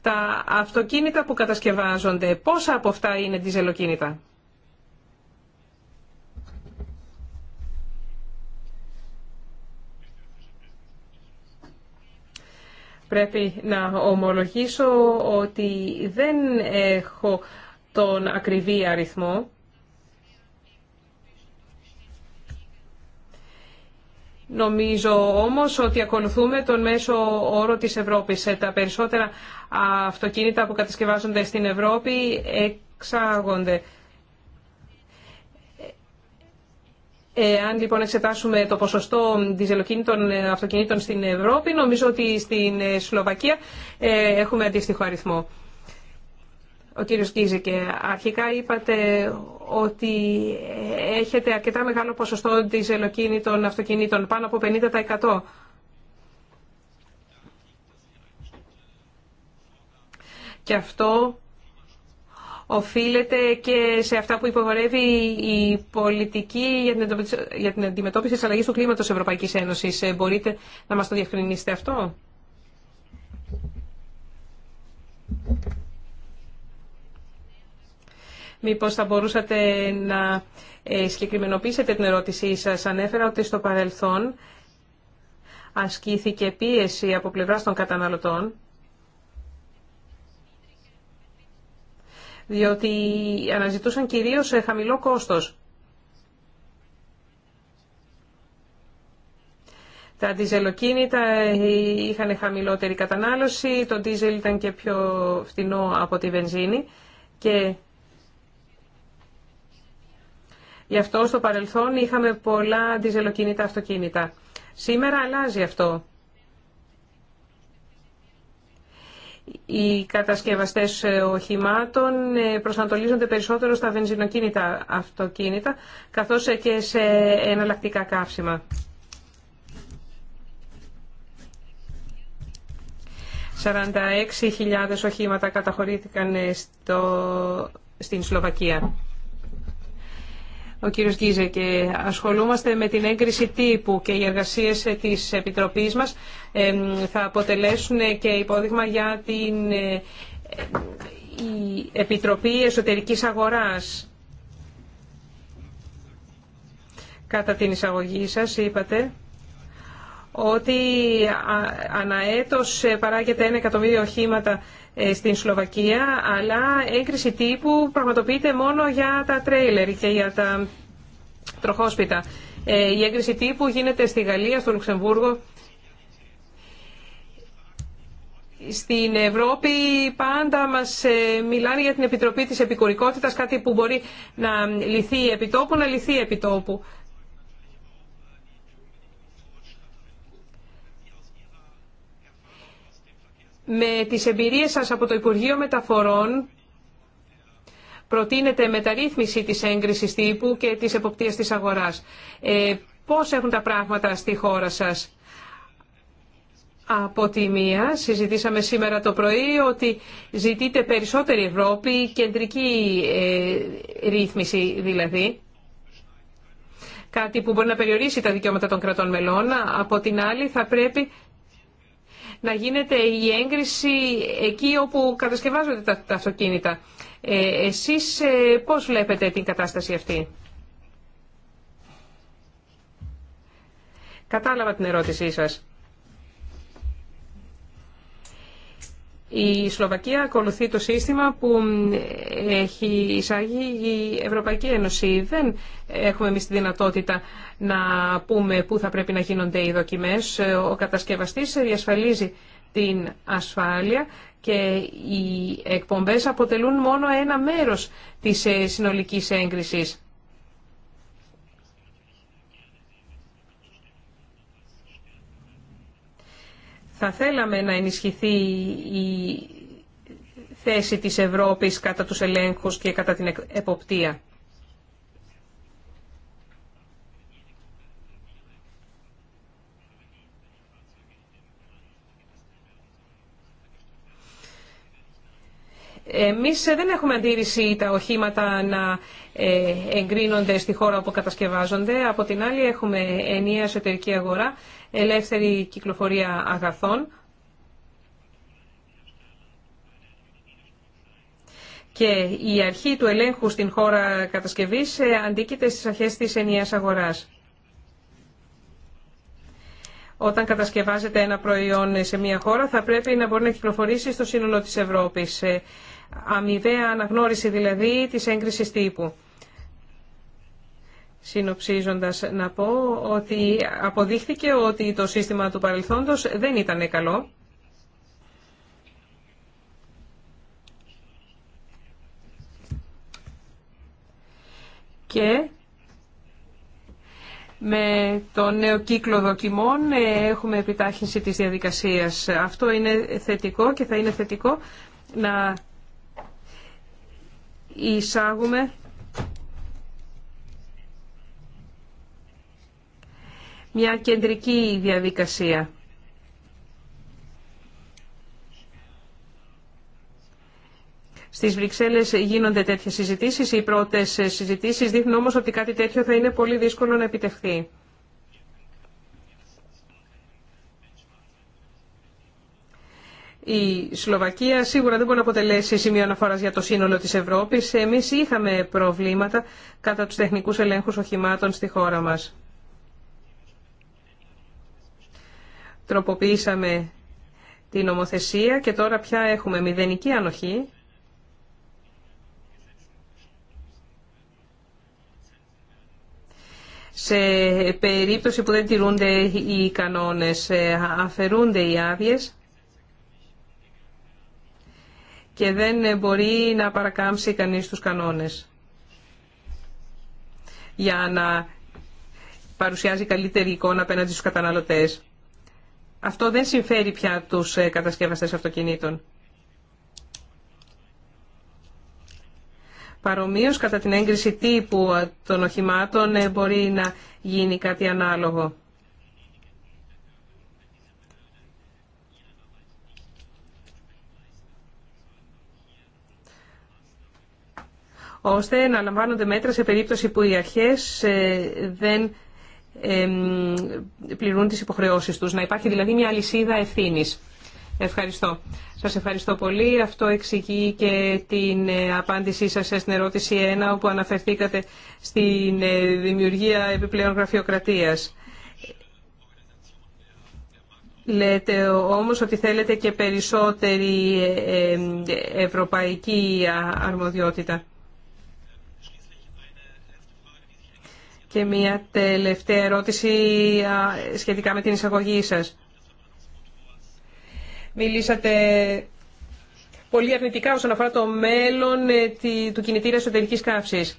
Τα αυτοκίνητα που κατασκευάζονται, πόσα από αυτά είναι διζελοκίνητα. Πρέπει να ομολογήσω ότι δεν έχω τον ακριβή αριθμό. Νομίζω όμως ότι ακολουθούμε τον μέσο όρο της Ευρώπης. Ε, τα περισσότερα αυτοκίνητα που κατασκευάζονται στην Ευρώπη εξάγονται. Ε, αν λοιπόν εξετάσουμε το ποσοστό διζελοκίνητων ε, αυτοκινήτων στην Ευρώπη, νομίζω ότι στην Σλοβακία έχουμε αντίστοιχο αριθμό ο κύριος Κίζικε. Αρχικά είπατε ότι έχετε αρκετά μεγάλο ποσοστό διζελοκίνητων αυτοκινήτων, πάνω από 50%. Και αυτό οφείλεται και σε αυτά που υπογορεύει η πολιτική για την αντιμετώπιση της αλλαγής του κλίματος Ευρωπαϊκής Ένωσης. Ε, μπορείτε να μας το διευκρινίσετε αυτό. Μήπως θα μπορούσατε να ε, συγκεκριμενοποιήσετε την ερώτησή σας. Ανέφερα ότι στο παρελθόν ασκήθηκε πίεση από πλευρά των καταναλωτών διότι αναζητούσαν κυρίως σε χαμηλό κόστος. Τα διζελοκίνητα είχαν χαμηλότερη κατανάλωση, το δίζελ ήταν και πιο φτηνό από τη βενζίνη και Γι' αυτό στο παρελθόν είχαμε πολλά διζελοκίνητα αυτοκίνητα. Σήμερα αλλάζει αυτό. Οι κατασκευαστές οχημάτων ε, προσανατολίζονται περισσότερο στα βενζινοκίνητα αυτοκίνητα, καθώς ε, και σε εναλλακτικά καύσιμα. «46.000 οχήματα καταχωρήθηκαν ε, στο, στην Σλοβακία» ο κύριος Γκίζε και ασχολούμαστε με την έγκριση τύπου και οι εργασίες της Επιτροπής μας θα αποτελέσουν και υπόδειγμα για την ε, η Επιτροπή Εσωτερικής Αγοράς. Κατά την εισαγωγή σας είπατε ότι αναέτος ε, παράγεται ένα εκατομμύριο οχήματα ε, στην Σλοβακία, αλλά έγκριση τύπου πραγματοποιείται μόνο για τα τρέιλερ και για τα τροχόσπιτα. Ε, η έγκριση τύπου γίνεται στη Γαλλία, στο Λουξεμβούργο. Στην Ευρώπη πάντα μας ε, μιλάνε για την Επιτροπή της Επικουρικότητας, κάτι που μπορεί να λυθεί επιτόπου, να λυθεί επιτόπου. με τις εμπειρίες σας από το Υπουργείο Μεταφορών προτείνετε μεταρρύθμιση της έγκρισης τύπου και της εποπτείας της αγοράς. Ε, πώς έχουν τα πράγματα στη χώρα σας. Από τη μία, συζητήσαμε σήμερα το πρωί ότι ζητείτε περισσότερη Ευρώπη, κεντρική ε, ρύθμιση δηλαδή. Κάτι που μπορεί να περιορίσει τα δικαιώματα των κρατών μελών. Από την άλλη θα πρέπει να γίνεται η έγκριση εκεί όπου κατασκευάζονται τα, τα αυτοκίνητα. Ε, εσείς ε, πώς βλέπετε την κατάσταση αυτή. Κατάλαβα την ερώτησή σας. Η Σλοβακία ακολουθεί το σύστημα που έχει εισάγει η Ευρωπαϊκή Ένωση. Δεν έχουμε εμεί τη δυνατότητα να πούμε πού θα πρέπει να γίνονται οι δοκιμές. Ο κατασκευαστής διασφαλίζει την ασφάλεια και οι εκπομπές αποτελούν μόνο ένα μέρος της ε, συνολικής έγκρισης. Θα θέλαμε να ενισχυθεί η θέση της Ευρώπης κατά τους ελέγχους και κατά την εποπτεία. Εμείς δεν έχουμε αντίρρηση τα οχήματα να ε, εγκρίνονται στη χώρα όπου κατασκευάζονται. Από την άλλη έχουμε ενιαία εσωτερική αγορά ελεύθερη κυκλοφορία αγαθών και η αρχή του ελέγχου στην χώρα κατασκευής ε, αντίκειται στις αρχές της ενιαίας αγοράς. Όταν κατασκευάζεται ένα προϊόν σε μια χώρα θα πρέπει να μπορεί να κυκλοφορήσει στο σύνολο της Ευρώπης. Αμοιβαία αναγνώριση δηλαδή της έγκρισης τύπου. Συνοψίζοντας να πω ότι αποδείχθηκε ότι το σύστημα του παρελθόντος δεν ήταν καλό. Και με το νέο κύκλο δοκιμών ε, έχουμε επιτάχυνση της διαδικασίας. Αυτό είναι θετικό και θα είναι θετικό να εισάγουμε μια κεντρική διαδικασία. Στις Βρυξέλλες γίνονται τέτοιες συζητήσεις. Οι πρώτες συζητήσεις δείχνουν όμως ότι κάτι τέτοιο θα είναι πολύ δύσκολο να επιτευχθεί. Η Σλοβακία σίγουρα δεν μπορεί να αποτελέσει σημείο αναφορά για το σύνολο τη Ευρώπη. Εμεί είχαμε προβλήματα κατά του τεχνικού ελέγχου οχημάτων στη χώρα μα. τροποποιήσαμε την νομοθεσία και τώρα πια έχουμε μηδενική ανοχή. Σε περίπτωση που δεν τηρούνται οι κανόνες, ε, αφαιρούνται οι άδειε και δεν μπορεί να παρακάμψει κανείς τους κανόνες για να παρουσιάζει καλύτερη εικόνα απέναντι στους καταναλωτές. Αυτό δεν συμφέρει πια τους ε, κατασκευαστές αυτοκινήτων. Παρομοίως, κατά την έγκριση τύπου ε, των οχημάτων ε, μπορεί να γίνει κάτι ανάλογο. ώστε να λαμβάνονται μέτρα σε περίπτωση που οι αρχές δεν πληρούν τις υποχρεώσεις τους. Να υπάρχει δηλαδή μια αλυσίδα ευθύνης. Ευχαριστώ. Σας ευχαριστώ πολύ. Αυτό εξηγεί και την ε, απάντησή σας στην ερώτηση 1, όπου αναφερθήκατε στην ε, δημιουργία επιπλέον γραφειοκρατίας. Λέτε όμως ότι θέλετε και περισσότερη ε, ευρωπαϊκή αρμοδιότητα. Και μία τελευταία ερώτηση σχετικά με την εισαγωγή σας. Μιλήσατε πολύ αρνητικά όσον αφορά το μέλλον ε, του κινητήρα εσωτερικής καύσης.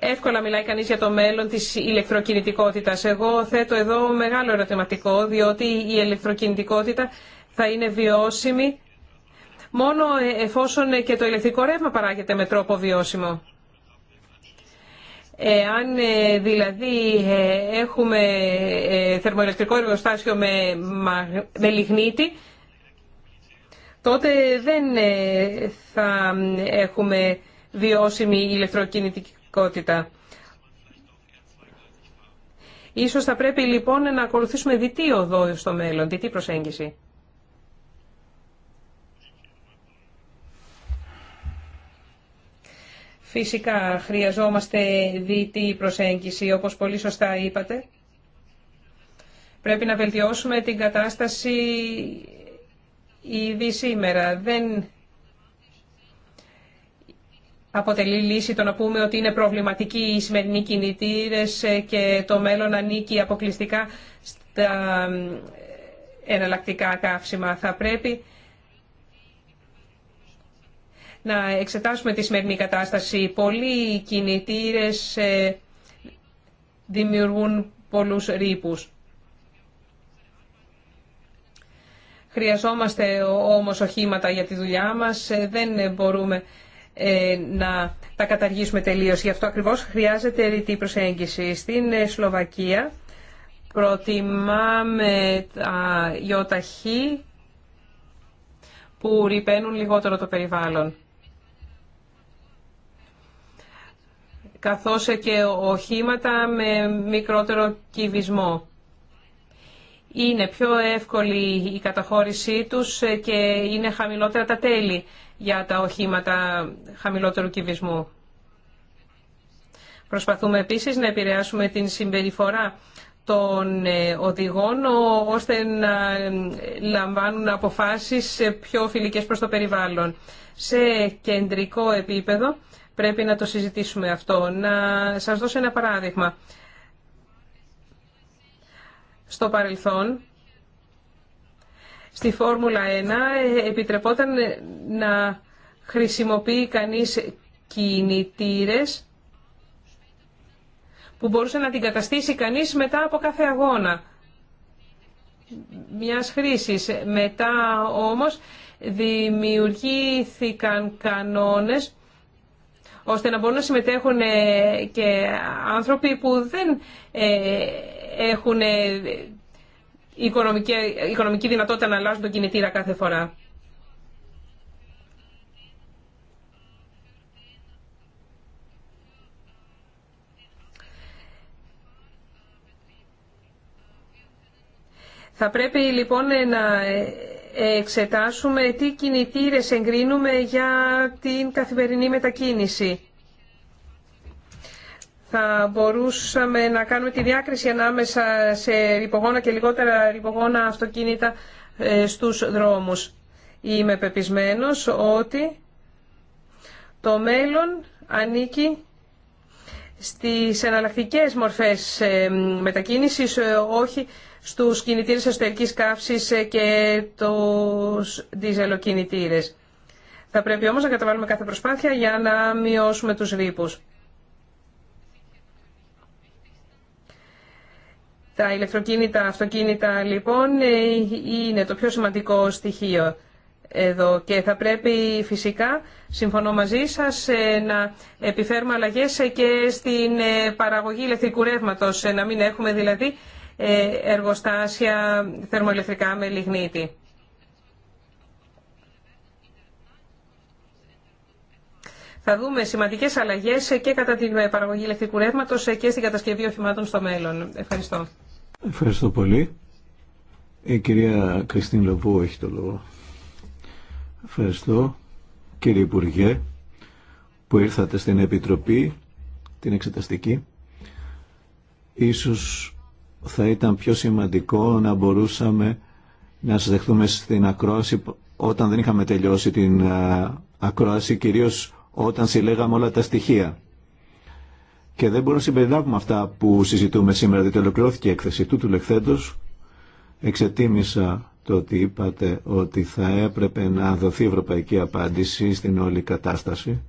Εύκολα μιλάει κανείς για το μέλλον της ηλεκτροκινητικότητας. Εγώ θέτω εδώ μεγάλο ερωτηματικό, διότι η ηλεκτροκινητικότητα θα είναι βιώσιμη μόνο ε, εφόσον ε, και το ηλεκτρικό ρεύμα παράγεται με τρόπο βιώσιμο. Ε, αν δηλαδή έχουμε θερμοελεκτρικό εργοστάσιο με, με λιγνίτη, τότε δεν θα έχουμε βιώσιμη ηλεκτροκινητικότητα. Ίσως θα πρέπει λοιπόν να ακολουθήσουμε διτή οδό στο μέλλον, διτή προσέγγιση. Φυσικά χρειαζόμαστε δίτη προσέγγιση, όπως πολύ σωστά είπατε. Πρέπει να βελτιώσουμε την κατάσταση ήδη σήμερα. Δεν αποτελεί λύση το να πούμε ότι είναι προβληματικοί οι σημερινοί κινητήρες και το μέλλον ανήκει αποκλειστικά στα εναλλακτικά καύσιμα. Θα πρέπει να εξετάσουμε τη σημερινή κατάσταση. Πολλοί κινητήρες ε, δημιουργούν πολλούς ρήπους. Χρειαζόμαστε όμως οχήματα για τη δουλειά μας. Ε, δεν μπορούμε ε, να τα καταργήσουμε τελείως. Γι' αυτό ακριβώς χρειάζεται ρητή προσέγγιση. Στην Σλοβακία προτιμάμε τα γιοταχή που ρηπαίνουν λιγότερο το περιβάλλον. καθώς και οχήματα με μικρότερο κυβισμό. Είναι πιο εύκολη η καταχώρησή τους και είναι χαμηλότερα τα τέλη για τα οχήματα χαμηλότερου κυβισμού. Προσπαθούμε επίσης να επηρεάσουμε την συμπεριφορά των ε, οδηγών ώστε να ε, λαμβάνουν αποφάσεις πιο φιλικές προς το περιβάλλον. Σε κεντρικό επίπεδο πρέπει να το συζητήσουμε αυτό. Να σας δώσω ένα παράδειγμα. Στο παρελθόν, στη Φόρμουλα 1 ε, επιτρεπόταν να χρησιμοποιεί κανείς κινητήρες που μπορούσε να την καταστήσει κανείς μετά από κάθε αγώνα μιας χρήσης. Μετά όμως δημιουργήθηκαν κανόνες ώστε να μπορούν να συμμετέχουν ε, και άνθρωποι που δεν ε, έχουν ε, οικονομική, δυνατότητα να αλλάζουν τον κινητήρα κάθε φορά. Θα πρέπει λοιπόν να εξετάσουμε τι κινητήρες εγκρίνουμε για την καθημερινή μετακίνηση. Θα μπορούσαμε να κάνουμε τη διάκριση ανάμεσα σε ρηπογόνα και λιγότερα ρηπογόνα αυτοκίνητα ε, στους δρόμους. Είμαι πεπισμένος ότι το μέλλον ανήκει στις εναλλακτικές μορφές ε, μετακίνησης, ε, όχι στους κινητήρες εσωτερικής καύσης και τους διζελοκινητήρες. Θα πρέπει όμως να καταβάλουμε κάθε προσπάθεια για να μειώσουμε τους ρήπους. Τα ηλεκτροκίνητα, αυτοκίνητα λοιπόν είναι το πιο σημαντικό στοιχείο εδώ και θα πρέπει φυσικά, συμφωνώ μαζί σας, ε, να επιφέρουμε αλλαγές ε, και στην ε, παραγωγή ηλεκτρικού ρεύματος, να μην έχουμε δηλαδή ε, εργοστάσια θερμοελεκτρικά με λιγνίτη. Θα δούμε σημαντικές αλλαγέ και κατά την παραγωγή ηλεκτρικού ρεύματος και στην κατασκευή οχημάτων στο μέλλον. Ευχαριστώ. Ευχαριστώ πολύ. Η κυρία Κριστίν Λοβού έχει το λόγο. Ευχαριστώ κύριε Υπουργέ που ήρθατε στην Επιτροπή, την Εξεταστική. Ίσως θα ήταν πιο σημαντικό να μπορούσαμε να σας δεχτούμε στην ακρόαση όταν δεν είχαμε τελειώσει την ακρόαση, κυρίως όταν συλλέγαμε όλα τα στοιχεία. Και δεν μπορούμε να συμπεριλάβουμε αυτά που συζητούμε σήμερα, διότι ολοκληρώθηκε η έκθεση του του λεχθέντος. Εξετίμησα το ότι είπατε ότι θα έπρεπε να δοθεί ευρωπαϊκή απάντηση στην όλη κατάσταση.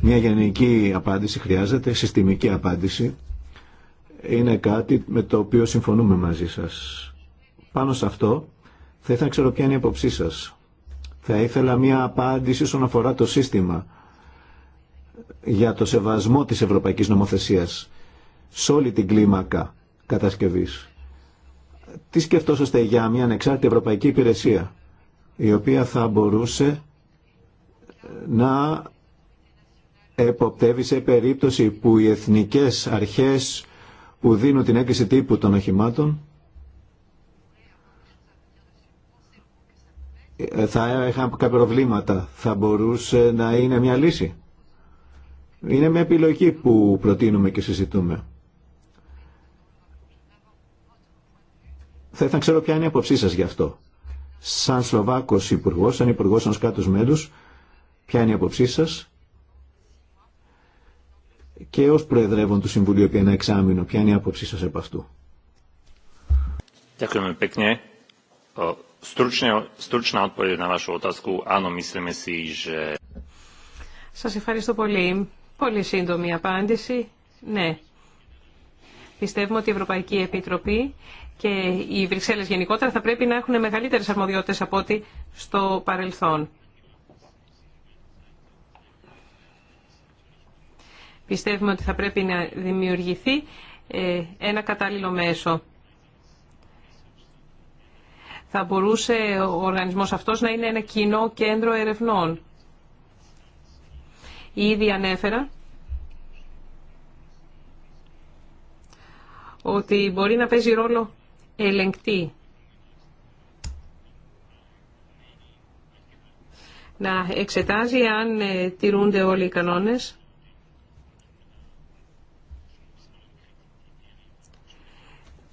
Μια γενική απάντηση χρειάζεται, συστημική απάντηση είναι κάτι με το οποίο συμφωνούμε μαζί σας. Πάνω σε αυτό θα ήθελα να ξέρω ποια είναι η απόψή σας. Θα ήθελα μια απάντηση όσον αφορά το σύστημα για το σεβασμό της Ευρωπαϊκής Νομοθεσίας σε όλη την κλίμακα κατασκευής. Τι σκεφτόσαστε για μια ανεξάρτητη Ευρωπαϊκή Υπηρεσία η οποία θα μπορούσε να εποπτεύει σε περίπτωση που οι εθνικές αρχές που δίνουν την έκκληση τύπου των οχημάτων ε, θα είχαν κάποια προβλήματα. Θα μπορούσε να είναι μια λύση. Είναι μια επιλογή που προτείνουμε και συζητούμε. Θα ήθελα να ξέρω ποια είναι η άποψή σας γι' αυτό. Σαν Σλοβάκος Υπουργός, σαν Υπουργός σαν σκάτους μέλους, ποια είναι η άποψή σας και ως Προεδρεύων του Συμβουλίου επί ένα εξάμεινο. Ποια είναι η άποψή σας επ' αυτού. Ε, σας ευχαριστώ πολύ. Πολύ σύντομη απάντηση. Ναι. Πιστεύουμε ότι η Ευρωπαϊκή Επιτροπή και οι Βρυξέλλες γενικότερα θα πρέπει να έχουν μεγαλύτερες αρμοδιότητες από ό,τι στο παρελθόν. Πιστεύουμε ότι θα πρέπει να δημιουργηθεί ε, ένα κατάλληλο μέσο. Θα μπορούσε ο οργανισμός αυτός να είναι ένα κοινό κέντρο ερευνών. Ήδη ανέφερα ότι μπορεί να παίζει ρόλο ελεγκτή. Να εξετάζει αν ε, τηρούνται όλοι οι κανόνες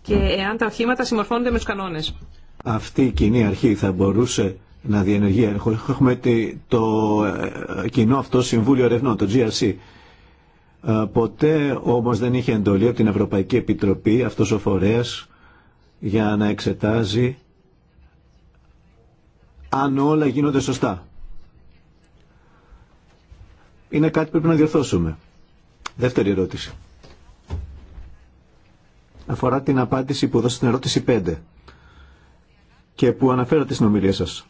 και εάν τα οχήματα συμμορφώνονται με τους κανόνες. Αυτή η κοινή αρχή θα μπορούσε να διενεργεί Έχουμε το ε, κοινό αυτό Συμβούλιο Ερευνών, το GRC. Ε, ποτέ όμως δεν είχε εντολή από την Ευρωπαϊκή Επιτροπή αυτός ο φορέας για να εξετάζει αν όλα γίνονται σωστά. Είναι κάτι που πρέπει να διορθώσουμε. Δεύτερη ερώτηση αφορά την απάντηση που δώσατε στην ερώτηση 5 και που αναφέρατε στην ομιλία σας.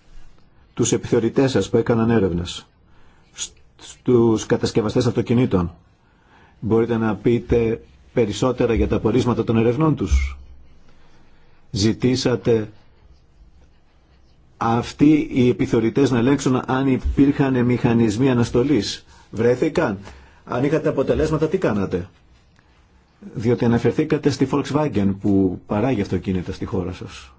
Τους επιθεωρητές σας που έκαναν έρευνες στους κατασκευαστές αυτοκινήτων. Μπορείτε να πείτε περισσότερα για τα απορίσματα των ερευνών τους. Ζητήσατε αυτοί οι επιθεωρητές να ελέγξουν αν υπήρχαν μηχανισμοί αναστολής. Βρέθηκαν. Αν είχατε αποτελέσματα, τι κάνατε διότι αναφερθήκατε στη Volkswagen που παράγει αυτοκίνητα στη χώρα σας.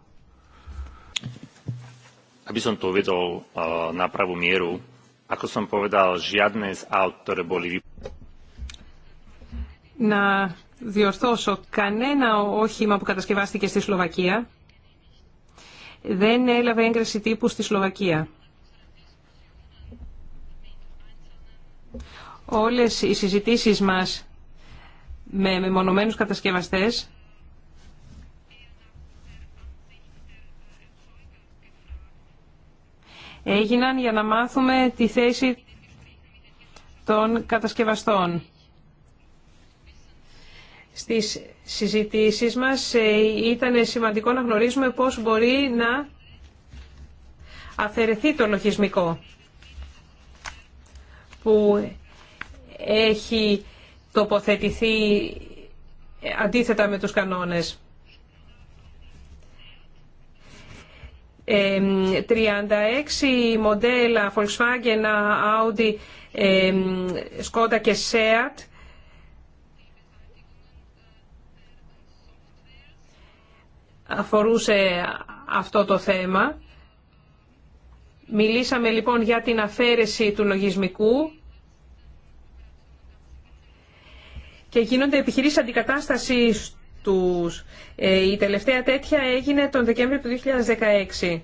Να διορθώσω, κανένα όχημα που κατασκευάστηκε στη Σλοβακία δεν έλαβε έγκριση τύπου στη Σλοβακία. Όλες οι συζητήσεις μας με μεμονωμένους κατασκευαστές έγιναν για να μάθουμε τη θέση των κατασκευαστών. Στις συζητήσεις μας ε, ήταν σημαντικό να γνωρίζουμε πώς μπορεί να αφαιρεθεί το λογισμικό που έχει τοποθετηθεί αντίθετα με τους κανόνες. 36 μοντέλα Volkswagen, Audi, Skoda και Seat αφορούσε αυτό το θέμα. Μιλήσαμε λοιπόν για την αφαίρεση του λογισμικού και γίνονται επιχειρήσεις αντικατάστασης τους. Ε, η τελευταία τέτοια έγινε τον Δεκέμβριο του 2016.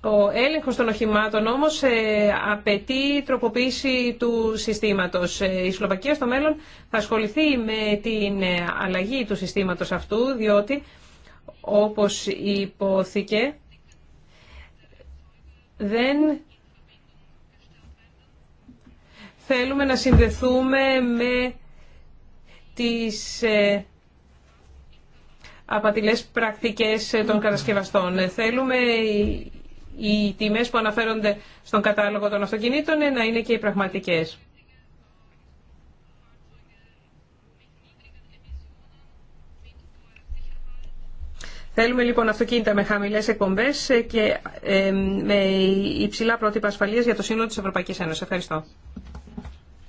Ο έλεγχος των οχημάτων όμως ε, απαιτεί τροποποίηση του συστήματος. Ε, η Σλοβακία στο μέλλον θα ασχοληθεί με την αλλαγή του συστήματος αυτού, διότι όπως υπόθηκε δεν θέλουμε να συνδεθούμε με τις ε, απατηλές πρακτικές των κατασκευαστών. Θέλουμε οι τιμές που αναφέρονται στον κατάλογο των αυτοκινήτων να είναι και οι πραγματικές. Θέλουμε λοιπόν αυτοκίνητα με χαμηλέ εκπομπέ και ε, με υψηλά πρότυπα ασφαλεία για το σύνολο τη Ευρωπαϊκή Ένωση. Ευχαριστώ.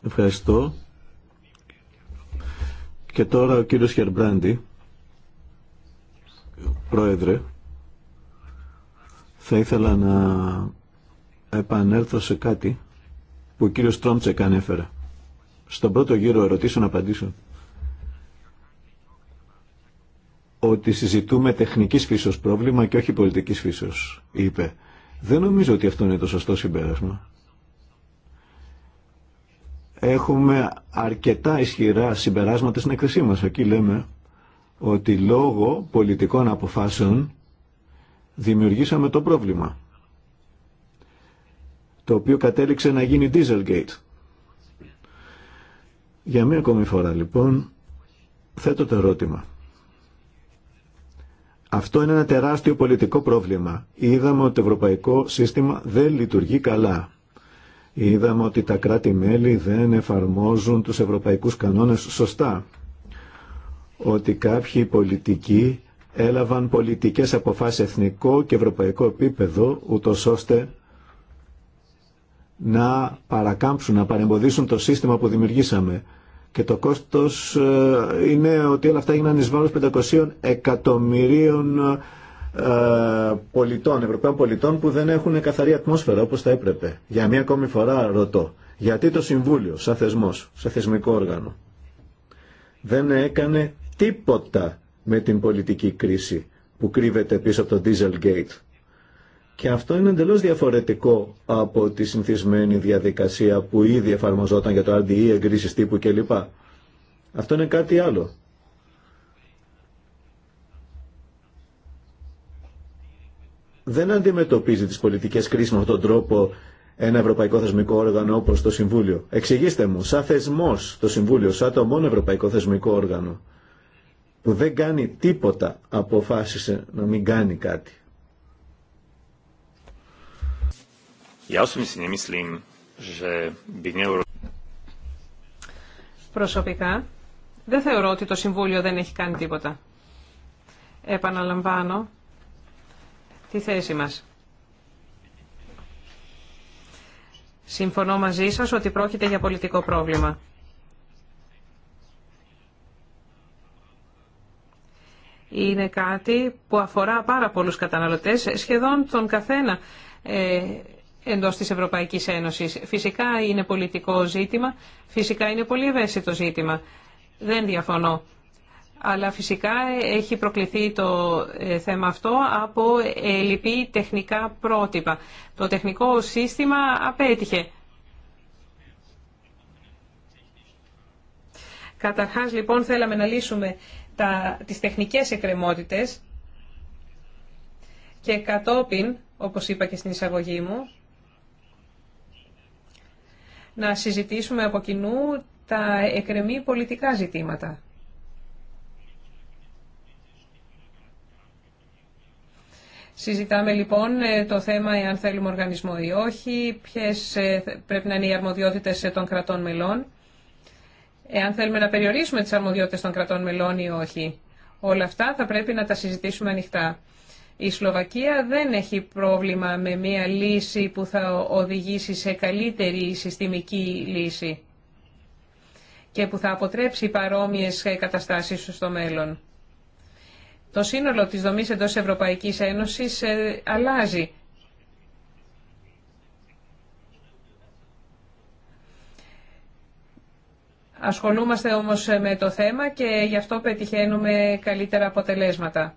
Ευχαριστώ. Και τώρα ο κύριος Χερμπράντη, πρόεδρε, θα ήθελα να επανέλθω σε κάτι που ο κύριος Τρόμτσεκ ανέφερε. Στον πρώτο γύρο ερωτήσεων απαντήσεων. ότι συζητούμε τεχνική φύσεω πρόβλημα και όχι πολιτική φύσεω, είπε. Δεν νομίζω ότι αυτό είναι το σωστό συμπέρασμα. Έχουμε αρκετά ισχυρά συμπεράσματα στην έκθεσή μα. Εκεί λέμε ότι λόγω πολιτικών αποφάσεων δημιουργήσαμε το πρόβλημα το οποίο κατέληξε να γίνει Dieselgate. Για μία ακόμη φορά λοιπόν θέτω το ερώτημα αυτό είναι ένα τεράστιο πολιτικό πρόβλημα. Είδαμε ότι το ευρωπαϊκό σύστημα δεν λειτουργεί καλά. Είδαμε ότι τα κράτη-μέλη δεν εφαρμόζουν τους ευρωπαϊκούς κανόνες σωστά. Ότι κάποιοι πολιτικοί έλαβαν πολιτικές αποφάσεις εθνικό και ευρωπαϊκό επίπεδο, ούτω ώστε να παρακάμψουν, να παρεμποδίσουν το σύστημα που δημιουργήσαμε. Και το κόστος ε, είναι ότι όλα αυτά έγιναν εις βάρος 500 εκατομμυρίων ε, πολιτών, Ευρωπαίων πολιτών που δεν έχουν καθαρή ατμόσφαιρα όπως θα έπρεπε. Για μία ακόμη φορά ρωτώ, γιατί το Συμβούλιο σαν θεσμό, σαν θεσμικό όργανο δεν έκανε τίποτα με την πολιτική κρίση που κρύβεται πίσω από το Dieselgate και αυτό είναι εντελώς διαφορετικό από τη συνθισμένη διαδικασία που ήδη εφαρμοζόταν για το RDE, εγκρίσεις τύπου κλπ. Αυτό είναι κάτι άλλο. Δεν αντιμετωπίζει τις πολιτικές κρίσεις με αυτόν τον τρόπο ένα ευρωπαϊκό θεσμικό όργανο όπως το Συμβούλιο. Εξηγήστε μου, σαν θεσμός το Συμβούλιο, σαν το μόνο ευρωπαϊκό θεσμικό όργανο που δεν κάνει τίποτα, αποφάσισε να μην κάνει κάτι. Προσωπικά, δεν θεωρώ ότι το Συμβούλιο δεν έχει κάνει τίποτα. Επαναλαμβάνω τη θέση μας. Συμφωνώ μαζί σας ότι πρόκειται για πολιτικό πρόβλημα. Είναι κάτι που αφορά πάρα πολλούς καταναλωτές, σχεδόν τον καθένα. Ε, εντός της Ευρωπαϊκής Ένωσης. Φυσικά είναι πολιτικό ζήτημα, φυσικά είναι πολύ ευαίσθητο ζήτημα. Δεν διαφωνώ. Αλλά φυσικά έχει προκληθεί το ε, θέμα αυτό από λυπή τεχνικά πρότυπα. Το τεχνικό σύστημα απέτυχε. Καταρχάς λοιπόν θέλαμε να λύσουμε τα, τις τεχνικές εκκρεμότητες και κατόπιν, όπως είπα και στην εισαγωγή μου, να συζητήσουμε από κοινού τα εκρεμή πολιτικά ζητήματα. Συζητάμε λοιπόν ε, το θέμα εάν θέλουμε οργανισμό ή όχι, ποιες ε, πρέπει να είναι οι αρμοδιότητες ε, των κρατών μελών, εάν θέλουμε να περιορίσουμε τις αρμοδιότητες των κρατών μελών ή όχι. Όλα αυτά θα πρέπει να τα συζητήσουμε ανοιχτά. Η Σλοβακία δεν έχει πρόβλημα με μια λύση που θα οδηγήσει σε καλύτερη συστημική λύση και που θα αποτρέψει παρόμοιες καταστάσεις στο μέλλον. Το σύνολο της δομής εντός Ευρωπαϊκής Ένωσης ε, αλλάζει. Ασχολούμαστε όμως με το θέμα και γι' αυτό πετυχαίνουμε καλύτερα αποτελέσματα.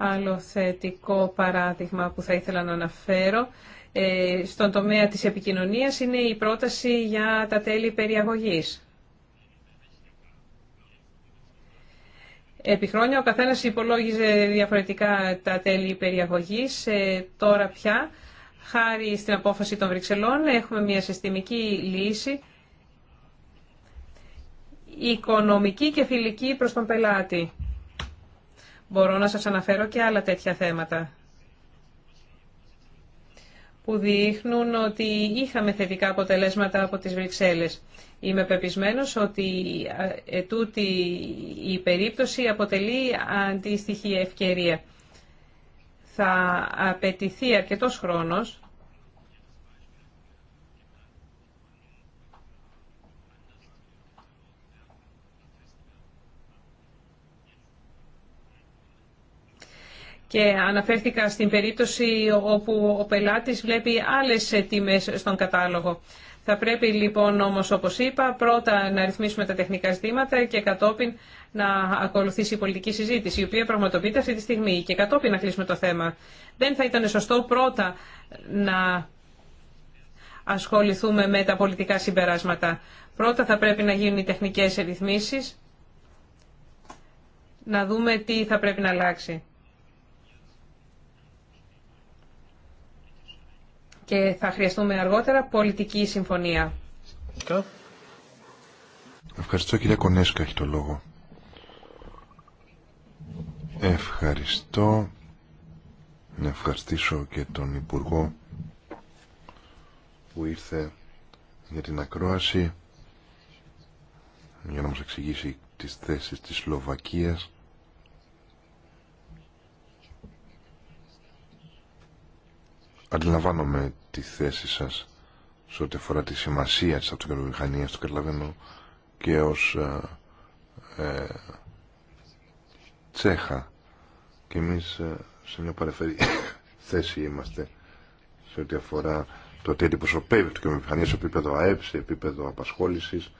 Άλλο θετικό παράδειγμα που θα ήθελα να αναφέρω ε, στον τομέα της επικοινωνίας είναι η πρόταση για τα τέλη περιαγωγής. Επί χρόνια ο καθένας υπολόγιζε διαφορετικά τα τέλη περιαγωγής. Ε, τώρα πια, χάρη στην απόφαση των Βρυξελών, έχουμε μια συστημική λύση οικονομική και φιλική προς τον πελάτη. Μπορώ να σας αναφέρω και άλλα τέτοια θέματα που δείχνουν ότι είχαμε θετικά αποτελέσματα από τις Βρυξέλλες. Είμαι πεπισμένος ότι ετούτη η περίπτωση αποτελεί αντίστοιχη ευκαιρία. Θα απαιτηθεί αρκετός χρόνος και αναφέρθηκα στην περίπτωση όπου ο πελάτης βλέπει άλλες τιμές στον κατάλογο. Θα πρέπει λοιπόν όμως όπως είπα πρώτα να ρυθμίσουμε τα τεχνικά ζητήματα και κατόπιν να ακολουθήσει η πολιτική συζήτηση η οποία πραγματοποιείται αυτή τη στιγμή και κατόπιν να κλείσουμε το θέμα. Δεν θα ήταν σωστό πρώτα να ασχοληθούμε με τα πολιτικά συμπεράσματα. Πρώτα θα πρέπει να γίνουν οι τεχνικές ρυθμίσεις, να δούμε τι θα πρέπει να αλλάξει. και θα χρειαστούμε αργότερα πολιτική συμφωνία. Ευχαριστώ κυρία Κονέσκα έχει το λόγο. Ευχαριστώ. Να ευχαριστήσω και τον Υπουργό που ήρθε για την ακρόαση για να μας εξηγήσει τις θέσεις της Σλοβακίας Αντιλαμβάνομαι τη θέση σας σε ό,τι αφορά τη σημασία της αυτοκρατοβιομηχανίας, το καταλαβαίνω και ως ε, ε Τσέχα και εμείς ε, σε μια παρεφερή θέση είμαστε σε ό,τι αφορά το τι αντιπροσωπεύει το κοινοβιομηχανία σε επίπεδο ΑΕΠ, σε επίπεδο απασχόλησης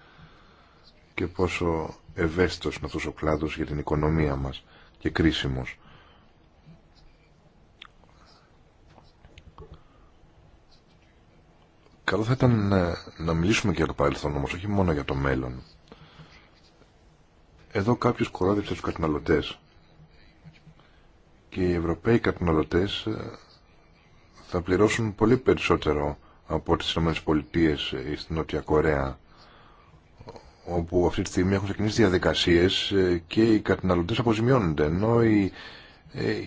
και πόσο ευαίσθητος είναι αυτός ο κλάδος για την οικονομία μας και κρίσιμος. Καλό θα ήταν να μιλήσουμε και για το παρελθόν όμως, όχι μόνο για το μέλλον. Εδώ κάποιος κοράδεψε τους καταναλωτέ Και οι Ευρωπαίοι καταναλωτές ε, θα πληρώσουν πολύ περισσότερο από τις ΗΠΑ ή ε, στην Νότια Κορέα όπου αυτή τη στιγμή έχουν ξεκινήσει διαδικασίες ε, και οι καταναλωτές αποζημιώνονται ενώ οι,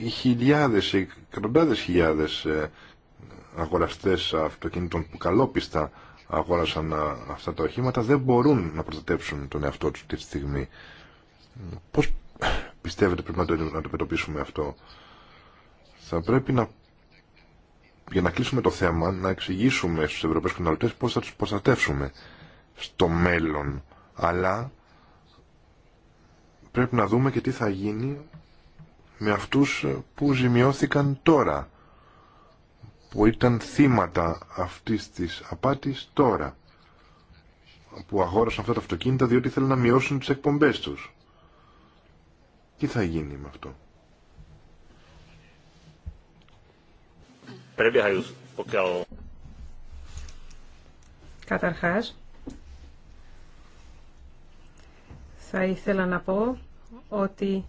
οι χιλιάδες, οι εκατοντάδες χιλιάδες αγοραστές αυτοκινήτων που καλόπιστα αγόρασαν αυτά τα οχήματα δεν μπορούν να προστατεύσουν τον εαυτό τους τη στιγμή. Πώς πιστεύετε πρέπει να το, να αυτό. Θα πρέπει να, για να κλείσουμε το θέμα, να εξηγήσουμε στους Ευρωπαίους καταναλωτές πώς θα τους προστατεύσουμε στο μέλλον. Αλλά πρέπει να δούμε και τι θα γίνει με αυτούς που ζημιώθηκαν τώρα που ήταν θύματα αυτής της απάτης τώρα που αγόρασαν αυτά τα αυτοκίνητα διότι θέλουν να μειώσουν τις εκπομπές τους. Τι θα γίνει με αυτό. Καταρχάς, θα ήθελα να πω ότι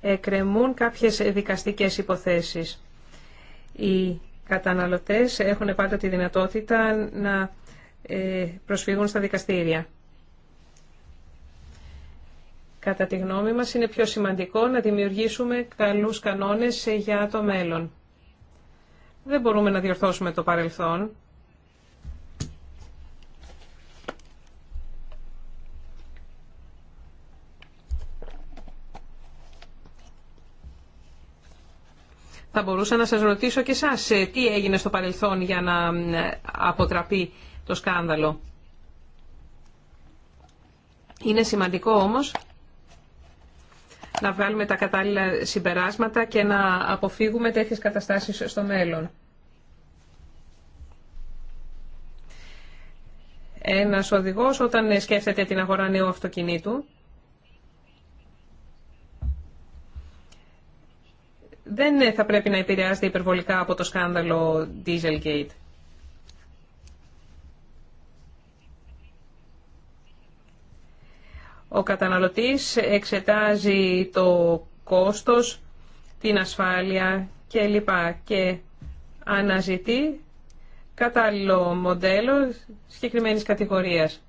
εκρεμούν κάποιες δικαστικές υποθέσεις. Η καταναλωτές έχουν πάντα τη δυνατότητα να ε, προσφύγουν στα δικαστήρια. Κατά τη γνώμη μας είναι πιο σημαντικό να δημιουργήσουμε καλούς κανόνες για το μέλλον. Δεν μπορούμε να διορθώσουμε το παρελθόν. θα μπορούσα να σας ρωτήσω και εσάς ε, τι έγινε στο παρελθόν για να αποτραπεί το σκάνδαλο. Είναι σημαντικό όμως να βγάλουμε τα κατάλληλα συμπεράσματα και να αποφύγουμε τέτοιες καταστάσεις στο μέλλον. Ένας οδηγός όταν σκέφτεται την αγορά νέου αυτοκινήτου δεν θα πρέπει να επηρεάζεται υπερβολικά από το σκάνδαλο Dieselgate. Ο καταναλωτής εξετάζει το κόστος, την ασφάλεια κλπ. και αναζητεί κατάλληλο μοντέλο συγκεκριμένης κατηγορίας.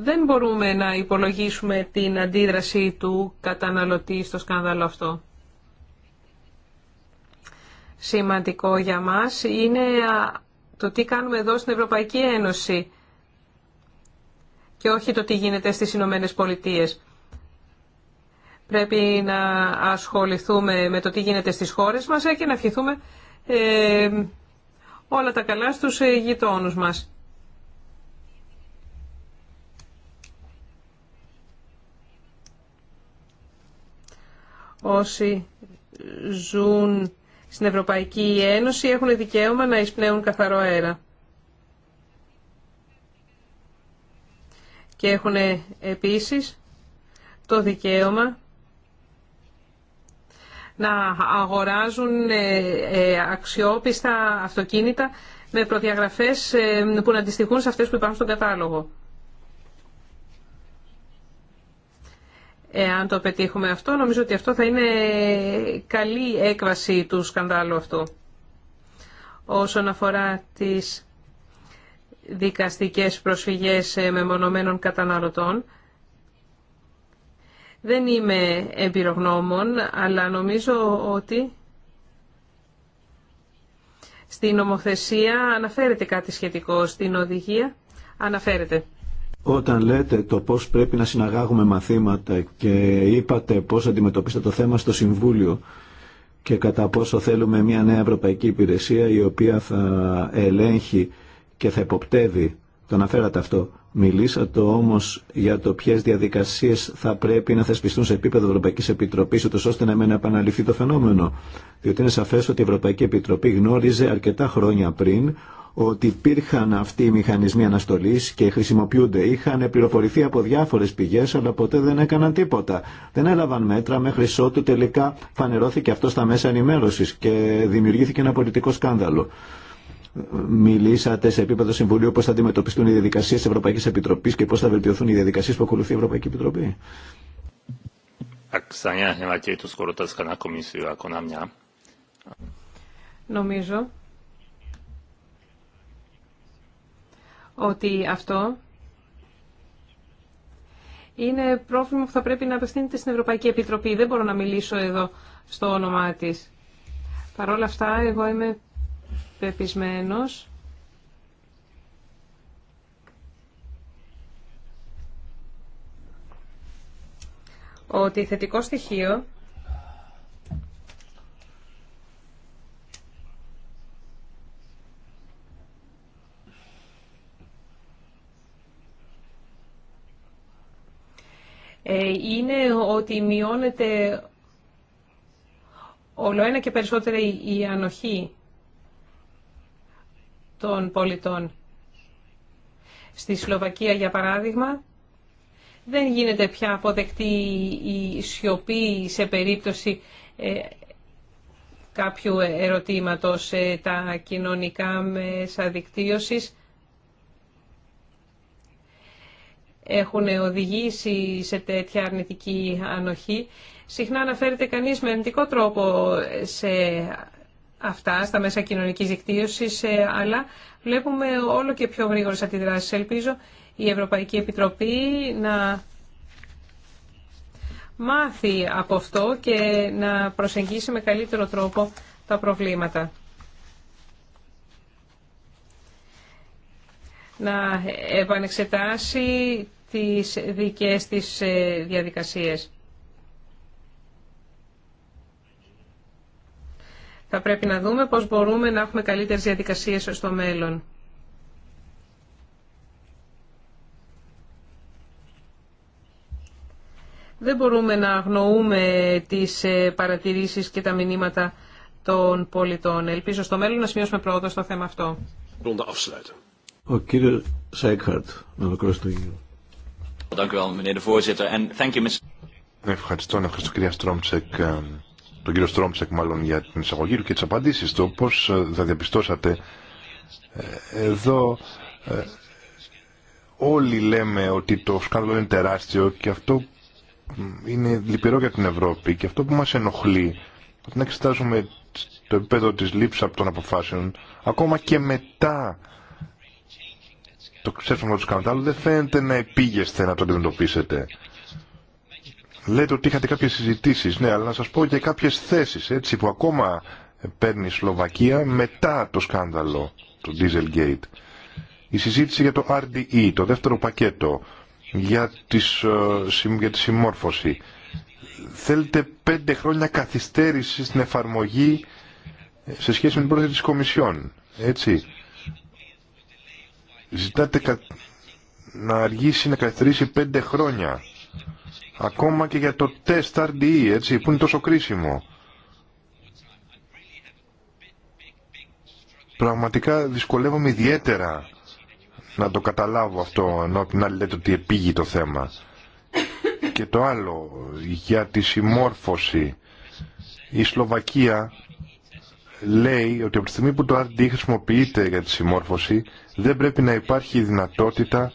Δεν μπορούμε να υπολογίσουμε την αντίδραση του καταναλωτή στο σκάνδαλο αυτό. Σημαντικό για μας είναι το τι κάνουμε εδώ στην Ευρωπαϊκή Ένωση και όχι το τι γίνεται στις Ηνωμένε Πολιτείες. Πρέπει να ασχοληθούμε με το τι γίνεται στις χώρες μας και να ευχηθούμε ε, όλα τα καλά στους ε, γειτόνους μας. Όσοι ζουν στην Ευρωπαϊκή Ένωση έχουν δικαίωμα να εισπνέουν καθαρό αέρα. Και έχουν ε, επίσης το δικαίωμα να αγοράζουν ε, ε, αξιόπιστα αυτοκίνητα με προδιαγραφές που να αντιστοιχούν σε αυτές που υπάρχουν στον κατάλογο. Εάν το πετύχουμε αυτό, νομίζω ότι αυτό θα είναι καλή έκβαση του σκανδάλου αυτού. Όσον αφορά τις δικαστικές προσφυγές ε, μεμονωμένων καταναλωτών, δεν είμαι εμπειρογνώμων, αλλά νομίζω ότι στην ομοθεσία αναφέρεται κάτι σχετικό, στην οδηγία αναφέρεται. Όταν λέτε το πώς πρέπει να συναγάγουμε μαθήματα και είπατε πώς αντιμετωπίσετε το θέμα στο Συμβούλιο και κατά πόσο θέλουμε μια νέα ευρωπαϊκή υπηρεσία η οποία θα ελέγχει και θα εποπτεύει, το αναφέρατε αυτό, μιλήσατε όμως για το ποιες διαδικασίες θα πρέπει να θεσπιστούν σε επίπεδο Ευρωπαϊκής Επιτροπής ώστε να μην επαναληφθεί το φαινόμενο. Διότι είναι σαφές ότι η Ευρωπαϊκή Επιτροπή γνώριζε αρκετά χρόνια πριν ότι υπήρχαν αυτοί οι μηχανισμοί αναστολής και χρησιμοποιούνται. Είχαν πληροφορηθεί από διάφορες πηγές, αλλά ποτέ δεν έκαναν τίποτα. Δεν έλαβαν μέτρα μέχρι ότου τελικά φανερώθηκε αυτό στα μέσα ενημέρωσης και δημιουργήθηκε ένα πολιτικό σκάνδαλο. Μιλήσατε σε επίπεδο Συμβουλίου πώς θα αντιμετωπιστούν οι διαδικασίες της Ευρωπαϊκής Επιτροπής και πώς θα βελτιωθούν οι διαδικασίες που ακολουθεί η Ευρωπαϊκή Επιτροπή. Νομίζω ότι αυτό είναι πρόβλημα που θα πρέπει να απευθύνεται στην Ευρωπαϊκή Επιτροπή. Δεν μπορώ να μιλήσω εδώ στο όνομά της. Παρ' όλα αυτά, εγώ είμαι πεπισμένος ότι θετικό στοιχείο Ε, είναι ότι μειώνεται όλο ένα και περισσότερο η ανοχή των πολιτών. Στη Σλοβακία, για παράδειγμα, δεν γίνεται πια αποδεκτή η σιωπή σε περίπτωση ε, κάποιου ερωτήματος. Ε, τα κοινωνικά μέσα δικτύωσης έχουν οδηγήσει σε τέτοια αρνητική ανοχή. Συχνά αναφέρεται κανείς με αρνητικό τρόπο σε αυτά, στα μέσα κοινωνικής δικτύωσης, ε, αλλά βλέπουμε όλο και πιο γρήγορες αντιδράσεις. Ελπίζω η Ευρωπαϊκή Επιτροπή να μάθει από αυτό και να προσεγγίσει με καλύτερο τρόπο τα προβλήματα. Να επανεξετάσει τις δικές της ε, διαδικασίες. Θα πρέπει να δούμε πώς μπορούμε να έχουμε καλύτερες διαδικασίες στο μέλλον. Δεν μπορούμε να αγνοούμε τις ε, παρατηρήσεις και τα μηνύματα των πολιτών. Ελπίζω στο μέλλον να σημειώσουμε πρόοδο στο θέμα αυτό. Ο κύριος Σέκχαρτ, να το Ευχαριστώ, ευχαριστώ κυρία Στρόμψεκ, ε, τον κύριο Στρόμψεκ μάλλον για την εισαγωγή του και τις απαντήσεις του. Όπως ε, θα διαπιστώσατε, ε, εδώ όλοι λέμε ότι το σκάνδαλο είναι τεράστιο και αυτό είναι λυπηρό για την Ευρώπη και αυτό που μας ενοχλεί να εξετάζουμε το επίπεδο της λήψης από των αποφάσεων ακόμα και μετά το ξέφυγμα του σκανδάλου δεν φαίνεται να επίγεστε να το αντιμετωπίσετε. Λέτε ότι είχατε κάποιες συζητήσεις, ναι, αλλά να σας πω και κάποιες θέσεις, έτσι, που ακόμα παίρνει η Σλοβακία μετά το σκάνδαλο, του Dieselgate. Η συζήτηση για το RDE, το δεύτερο πακέτο, για, τις, ε, για τη συμμόρφωση. Θέλετε πέντε χρόνια καθυστέρηση στην εφαρμογή σε σχέση με την πρόταση της Κομισιόν, έτσι. Ζητάτε να αργήσει να καθυστερήσει πέντε χρόνια. Ακόμα και για το τεστ RDE, έτσι, που είναι τόσο κρίσιμο. Πραγματικά δυσκολεύομαι ιδιαίτερα να το καταλάβω αυτό, ενώ την άλλη λέτε ότι επήγει το θέμα. Και το άλλο, για τη συμμόρφωση. Η Σλοβακία λέει ότι από τη στιγμή που το RD χρησιμοποιείται για τη συμμόρφωση δεν πρέπει να υπάρχει δυνατότητα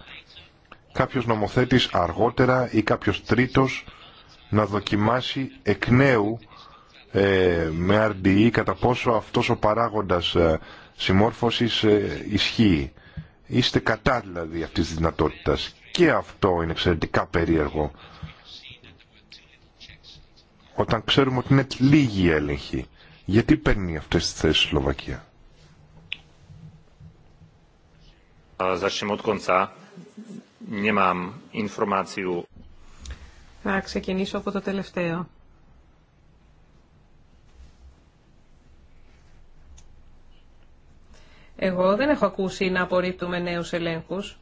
κάποιος νομοθέτης αργότερα ή κάποιος τρίτος να δοκιμάσει εκ νέου ε, με RDE κατά πόσο αυτός ο παράγοντας ε, συμμόρφωσης ε, ισχύει. Είστε κατά δηλαδή αυτής της δυνατότητας. Και αυτό είναι εξαιρετικά περίεργο. Όταν ξέρουμε ότι είναι λίγη έλεγχη. Γιατί παίρνει αυτές τις θέσεις η Σλοβακία. Ε, Θα ξεκινήσω από το τελευταίο. Εγώ δεν έχω ακούσει να απορρίπτουμε νέους ελέγχους.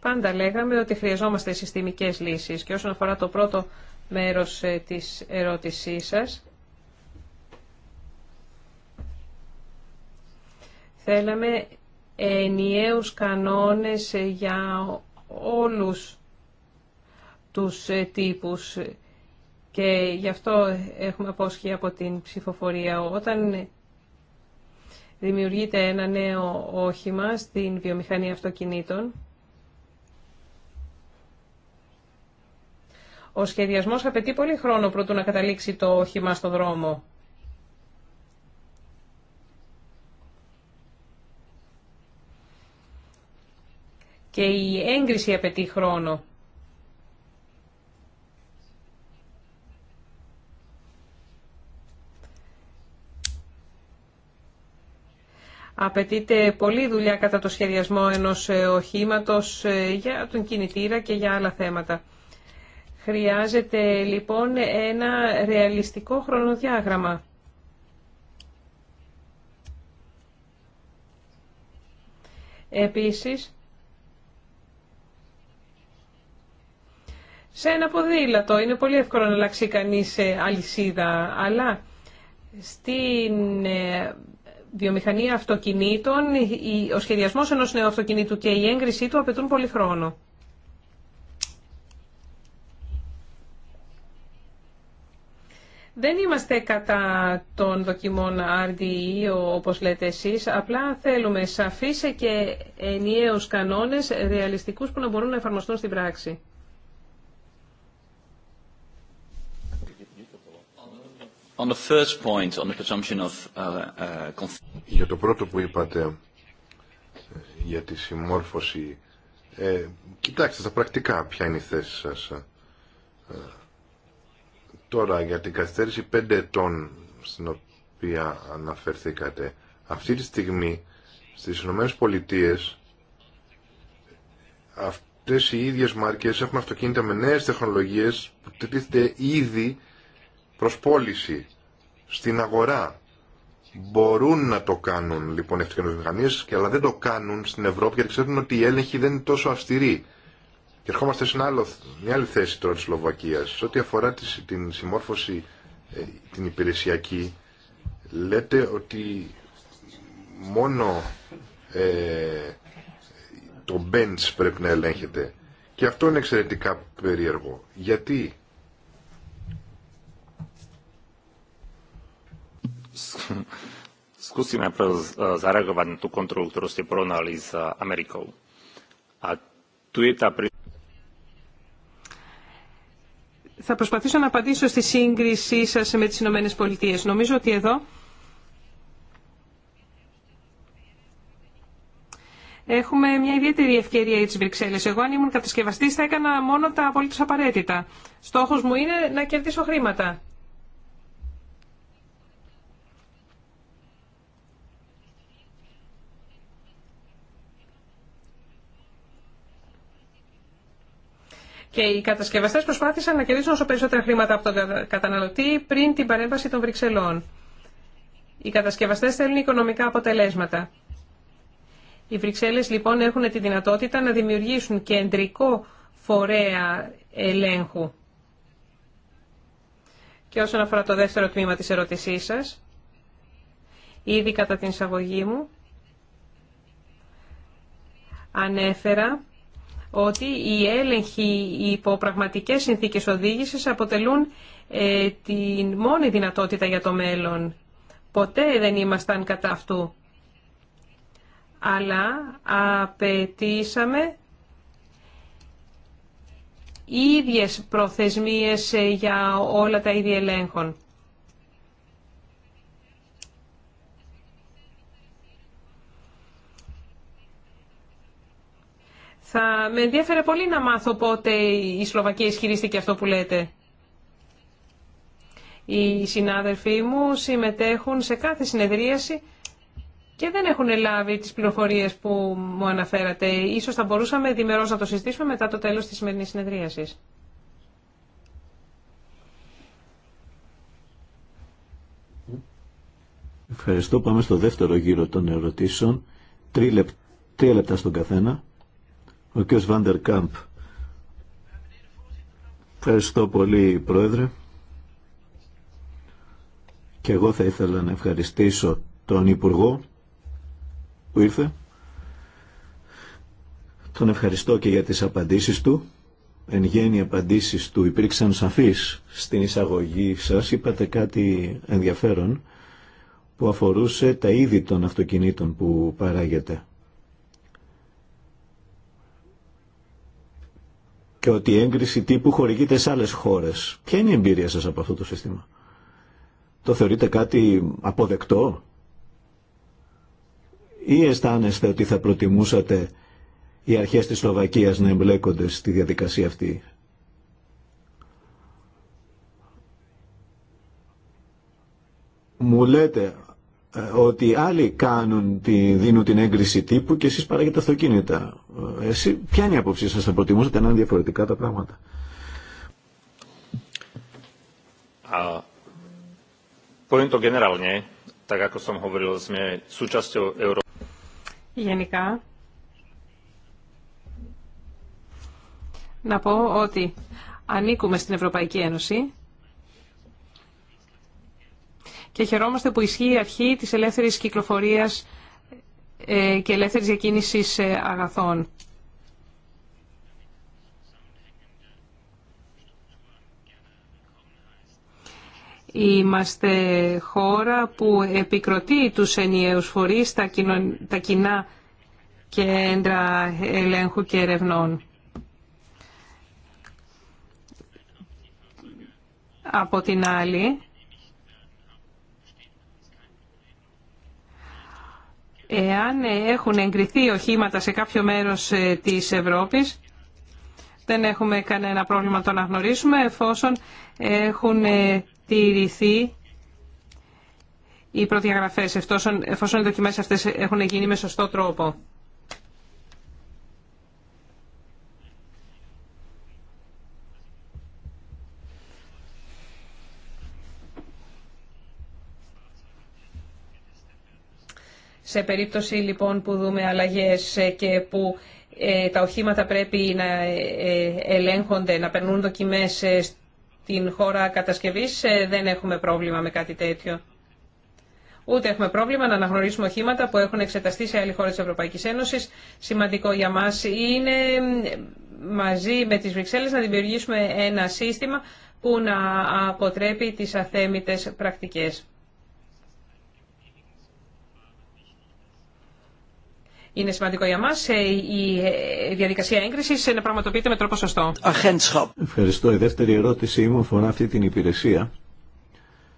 Πάντα λέγαμε ότι χρειαζόμαστε συστημικές λύσεις και όσον αφορά το πρώτο μέρος ε, της ερώτησής σας. Θέλαμε ενιαίους κανόνες ε, για όλους τους ε, τύπους και γι' αυτό έχουμε απόσχει από την ψηφοφορία. Όταν δημιουργείται ένα νέο όχημα στην βιομηχανία αυτοκινήτων, Ο σχεδιασμός απαιτεί πολύ χρόνο προτού να καταλήξει το όχημα στο δρόμο. Και η έγκριση απαιτεί χρόνο. Απαιτείται πολλή δουλειά κατά το σχεδιασμό ενός ε, οχήματος ε, για τον κινητήρα και για άλλα θέματα. Χρειάζεται λοιπόν ένα ρεαλιστικό χρονοδιάγραμμα. Επίσης, σε ένα ποδήλατο είναι πολύ εύκολο να αλλάξει κανείς αλυσίδα, αλλά στην ε, βιομηχανία αυτοκινήτων ο σχεδιασμός ενός νέου αυτοκινήτου και η έγκρισή του απαιτούν πολύ χρόνο. Δεν είμαστε κατά των δοκιμών RDE, όπως λέτε εσείς, απλά θέλουμε σαφείς και ενιαίους κανόνες, ρεαλιστικούς που να μπορούν να εφαρμοστούν στην πράξη. On the first point, on the of, uh, uh, Για το πρώτο που είπατε ε, για τη συμμόρφωση, ε, κοιτάξτε στα πρακτικά ποια είναι η θέση σας. Ε, Τώρα για την καθυστέρηση 5 ετών στην οποία αναφερθήκατε. Αυτή τη στιγμή στις ΗΠΑ Πολιτείες αυτές οι ίδιες μάρκες έχουν αυτοκίνητα με νέες τεχνολογίες που τίθεται ήδη προς πώληση στην αγορά. Μπορούν να το κάνουν λοιπόν οι μηχανίες αλλά δεν το κάνουν στην Ευρώπη γιατί ξέρουν ότι η έλεγχη δεν είναι τόσο αυστηρή. Και ερχόμαστε σε άλλο, μια άλλη θέση τώρα της Σλοβακίας. Σε ό,τι αφορά την συμμόρφωση ε, την υπηρεσιακή, λέτε ότι μόνο ε, το bench πρέπει να ελέγχεται. Και αυτό είναι εξαιρετικά περίεργο. Γιατί... Skúsim najprv zareagovať na tú kontrolu, ktorú ste porovnali s Amerikou. A tu je tá θα προσπαθήσω να απαντήσω στη σύγκρισή σας με τις Ηνωμένες Πολιτείες. Νομίζω ότι εδώ έχουμε μια ιδιαίτερη ευκαιρία για τις Βρυξέλλες. Εγώ αν ήμουν κατασκευαστής θα έκανα μόνο τα απολύτως απαραίτητα. Στόχος μου είναι να κερδίσω χρήματα. και οι κατασκευαστές προσπάθησαν να κερδίσουν όσο περισσότερα χρήματα από τον καταναλωτή πριν την παρέμβαση των Βρυξελών. Οι κατασκευαστές θέλουν οικονομικά αποτελέσματα. Οι Βρυξέλλες λοιπόν έχουν τη δυνατότητα να δημιουργήσουν κεντρικό φορέα ελέγχου. Και όσον αφορά το δεύτερο τμήμα της ερώτησής σας, ήδη κατά την εισαγωγή μου, ανέφερα ότι οι έλεγχοι υπό πραγματικές συνθήκες οδήγησης αποτελούν ε, την μόνη δυνατότητα για το μέλλον. Ποτέ δεν ήμασταν κατά αυτού. Αλλά απαιτήσαμε ίδιες προθεσμίες ε, για όλα τα ίδια ελέγχων. Θα με ενδιαφέρε πολύ να μάθω πότε η Σλοβακία ισχυρίστηκε αυτό που λέτε. Οι συνάδελφοί μου συμμετέχουν σε κάθε συνεδρίαση και δεν έχουν λάβει τις πληροφορίες που μου αναφέρατε. Ίσως θα μπορούσαμε διμερώς να το συζητήσουμε μετά το τέλος της σημερινής συνεδρίασης. Ευχαριστώ. Πάμε στο δεύτερο γύρο των ερωτήσεων. Τρία λεπτά στον καθένα. Ο κ. Βάντερ Κάμπ. Ευχαριστώ πολύ, Πρόεδρε. Και εγώ θα ήθελα να ευχαριστήσω τον Υπουργό που ήρθε. Τον ευχαριστώ και για τις απαντήσεις του. Εν γέννη απαντήσεις του υπήρξαν σαφείς στην εισαγωγή σας. Είπατε κάτι ενδιαφέρον που αφορούσε τα είδη των αυτοκινήτων που παράγεται. και ότι η έγκριση τύπου χορηγείται σε άλλες χώρες. Ποια είναι η εμπειρία σας από αυτό το σύστημα. Το θεωρείτε κάτι αποδεκτό ή αισθάνεστε ότι θα προτιμούσατε οι αρχές της Σλοβακίας να εμπλέκονται στη διαδικασία αυτή. Μου λέτε ε, ότι άλλοι κάνουν τη, δίνουν την έγκριση τύπου και εσείς παράγετε αυτοκίνητα. Ε, εσύ, ποια είναι η άποψή σας, θα προτιμούσατε να είναι διαφορετικά τα πράγματα. το ako som hovoril, sme súčasťou Γενικά, να πω ότι ανήκουμε στην Ευρωπαϊκή Ένωση και χαιρόμαστε που ισχύει η αρχή της ελεύθερης κυκλοφορίας ε, και ελεύθερης διακίνησης ε, αγαθών. Είμαστε χώρα που επικροτεί τους ενιαίους φορείς, τα, κοινο... τα κοινά κέντρα ελέγχου και ερευνών. Από την άλλη, Εάν έχουν εγκριθεί οχήματα σε κάποιο μέρος ε, της Ευρώπης, δεν έχουμε κανένα πρόβλημα το να γνωρίσουμε, εφόσον έχουν ε, τηρηθεί οι προδιαγραφές, εφόσον οι δοκιμές αυτές έχουν γίνει με σωστό τρόπο. Σε περίπτωση λοιπόν που δούμε αλλαγές και που ε, τα οχήματα πρέπει να ε, ε, ελέγχονται, να περνούν δοκιμές στην χώρα κατασκευής, δεν έχουμε πρόβλημα με κάτι τέτοιο. Ούτε έχουμε πρόβλημα να αναγνωρίσουμε οχήματα που έχουν εξεταστεί σε άλλη χώρα της Ευρωπαϊκής Ένωσης. Σημαντικό για μας είναι μαζί με τις Βρυξέλλες να δημιουργήσουμε ένα σύστημα που να αποτρέπει τις αθέμητες πρακτικές. Είναι σημαντικό για ε, ε, η διαδικασία έγκρισης ε, να πραγματοποιείται με τρόπο σωστό. Ευχαριστώ. Η δεύτερη ερώτησή μου αφορά αυτή την υπηρεσία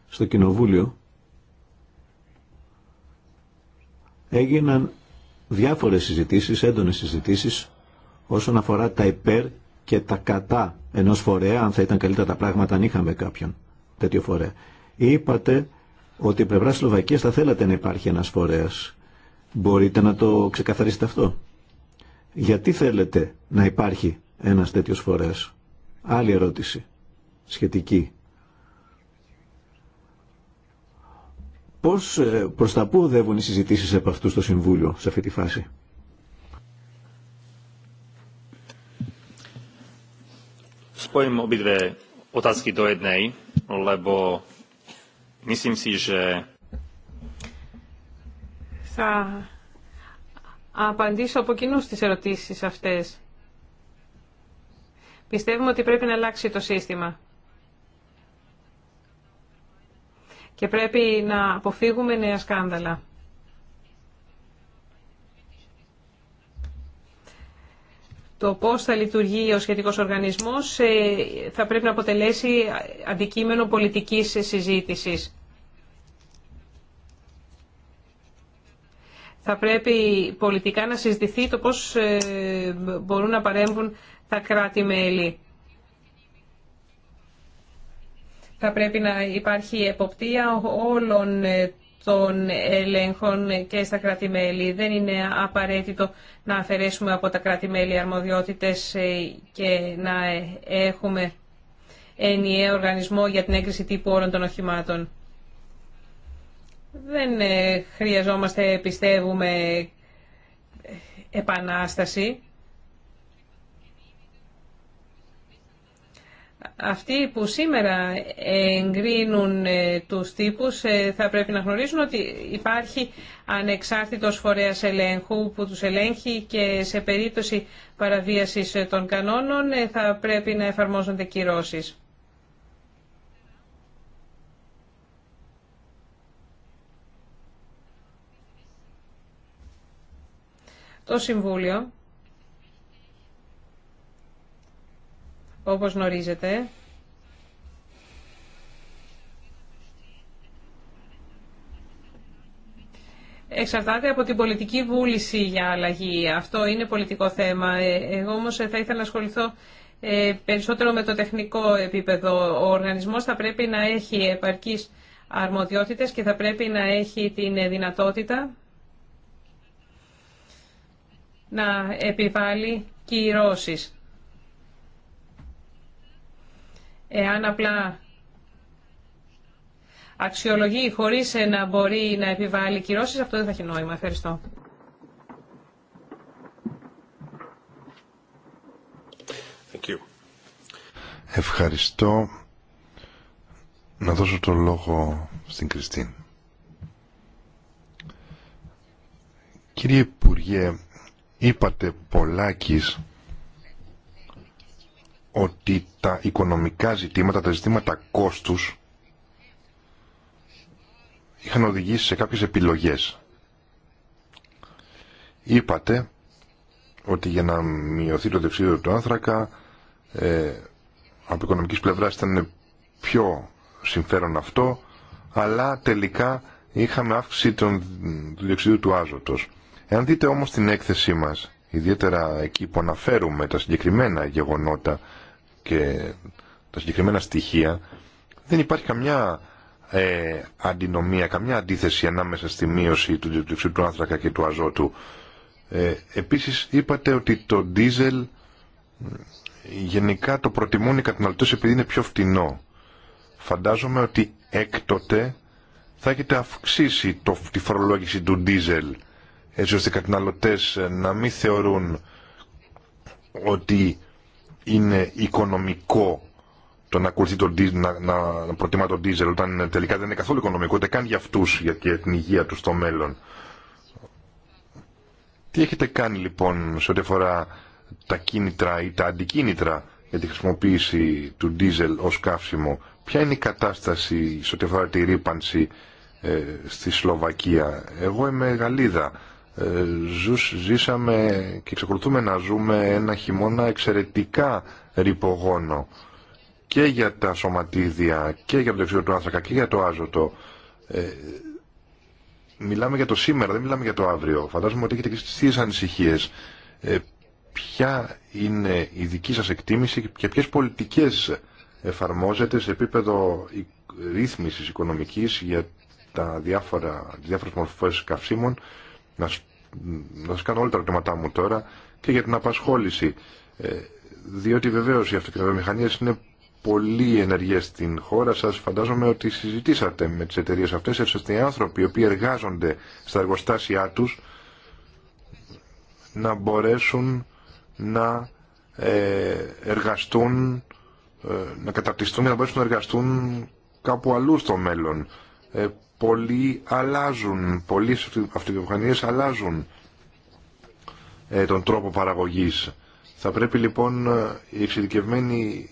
στο Κοινοβούλιο. Έγιναν διάφορες συζητήσει, έντονες συζητήσει όσον αφορά τα υπέρ και τα κατά ενό φορέα, αν θα ήταν καλύτερα τα πράγματα αν είχαμε κάποιον τέτοιο φορέα. Είπατε ότι η πλευρά Σλοβακία θα θέλατε να υπάρχει ένα φορέα. Μπορείτε να το ξεκαθαρίσετε αυτό. Γιατί θέλετε να υπάρχει ένας τέτοιος φορέας. Άλλη ερώτηση σχετική. Πώς ε, προς τα πού οδεύουν οι συζητήσεις από αυτού στο Συμβούλιο σε αυτή τη φάση. Spojím obidve otázky do jednej, lebo myslím θα απαντήσω από κοινού στις ερωτήσεις αυτές. Πιστεύουμε ότι πρέπει να αλλάξει το σύστημα. Και πρέπει να αποφύγουμε νέα σκάνδαλα. Το πώς θα λειτουργεί ο σχετικός οργανισμός ε, θα πρέπει να αποτελέσει αντικείμενο πολιτικής συζήτησης. θα πρέπει πολιτικά να συζητηθεί το πώς ε, μπορούν να παρέμβουν τα κράτη-μέλη. Θα πρέπει να υπάρχει εποπτεία όλων ε, των ελέγχων και στα κράτη-μέλη. Δεν είναι απαραίτητο να αφαιρέσουμε από τα κράτη-μέλη αρμοδιότητες ε, και να έχουμε ενιαίο οργανισμό για την έγκριση τύπου όλων των οχημάτων. Δεν ε, χρειαζόμαστε, πιστεύουμε, επανάσταση. Αυτοί που σήμερα εγκρίνουν ε, τους τύπους ε, θα πρέπει να γνωρίζουν ότι υπάρχει ανεξάρτητος φορέας ελέγχου που τους ελέγχει και σε περίπτωση παραβίασης των κανόνων θα πρέπει να εφαρμόζονται κυρώσεις. Το Συμβούλιο, όπως γνωρίζετε, Εξαρτάται από την πολιτική βούληση για αλλαγή. Αυτό είναι πολιτικό θέμα. Ε, εγώ όμως θα ήθελα να ασχοληθώ ε, περισσότερο με το τεχνικό επίπεδο. Ο οργανισμός θα πρέπει να έχει επαρκείς αρμοδιότητες και θα πρέπει να έχει την δυνατότητα να επιβάλλει κυρώσεις. Εάν απλά αξιολογεί χωρίς να μπορεί να επιβάλλει κυρώσεις, αυτό δεν θα έχει νόημα. Ευχαριστώ. Ευχαριστώ. Να δώσω το λόγο στην Κριστίν. Κύριε Υπουργέ, Είπατε πολλάκις ότι τα οικονομικά ζητήματα, τα ζητήματα κόστους είχαν οδηγήσει σε κάποιες επιλογές. Είπατε ότι για να μειωθεί το δεξίδιο του άνθρακα ε, από οικονομικής πλευράς ήταν πιο συμφέρον αυτό αλλά τελικά είχαμε αύξηση του διοξιδίου του άζωτος. Εάν δείτε όμως την έκθεσή μας, ιδιαίτερα εκεί που αναφέρουμε τα συγκεκριμένα γεγονότα και τα συγκεκριμένα στοιχεία, δεν υπάρχει καμιά ε, αντινομία, καμιά αντίθεση ανάμεσα στη μείωση του διοξυδίου του άνθρακα και του αζότου. Ε, επίσης είπατε ότι το ντίζελ γενικά το προτιμούν οι καταναλωτές επειδή είναι πιο φτηνό. Φαντάζομαι ότι έκτοτε θα έχετε αυξήσει το, τη φορολόγηση του ντίζελ έτσι ώστε οι καταναλωτές να μην θεωρούν ότι είναι οικονομικό το να, ακολουθεί να, να προτιμά τον δίζελ όταν τελικά δεν είναι καθόλου οικονομικό ούτε καν για αυτούς για την υγεία του στο μέλλον. Τι έχετε κάνει λοιπόν σε ό,τι αφορά τα κίνητρα ή τα αντικίνητρα για τη χρησιμοποίηση του δίζελ ως καύσιμο. Ποια είναι η κατάσταση σε ό,τι αφορά τη ρήπανση ε, στη Σλοβακία. Εγώ είμαι Γαλλίδα ε, ζήσαμε και εξακολουθούμε να ζούμε ένα χειμώνα εξαιρετικά ρηπογόνο και για τα σωματίδια και για το δεξιό του άνθρακα και για το άζωτο. Ε, μιλάμε για το σήμερα, δεν μιλάμε για το αύριο. Φαντάζομαι ότι έχετε και στις ανησυχίες. Ε, ποια είναι η δική σας εκτίμηση και ποιες πολιτικές εφαρμόζεται σε επίπεδο ρύθμισης οικονομικής για τα διάφορα, μορφές καυσίμων να, να σας κάνω όλα τα ερωτήματά μου τώρα και για την απασχόληση. Ε, διότι βεβαίως οι αυτοκινητοβιομηχανίες είναι πολύ ενεργές στην χώρα σας. Φαντάζομαι ότι συζητήσατε με τις εταιρείες αυτές, έτσι ώστε οι άνθρωποι οι οποίοι εργάζονται στα εργοστάσια τους να μπορέσουν να ε, εργαστούν, ε, να καταρτιστούν και να μπορέσουν να εργαστούν κάπου αλλού στο μέλλον πολλοί αλλάζουν, πολλοί αυτοβιομηχανίες αλλάζουν ε, τον τρόπο παραγωγής. Θα πρέπει λοιπόν ε, οι εξειδικευμένοι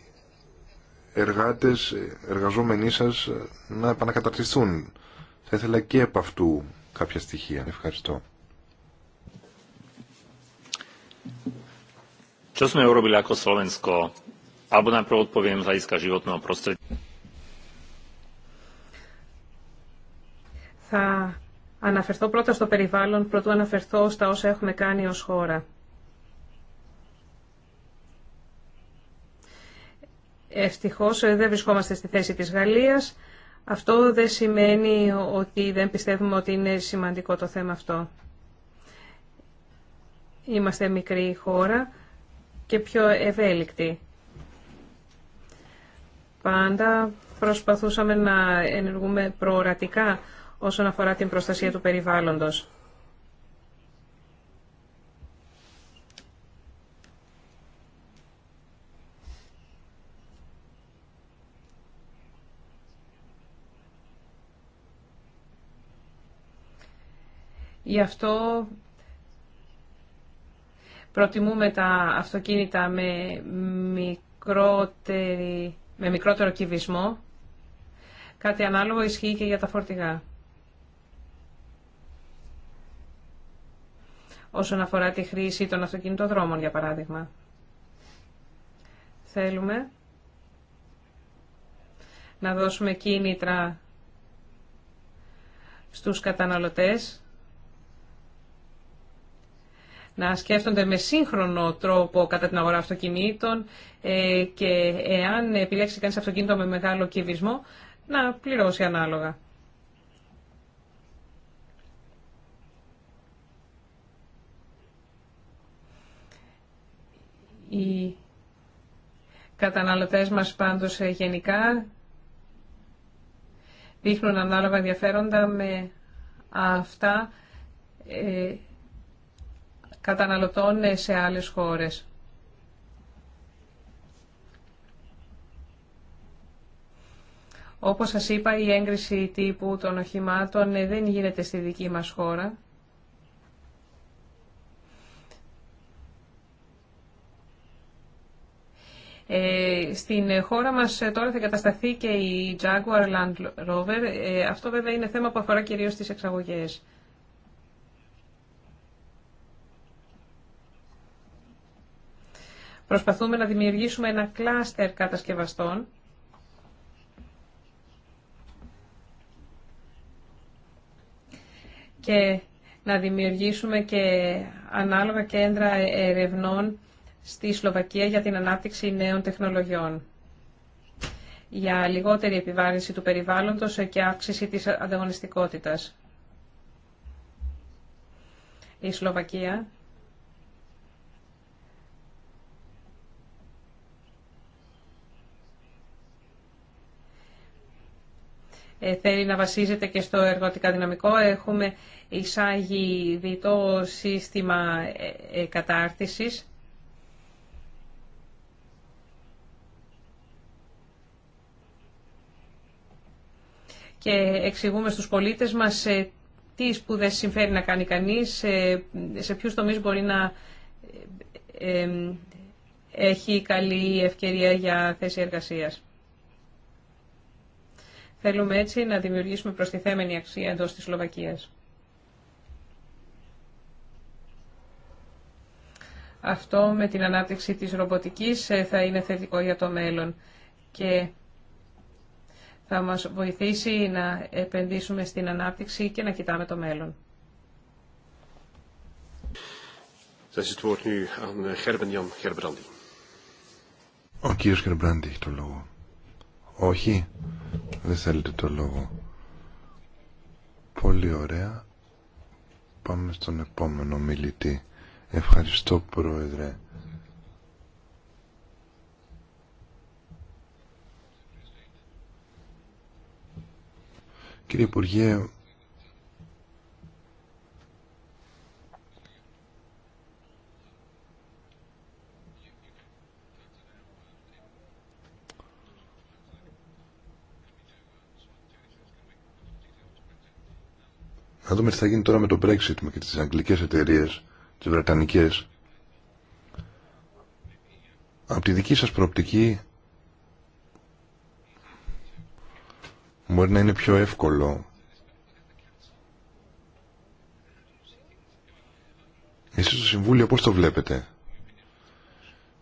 εργάτες, ε, εργαζόμενοι σας να επανακαταρτιστούν. Θα ήθελα και από αυτού κάποια στοιχεία. Ευχαριστώ. Θα αναφερθώ πρώτα στο περιβάλλον, πρωτού αναφερθώ στα όσα έχουμε κάνει ως χώρα. Ευτυχώς ε, δεν βρισκόμαστε στη θέση της Γαλλίας. Αυτό δεν σημαίνει ότι δεν πιστεύουμε ότι είναι σημαντικό το θέμα αυτό. Είμαστε μικρή χώρα και πιο ευέλικτη. Πάντα προσπαθούσαμε να ενεργούμε προορατικά όσον αφορά την προστασία του περιβάλλοντος. Γι' αυτό προτιμούμε τα αυτοκίνητα με, με μικρότερο κυβισμό. Κάτι ανάλογο ισχύει και για τα φορτηγά. όσον αφορά τη χρήση των αυτοκινητοδρόμων, για παράδειγμα. Θέλουμε να δώσουμε κίνητρα στους καταναλωτές να σκέφτονται με σύγχρονο τρόπο κατά την αγορά αυτοκινήτων ε, και εάν επιλέξει κανείς αυτοκίνητο με μεγάλο κυβισμό να πληρώσει ανάλογα. Οι καταναλωτές μας πάντως ε, γενικά δείχνουν ανάλογα ενδιαφέροντα με αυτά ε, καταναλωτών ε, σε άλλες χώρες. Όπως σας είπα, η έγκριση τύπου των οχημάτων ε, δεν γίνεται στη δική μας χώρα. Ε, στην χώρα μας ε, τώρα θα εγκατασταθεί και η Jaguar Land Rover. Ε, αυτό βέβαια είναι θέμα που αφορά κυρίως τις εξαγωγές. Προσπαθούμε να δημιουργήσουμε ένα κλάστερ κατασκευαστών και να δημιουργήσουμε και ανάλογα κέντρα ερευνών στη Σλοβακία για την ανάπτυξη νέων τεχνολογιών για λιγότερη επιβάρυνση του περιβάλλοντος και αύξηση της ανταγωνιστικότητας. Η Σλοβακία ε, θέλει να βασίζεται και στο εργοτικά δυναμικό. Έχουμε εισάγει διτό σύστημα ε, ε, κατάρτισης και εξηγούμε στους πολίτες μας ε, τι σπουδές συμφέρει να κάνει κανείς, ε, σε ποιους τομείς μπορεί να ε, έχει καλή ευκαιρία για θέση εργασίας. Θέλουμε έτσι να δημιουργήσουμε προστιθέμενη αξία εντός της Σλοβακίας. Αυτό με την ανάπτυξη της ρομποτικής θα είναι θετικό για το μέλλον. Και θα μας βοηθήσει να επενδύσουμε στην ανάπτυξη και να κοιτάμε το μέλλον. Eh, Ο κύριος Γερμπράντη έχει το λόγο. Όχι, δεν θέλετε το λόγο. Πολύ ωραία. Πάμε στον επόμενο μιλητή. Ευχαριστώ, Πρόεδρε. Κύριε Υπουργέ, Να δούμε τι θα γίνει τώρα με το Brexit με και τις αγγλικές εταιρείες, τις βρετανικές. Από τη δική σας προοπτική μπορεί να είναι πιο εύκολο Εσείς στο Συμβούλιο πώς το βλέπετε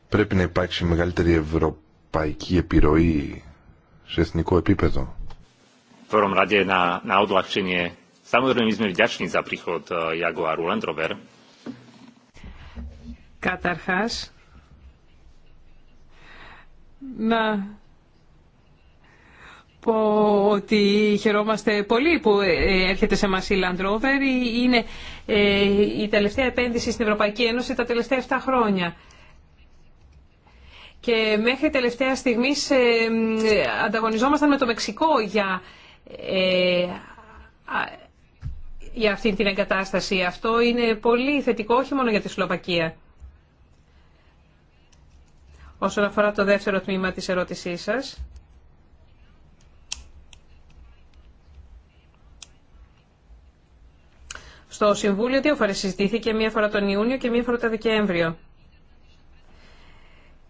πρέπει να υπάρξει μεγαλύτερη ευρωπαϊκή επιρροή σε εθνικό επίπεδο V prvom rade na, na odľahčenie. Samozrejme, my sme vďační za príchod e, Jaguaru Land Καταρχάς, να πω ότι χαιρόμαστε πολύ που ε, έρχεται σε μας η Land Rover. Είναι ε, η τελευταία επένδυση στην Ευρωπαϊκή Ένωση τα τελευταία 7 χρόνια. Και μέχρι τελευταία στιγμή ανταγωνιζόμασταν με το Μεξικό για, ε, για αυτή την εγκατάσταση. Αυτό είναι πολύ θετικό, όχι μόνο για τη Σλοβακία. Όσον αφορά το δεύτερο τμήμα της ερώτησής σας. Στο Συμβούλιο δύο φορές συζητήθηκε, μία φορά τον Ιούνιο και μία φορά τον Δεκέμβριο.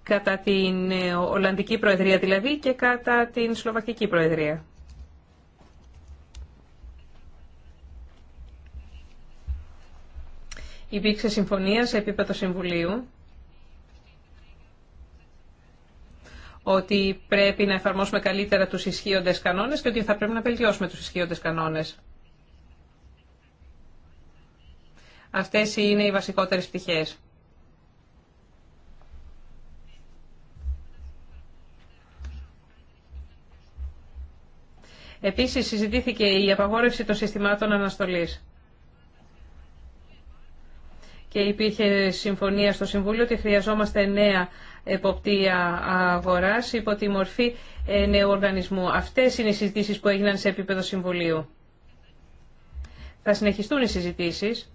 Κατά την ε, Ολλανδική Προεδρία δηλαδή και κατά την Σλοβακική Προεδρία. Υπήρξε συμφωνία σε επίπεδο Συμβουλίου ότι πρέπει να εφαρμόσουμε καλύτερα τους ισχύοντες κανόνες και ότι θα πρέπει να βελτιώσουμε τους ισχύοντες κανόνες. Αυτές είναι οι βασικότερες πτυχές. Επίσης συζητήθηκε η απαγόρευση των συστημάτων αναστολής. Και υπήρχε συμφωνία στο Συμβούλιο ότι χρειαζόμαστε νέα εποπτεία αγοράς υπό τη μορφή ε, νέου οργανισμού. Αυτές είναι οι συζητήσεις που έγιναν σε επίπεδο Συμβουλίου. Θα συνεχιστούν οι συζητήσεις.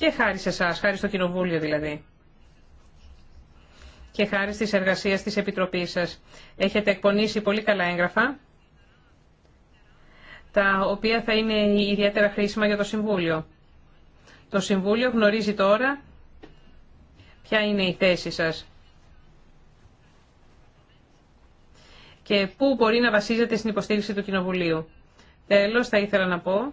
Και χάρη σε εσά, χάρη στο Κοινοβούλιο δηλαδή. Και χάρη στις εργασίες της Επιτροπής σας. Έχετε εκπονήσει πολύ καλά έγγραφα, τα οποία θα είναι ιδιαίτερα χρήσιμα για το Συμβούλιο. Το Συμβούλιο γνωρίζει τώρα ποια είναι η θέση σας. και πού μπορεί να βασίζεται στην υποστήριξη του Κοινοβουλίου. Τέλος, θα ήθελα να πω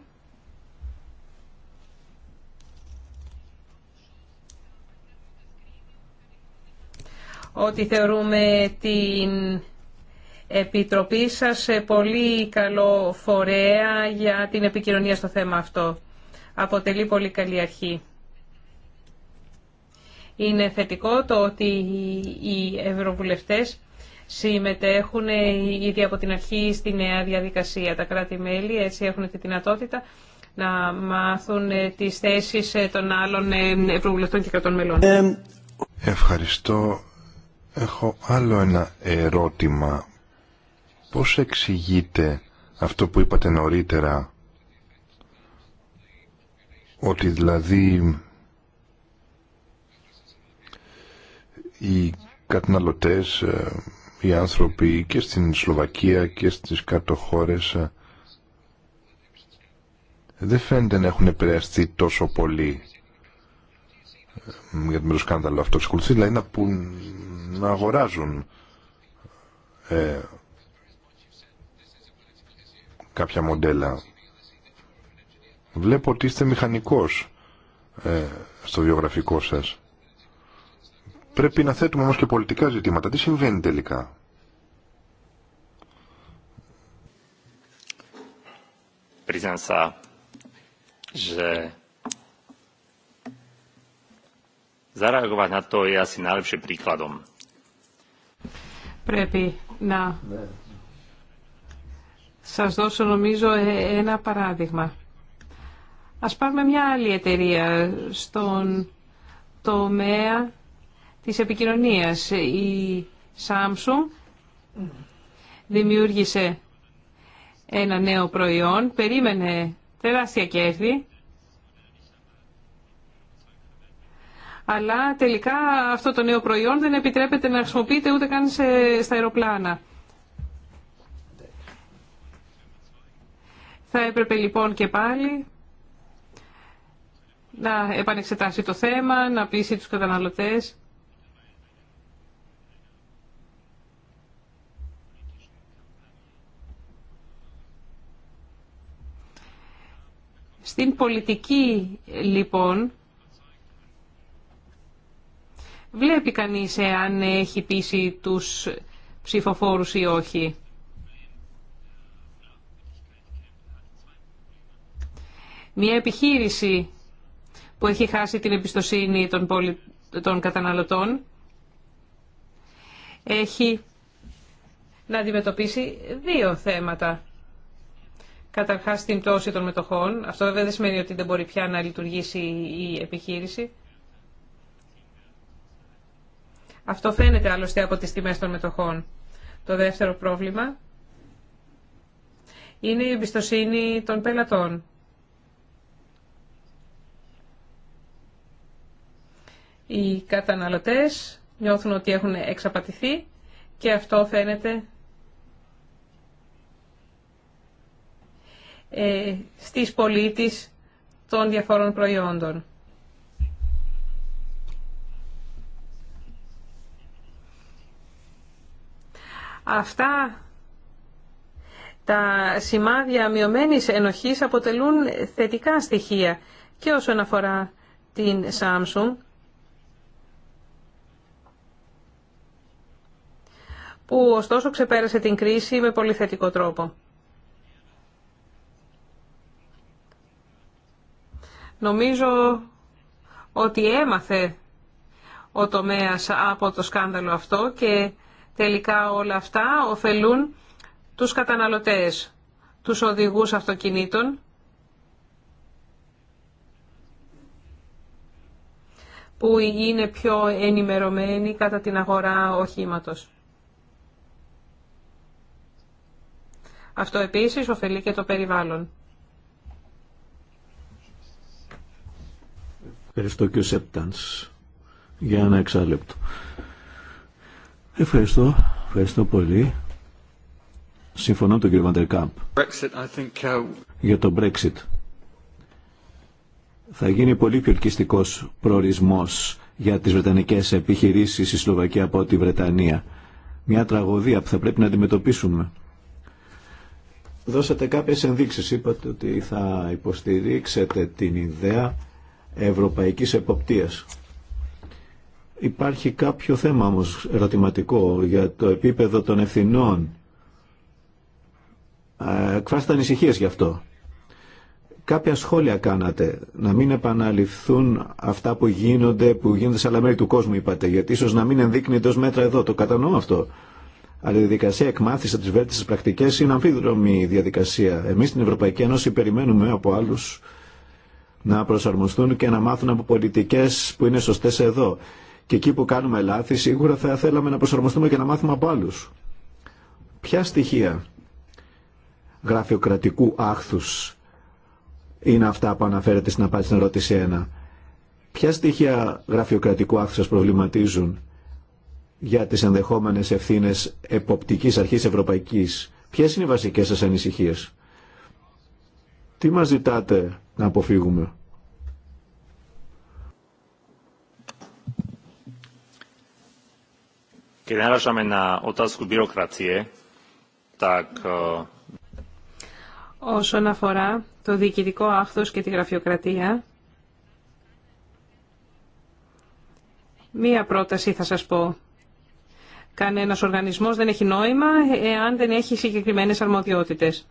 ότι θεωρούμε την Επιτροπή σας πολύ καλό φορέα για την επικοινωνία στο θέμα αυτό. Αποτελεί πολύ καλή αρχή. Είναι θετικό το ότι οι ευρωβουλευτές συμμετέχουν ε, ήδη από την αρχή στη νέα διαδικασία. Τα κράτη-μέλη έτσι έχουν τη δυνατότητα να μάθουν ε, τις θέσεις ε, των άλλων ευρωβουλευτών και κρατών μελών. Ευχαριστώ. Έχω άλλο ένα ερώτημα. Πώς εξηγείτε αυτό που είπατε νωρίτερα, ότι δηλαδή οι καταναλωτές, ε, οι άνθρωποι και στην Σλοβακία και στις κάτω χώρες ε, δεν φαίνεται να έχουν επηρεαστεί τόσο πολύ ε, για το σκάνδαλο αυτό. Ξεκολουθεί δηλαδή να, πουν, να αγοράζουν ε, κάποια μοντέλα. Βλέπω ότι είστε μηχανικός ε, στο βιογραφικό σας. Πρέπει να θέτουμε όμως και πολιτικά ζητήματα. Τι συμβαίνει τελικά. Zareagovať na to je asi najlepším Πρέπει να σας δώσω νομίζω ε, ένα παράδειγμα. Ας πάρουμε μια άλλη εταιρεία στον τομέα της επικοινωνίας. Η Samsung δημιούργησε ένα νέο προϊόν, περίμενε τεράστια κέρδη αλλά τελικά αυτό το νέο προϊόν δεν επιτρέπεται να χρησιμοποιείται ούτε καν σε, στα αεροπλάνα. Θα έπρεπε λοιπόν και πάλι να επανεξετάσει το θέμα, να πείσει τους καταναλωτές. Στην πολιτική, λοιπόν, βλέπει κανείς εάν έχει πείσει τους ψηφοφόρους ή όχι. Μια επιχείρηση που έχει χάσει την εμπιστοσύνη των, πολι... των καταναλωτών έχει να αντιμετωπίσει δύο θέματα. Καταρχάς την πτώση των μετοχών. Αυτό βέβαια δεν σημαίνει ότι δεν μπορεί πια να λειτουργήσει η επιχείρηση. Αυτό φαίνεται άλλωστε από τις τιμές των μετοχών. Το δεύτερο πρόβλημα είναι η εμπιστοσύνη των πελατών. Οι καταναλωτές νιώθουν ότι έχουν εξαπατηθεί και αυτό φαίνεται ε, στις πολίτες των διαφόρων προϊόντων. Αυτά τα σημάδια μειωμένης ενοχής αποτελούν θετικά στοιχεία και όσον αφορά την Samsung που ωστόσο ξεπέρασε την κρίση με πολύ θετικό τρόπο. Νομίζω ότι έμαθε ο τομέας από το σκάνδαλο αυτό και Τελικά όλα αυτά ωφελούν τους καταναλωτές, τους οδηγούς αυτοκινήτων, που είναι πιο ενημερωμένοι κατά την αγορά οχήματος. Αυτό επίσης ωφελεί και το περιβάλλον. Ευχαριστώ και ο Σέπτανς για ένα εξάλεπτο. Ευχαριστώ. Ευχαριστώ πολύ. Συμφωνώ με τον κύριο Βαντερκάμπ. Uh, για το Brexit. Θα γίνει πολύ πιο ελκυστικός προορισμός για τις βρετανικές επιχειρήσεις στη Σλοβακία από τη Βρετανία. Μια τραγωδία που θα πρέπει να αντιμετωπίσουμε. Δώσατε κάποιες ενδείξεις. Είπατε ότι θα υποστηρίξετε την ιδέα ευρωπαϊκής εποπτείας. Υπάρχει κάποιο θέμα όμως ερωτηματικό για το επίπεδο των ευθυνών. Εκφράστε ανησυχίε γι' αυτό. Κάποια σχόλια κάνατε, να μην επαναληφθούν αυτά που γίνονται, που γίνονται σε άλλα μέρη του κόσμου, είπατε, γιατί ίσω να μην ενδείκνεται ω μέτρα εδώ, το κατανοώ αυτό. Αλλά η διαδικασία εκμάθηση από τι βέλτιστε πρακτικέ είναι αμφίδρομη διαδικασία. Εμεί στην Ευρωπαϊκή Ένωση περιμένουμε από άλλου να προσαρμοστούν και να μάθουν από πολιτικέ που είναι σωστέ εδώ. Και εκεί που κάνουμε λάθη, σίγουρα θα θέλαμε να προσαρμοστούμε και να μάθουμε από άλλου. Ποια στοιχεία γραφειοκρατικού άχθου είναι αυτά που αναφέρεται στην απάντηση στην ερώτηση 1. Ποια στοιχεία γραφειοκρατικού άχθους σα προβληματίζουν για τις ενδεχόμενε ευθύνε εποπτική αρχή ευρωπαϊκής. Ποιε είναι οι βασικέ σα ανησυχίε. Τι μα ζητάτε να αποφύγουμε. E, Όσον αφορά το διοικητικό άχθος και τη γραφειοκρατία, μία πρόταση θα σας πω. Κανένας οργανισμός δεν έχει νόημα εάν δεν έχει συγκεκριμένες αρμοδιότητες.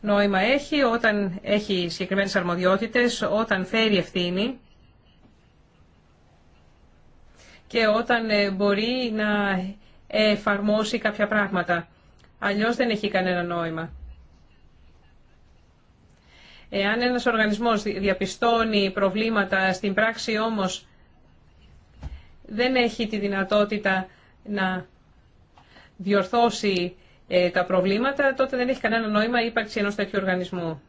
Νόημα έχει όταν έχει συγκεκριμένες αρμοδιότητες, όταν φέρει ευθύνη και όταν ε, μπορεί να εφαρμόσει κάποια πράγματα. Αλλιώς δεν έχει κανένα νόημα. Εάν ένας οργανισμός διαπιστώνει προβλήματα στην πράξη όμως δεν έχει τη δυνατότητα να διορθώσει ε, τα προβλήματα, τότε δεν έχει κανένα νόημα η ύπαρξη ενός τέτοιου οργανισμού.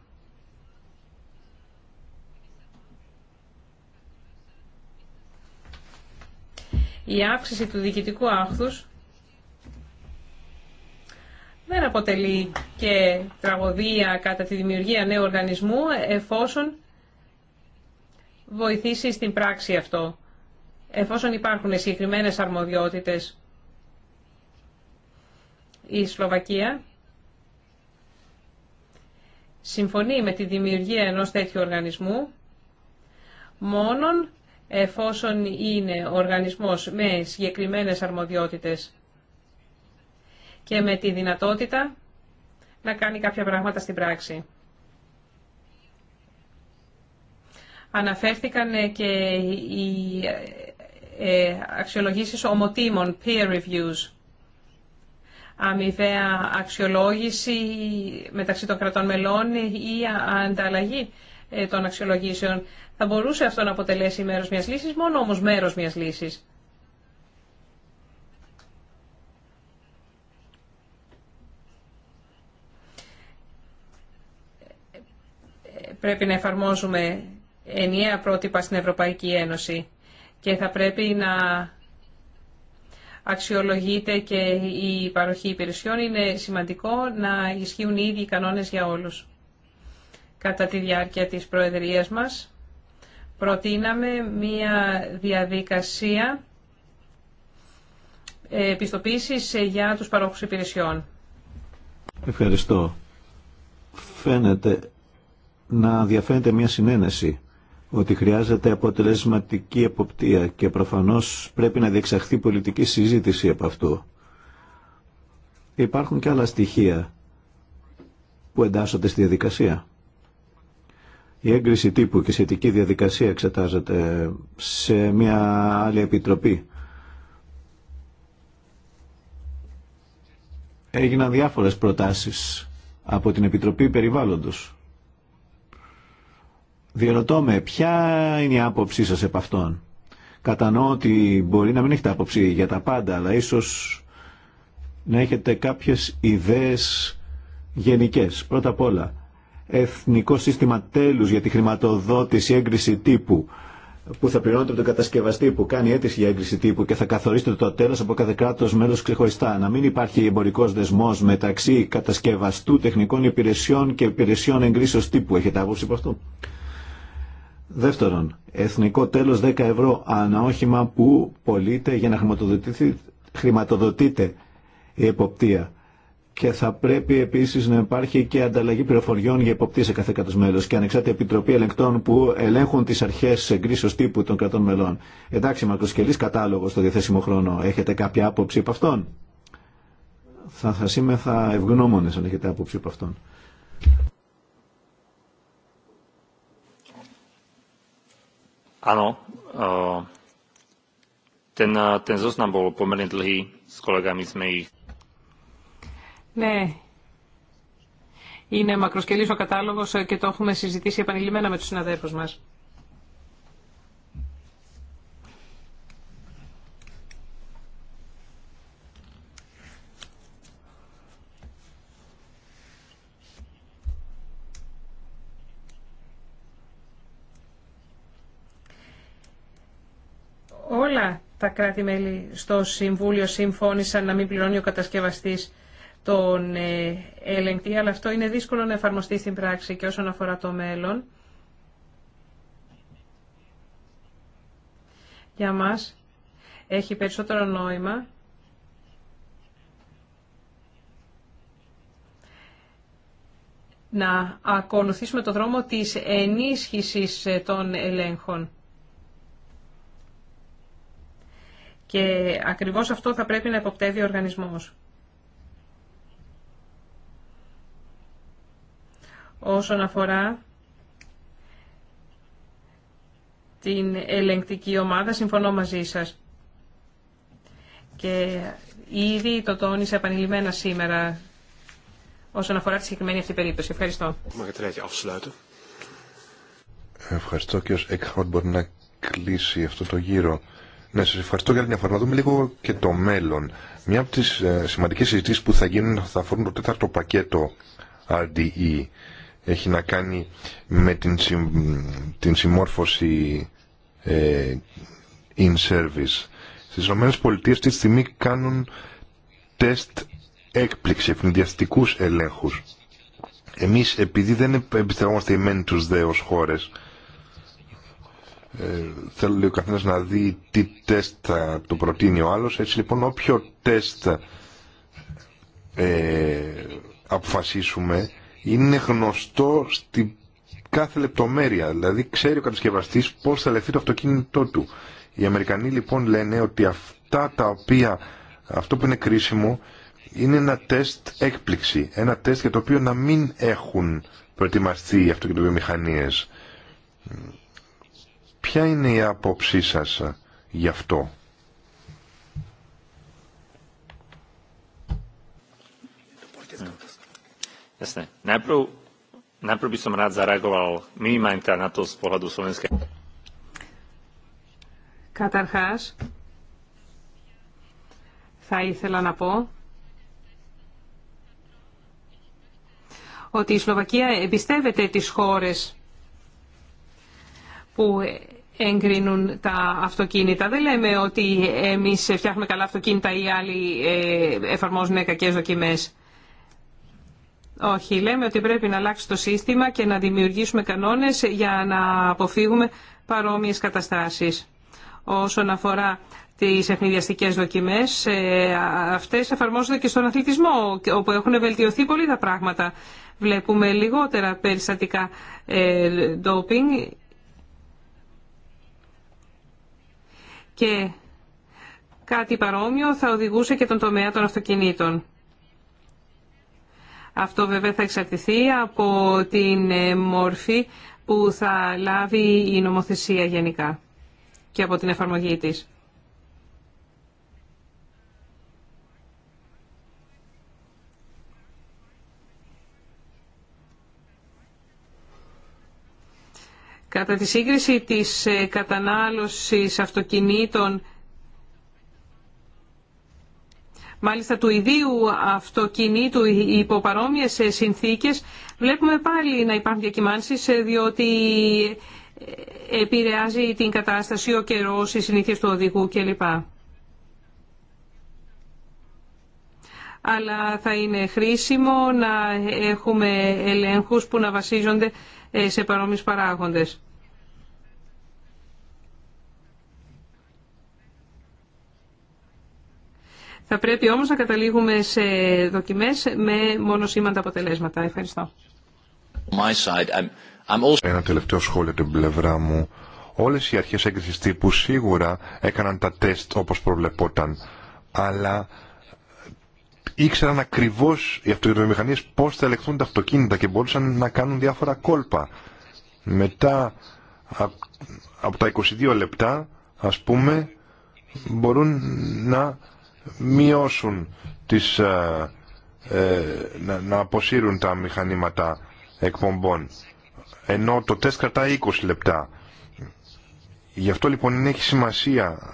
η αύξηση του διοικητικού άχθους δεν αποτελεί και τραγωδία κατά τη δημιουργία νέου οργανισμού εφόσον βοηθήσει στην πράξη αυτό, εφόσον υπάρχουν συγκεκριμένες αρμοδιότητες. Η Σλοβακία συμφωνεί με τη δημιουργία ενός τέτοιου οργανισμού μόνον εφόσον είναι οργανισμός με συγκεκριμένες αρμοδιότητες και με τη δυνατότητα να κάνει κάποια πράγματα στην πράξη. Αναφέρθηκαν ε, και οι ε, ε, αξιολογήσεις ομοτήμων, peer reviews, αμοιβαία αξιολόγηση μεταξύ των κρατών μελών ή ανταλλαγή ε, των αξιολογήσεων. Θα μπορούσε αυτό να αποτελέσει μέρος μιας λύσης, μόνο όμως μέρος μιας λύσης. Πρέπει να εφαρμόζουμε ενιαία πρότυπα στην Ευρωπαϊκή Ένωση και θα πρέπει να αξιολογείται και η παροχή υπηρεσιών. Είναι σημαντικό να ισχύουν οι ίδιοι κανόνες για όλους κατά τη διάρκεια της Προεδρίας μας. Προτείναμε μία διαδικασία ε, επιστοποίησης ε, για τους παρόχους υπηρεσιών. Ευχαριστώ. Φαίνεται να διαφαίνεται μια συνένεση ότι χρειάζεται αποτελεσματική εποπτεία και προφανώς πρέπει να διεξαχθεί πολιτική συζήτηση από αυτού. Υπάρχουν και άλλα στοιχεία που εντάσσονται στη διαδικασία. Η έγκριση τύπου και η σχετική διαδικασία εξετάζεται σε μια άλλη επιτροπή. Έγιναν διάφορες προτάσεις από την Επιτροπή Περιβάλλοντος. Διερωτώ με, ποια είναι η άποψή σας επ' αυτόν. Κατανοώ ότι μπορεί να μην έχετε άποψη για τα πάντα, αλλά ίσως να έχετε κάποιες ιδέες γενικές. Πρώτα απ' όλα, εθνικό σύστημα τέλους για τη χρηματοδότηση έγκριση τύπου που θα πληρώνεται από τον κατασκευαστή που κάνει αίτηση για έγκριση τύπου και θα καθορίσετε το τέλο από κάθε κράτο μέλο ξεχωριστά. Να μην υπάρχει εμπορικό δεσμό μεταξύ κατασκευαστού τεχνικών υπηρεσιών και υπηρεσιών εγκρίσεω τύπου. Έχετε άποψη από αυτό. Δεύτερον, εθνικό τέλο 10 ευρώ ανά όχημα που πωλείται για να χρηματοδοτείται η εποπτεία και θα πρέπει επίσης να υπάρχει και ανταλλαγή πληροφοριών για υποπτή σε κάθε και ανεξάρτητη επιτροπή ελεγκτών που ελέγχουν τις αρχές εγκρίσεως τύπου των κρατών μελών. Εντάξει, μακροσκελής κατάλογος στο διαθέσιμο χρόνο. Έχετε κάποια άποψη από αυτόν. Θα σας είμαι θα ευγνώμονες αν έχετε άποψη από αυτόν. Ε, ten, ε, ten zoznam bol pomerne dlhý, s kolegami sme ναι, είναι μακροσκελής ο κατάλογο και το έχουμε συζητήσει επανειλημμένα με του συναδέλφου μα. Όλα τα κράτη-μέλη στο Συμβούλιο συμφώνησαν να μην πληρώνει ο κατασκευαστής τον ε, ελεγκτή, αλλά αυτό είναι δύσκολο να εφαρμοστεί στην πράξη και όσον αφορά το μέλλον. Για μας έχει περισσότερο νόημα να ακολουθήσουμε το δρόμο της ενίσχυσης ε, των ελέγχων. Και ακριβώς αυτό θα πρέπει να υποπτεύει ο οργανισμός. όσον αφορά την ελεγκτική ομάδα. Συμφωνώ μαζί σας. Και ήδη το τόνισα επανειλημμένα σήμερα όσον αφορά τη συγκεκριμένη αυτή περίπτωση. Ευχαριστώ. Ευχαριστώ και ως έκχροντ μπορεί να κλείσει αυτό το γύρο. Ναι, σας ευχαριστώ για την αφορά. Να δούμε λίγο και το μέλλον. Μια από τις ε, σημαντικές συζητήσεις που θα γίνουν θα αφορούν το τέταρτο πακέτο RDE έχει να κάνει με την, την συμμόρφωση ε, in service. Στις ΗΠΑ τη στιγμή κάνουν τεστ έκπληξη, ευνηδιαστικούς ελέγχους. Εμείς επειδή δεν εμπιστευόμαστε οι μένοι τους δε χώρες, ε, θέλει ο καθένας να δει τι τεστ θα του προτείνει ο άλλος, έτσι λοιπόν όποιο τεστ ε, αποφασίσουμε είναι γνωστό στην κάθε λεπτομέρεια. Δηλαδή ξέρει ο κατασκευαστής πώς θα λεφθεί το αυτοκίνητό του. Οι Αμερικανοί λοιπόν λένε ότι αυτά τα οποία, αυτό που είναι κρίσιμο είναι ένα τεστ έκπληξη. Ένα τεστ για το οποίο να μην έχουν προετοιμαστεί οι αυτοκινητοβιομηχανίες. Ποια είναι η άποψή σας γι' αυτό. Jasné. Καταρχάς, θα ήθελα να πω ότι η Σλοβακία εμπιστεύεται τις χώρες που εγκρίνουν τα αυτοκίνητα. Δεν λέμε ότι εμείς φτιάχνουμε καλά αυτοκίνητα ή άλλοι εφαρμόζουν κακές δοκιμές. Όχι, λέμε ότι πρέπει να αλλάξει το σύστημα και να δημιουργήσουμε κανόνες για να αποφύγουμε παρόμοιες καταστάσεις. Όσον αφορά τις ευνηδιαστικέ δοκιμές, ε, αυτές εφαρμόζονται και στον αθλητισμό, όπου έχουν βελτιωθεί πολύ τα πράγματα. Βλέπουμε λιγότερα περιστατικά ε, ντόπινγκ και κάτι παρόμοιο θα οδηγούσε και τον τομέα των αυτοκινήτων. Αυτό βέβαια θα εξαρτηθεί από την ε, μόρφη που θα λάβει η νομοθεσία γενικά και από την εφαρμογή της. Κατά τη σύγκριση της ε, κατανάλωσης αυτοκινήτων μάλιστα του ιδίου αυτοκινήτου υπό παρόμοιες ε, συνθήκες, βλέπουμε πάλι να υπάρχουν διακυμάνσεις ε, διότι ε, επηρεάζει την κατάσταση, ο καιρός, οι συνήθειες του οδηγού κλπ. αλλά θα είναι χρήσιμο να έχουμε ελέγχους που να βασίζονται σε παρόμοιους παράγοντες. Θα πρέπει όμως να καταλήγουμε σε δοκιμές με μόνο σήμαντα αποτελέσματα. Ευχαριστώ. Ένα τελευταίο σχόλιο την πλευρά μου. Όλες οι αρχές έγκρισης τύπου σίγουρα έκαναν τα τεστ όπως προβλεπόταν, αλλά ήξεραν ακριβώς οι αυτοκινητομηχανίες πώς θα ελεγχθούν τα αυτοκίνητα και μπορούσαν να κάνουν διάφορα κόλπα. Μετά από τα 22 λεπτά, ας πούμε, μπορούν να μειώσουν τις, ε, ε, να, να αποσύρουν τα μηχανήματα εκπομπών. Ενώ το τεστ κρατάει 20 λεπτά. Γι' αυτό λοιπόν είναι, έχει σημασία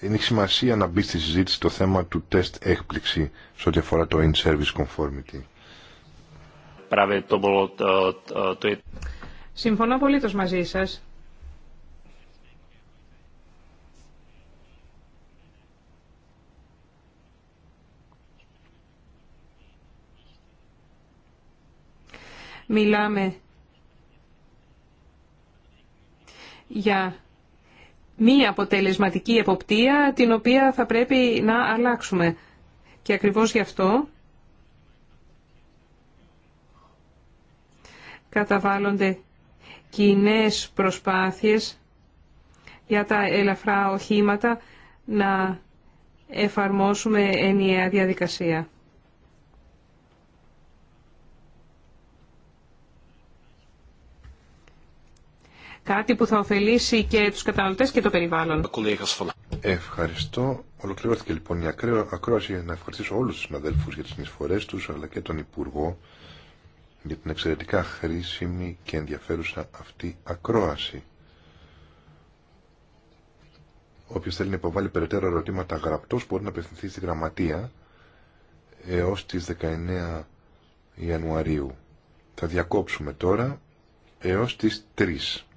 είναι σημασία να μπει στη συζήτηση το θέμα του τεστ έκπληξη σε ό,τι αφορά το in-service conformity. Συμφωνώ απολύτως μαζί σας. μιλάμε για μη αποτελεσματική εποπτεία την οποία θα πρέπει να αλλάξουμε. Και ακριβώς γι' αυτό καταβάλλονται κοινέ προσπάθειες για τα ελαφρά οχήματα να εφαρμόσουμε ενιαία διαδικασία. κάτι που θα ωφελήσει και τους καταναλωτές και το περιβάλλον. Ευχαριστώ. Ολοκληρώθηκε λοιπόν η ακρόαση να ευχαριστήσω όλους τους συναδέλφους για τις συνεισφορές τους αλλά και τον Υπουργό για την εξαιρετικά χρήσιμη και ενδιαφέρουσα αυτή ακρόαση. Όποιος θέλει να υποβάλει περαιτέρω ερωτήματα γραπτός μπορεί να απευθυνθεί στη γραμματεία έως τις 19 Ιανουαρίου. Θα διακόψουμε τώρα έως τις 3.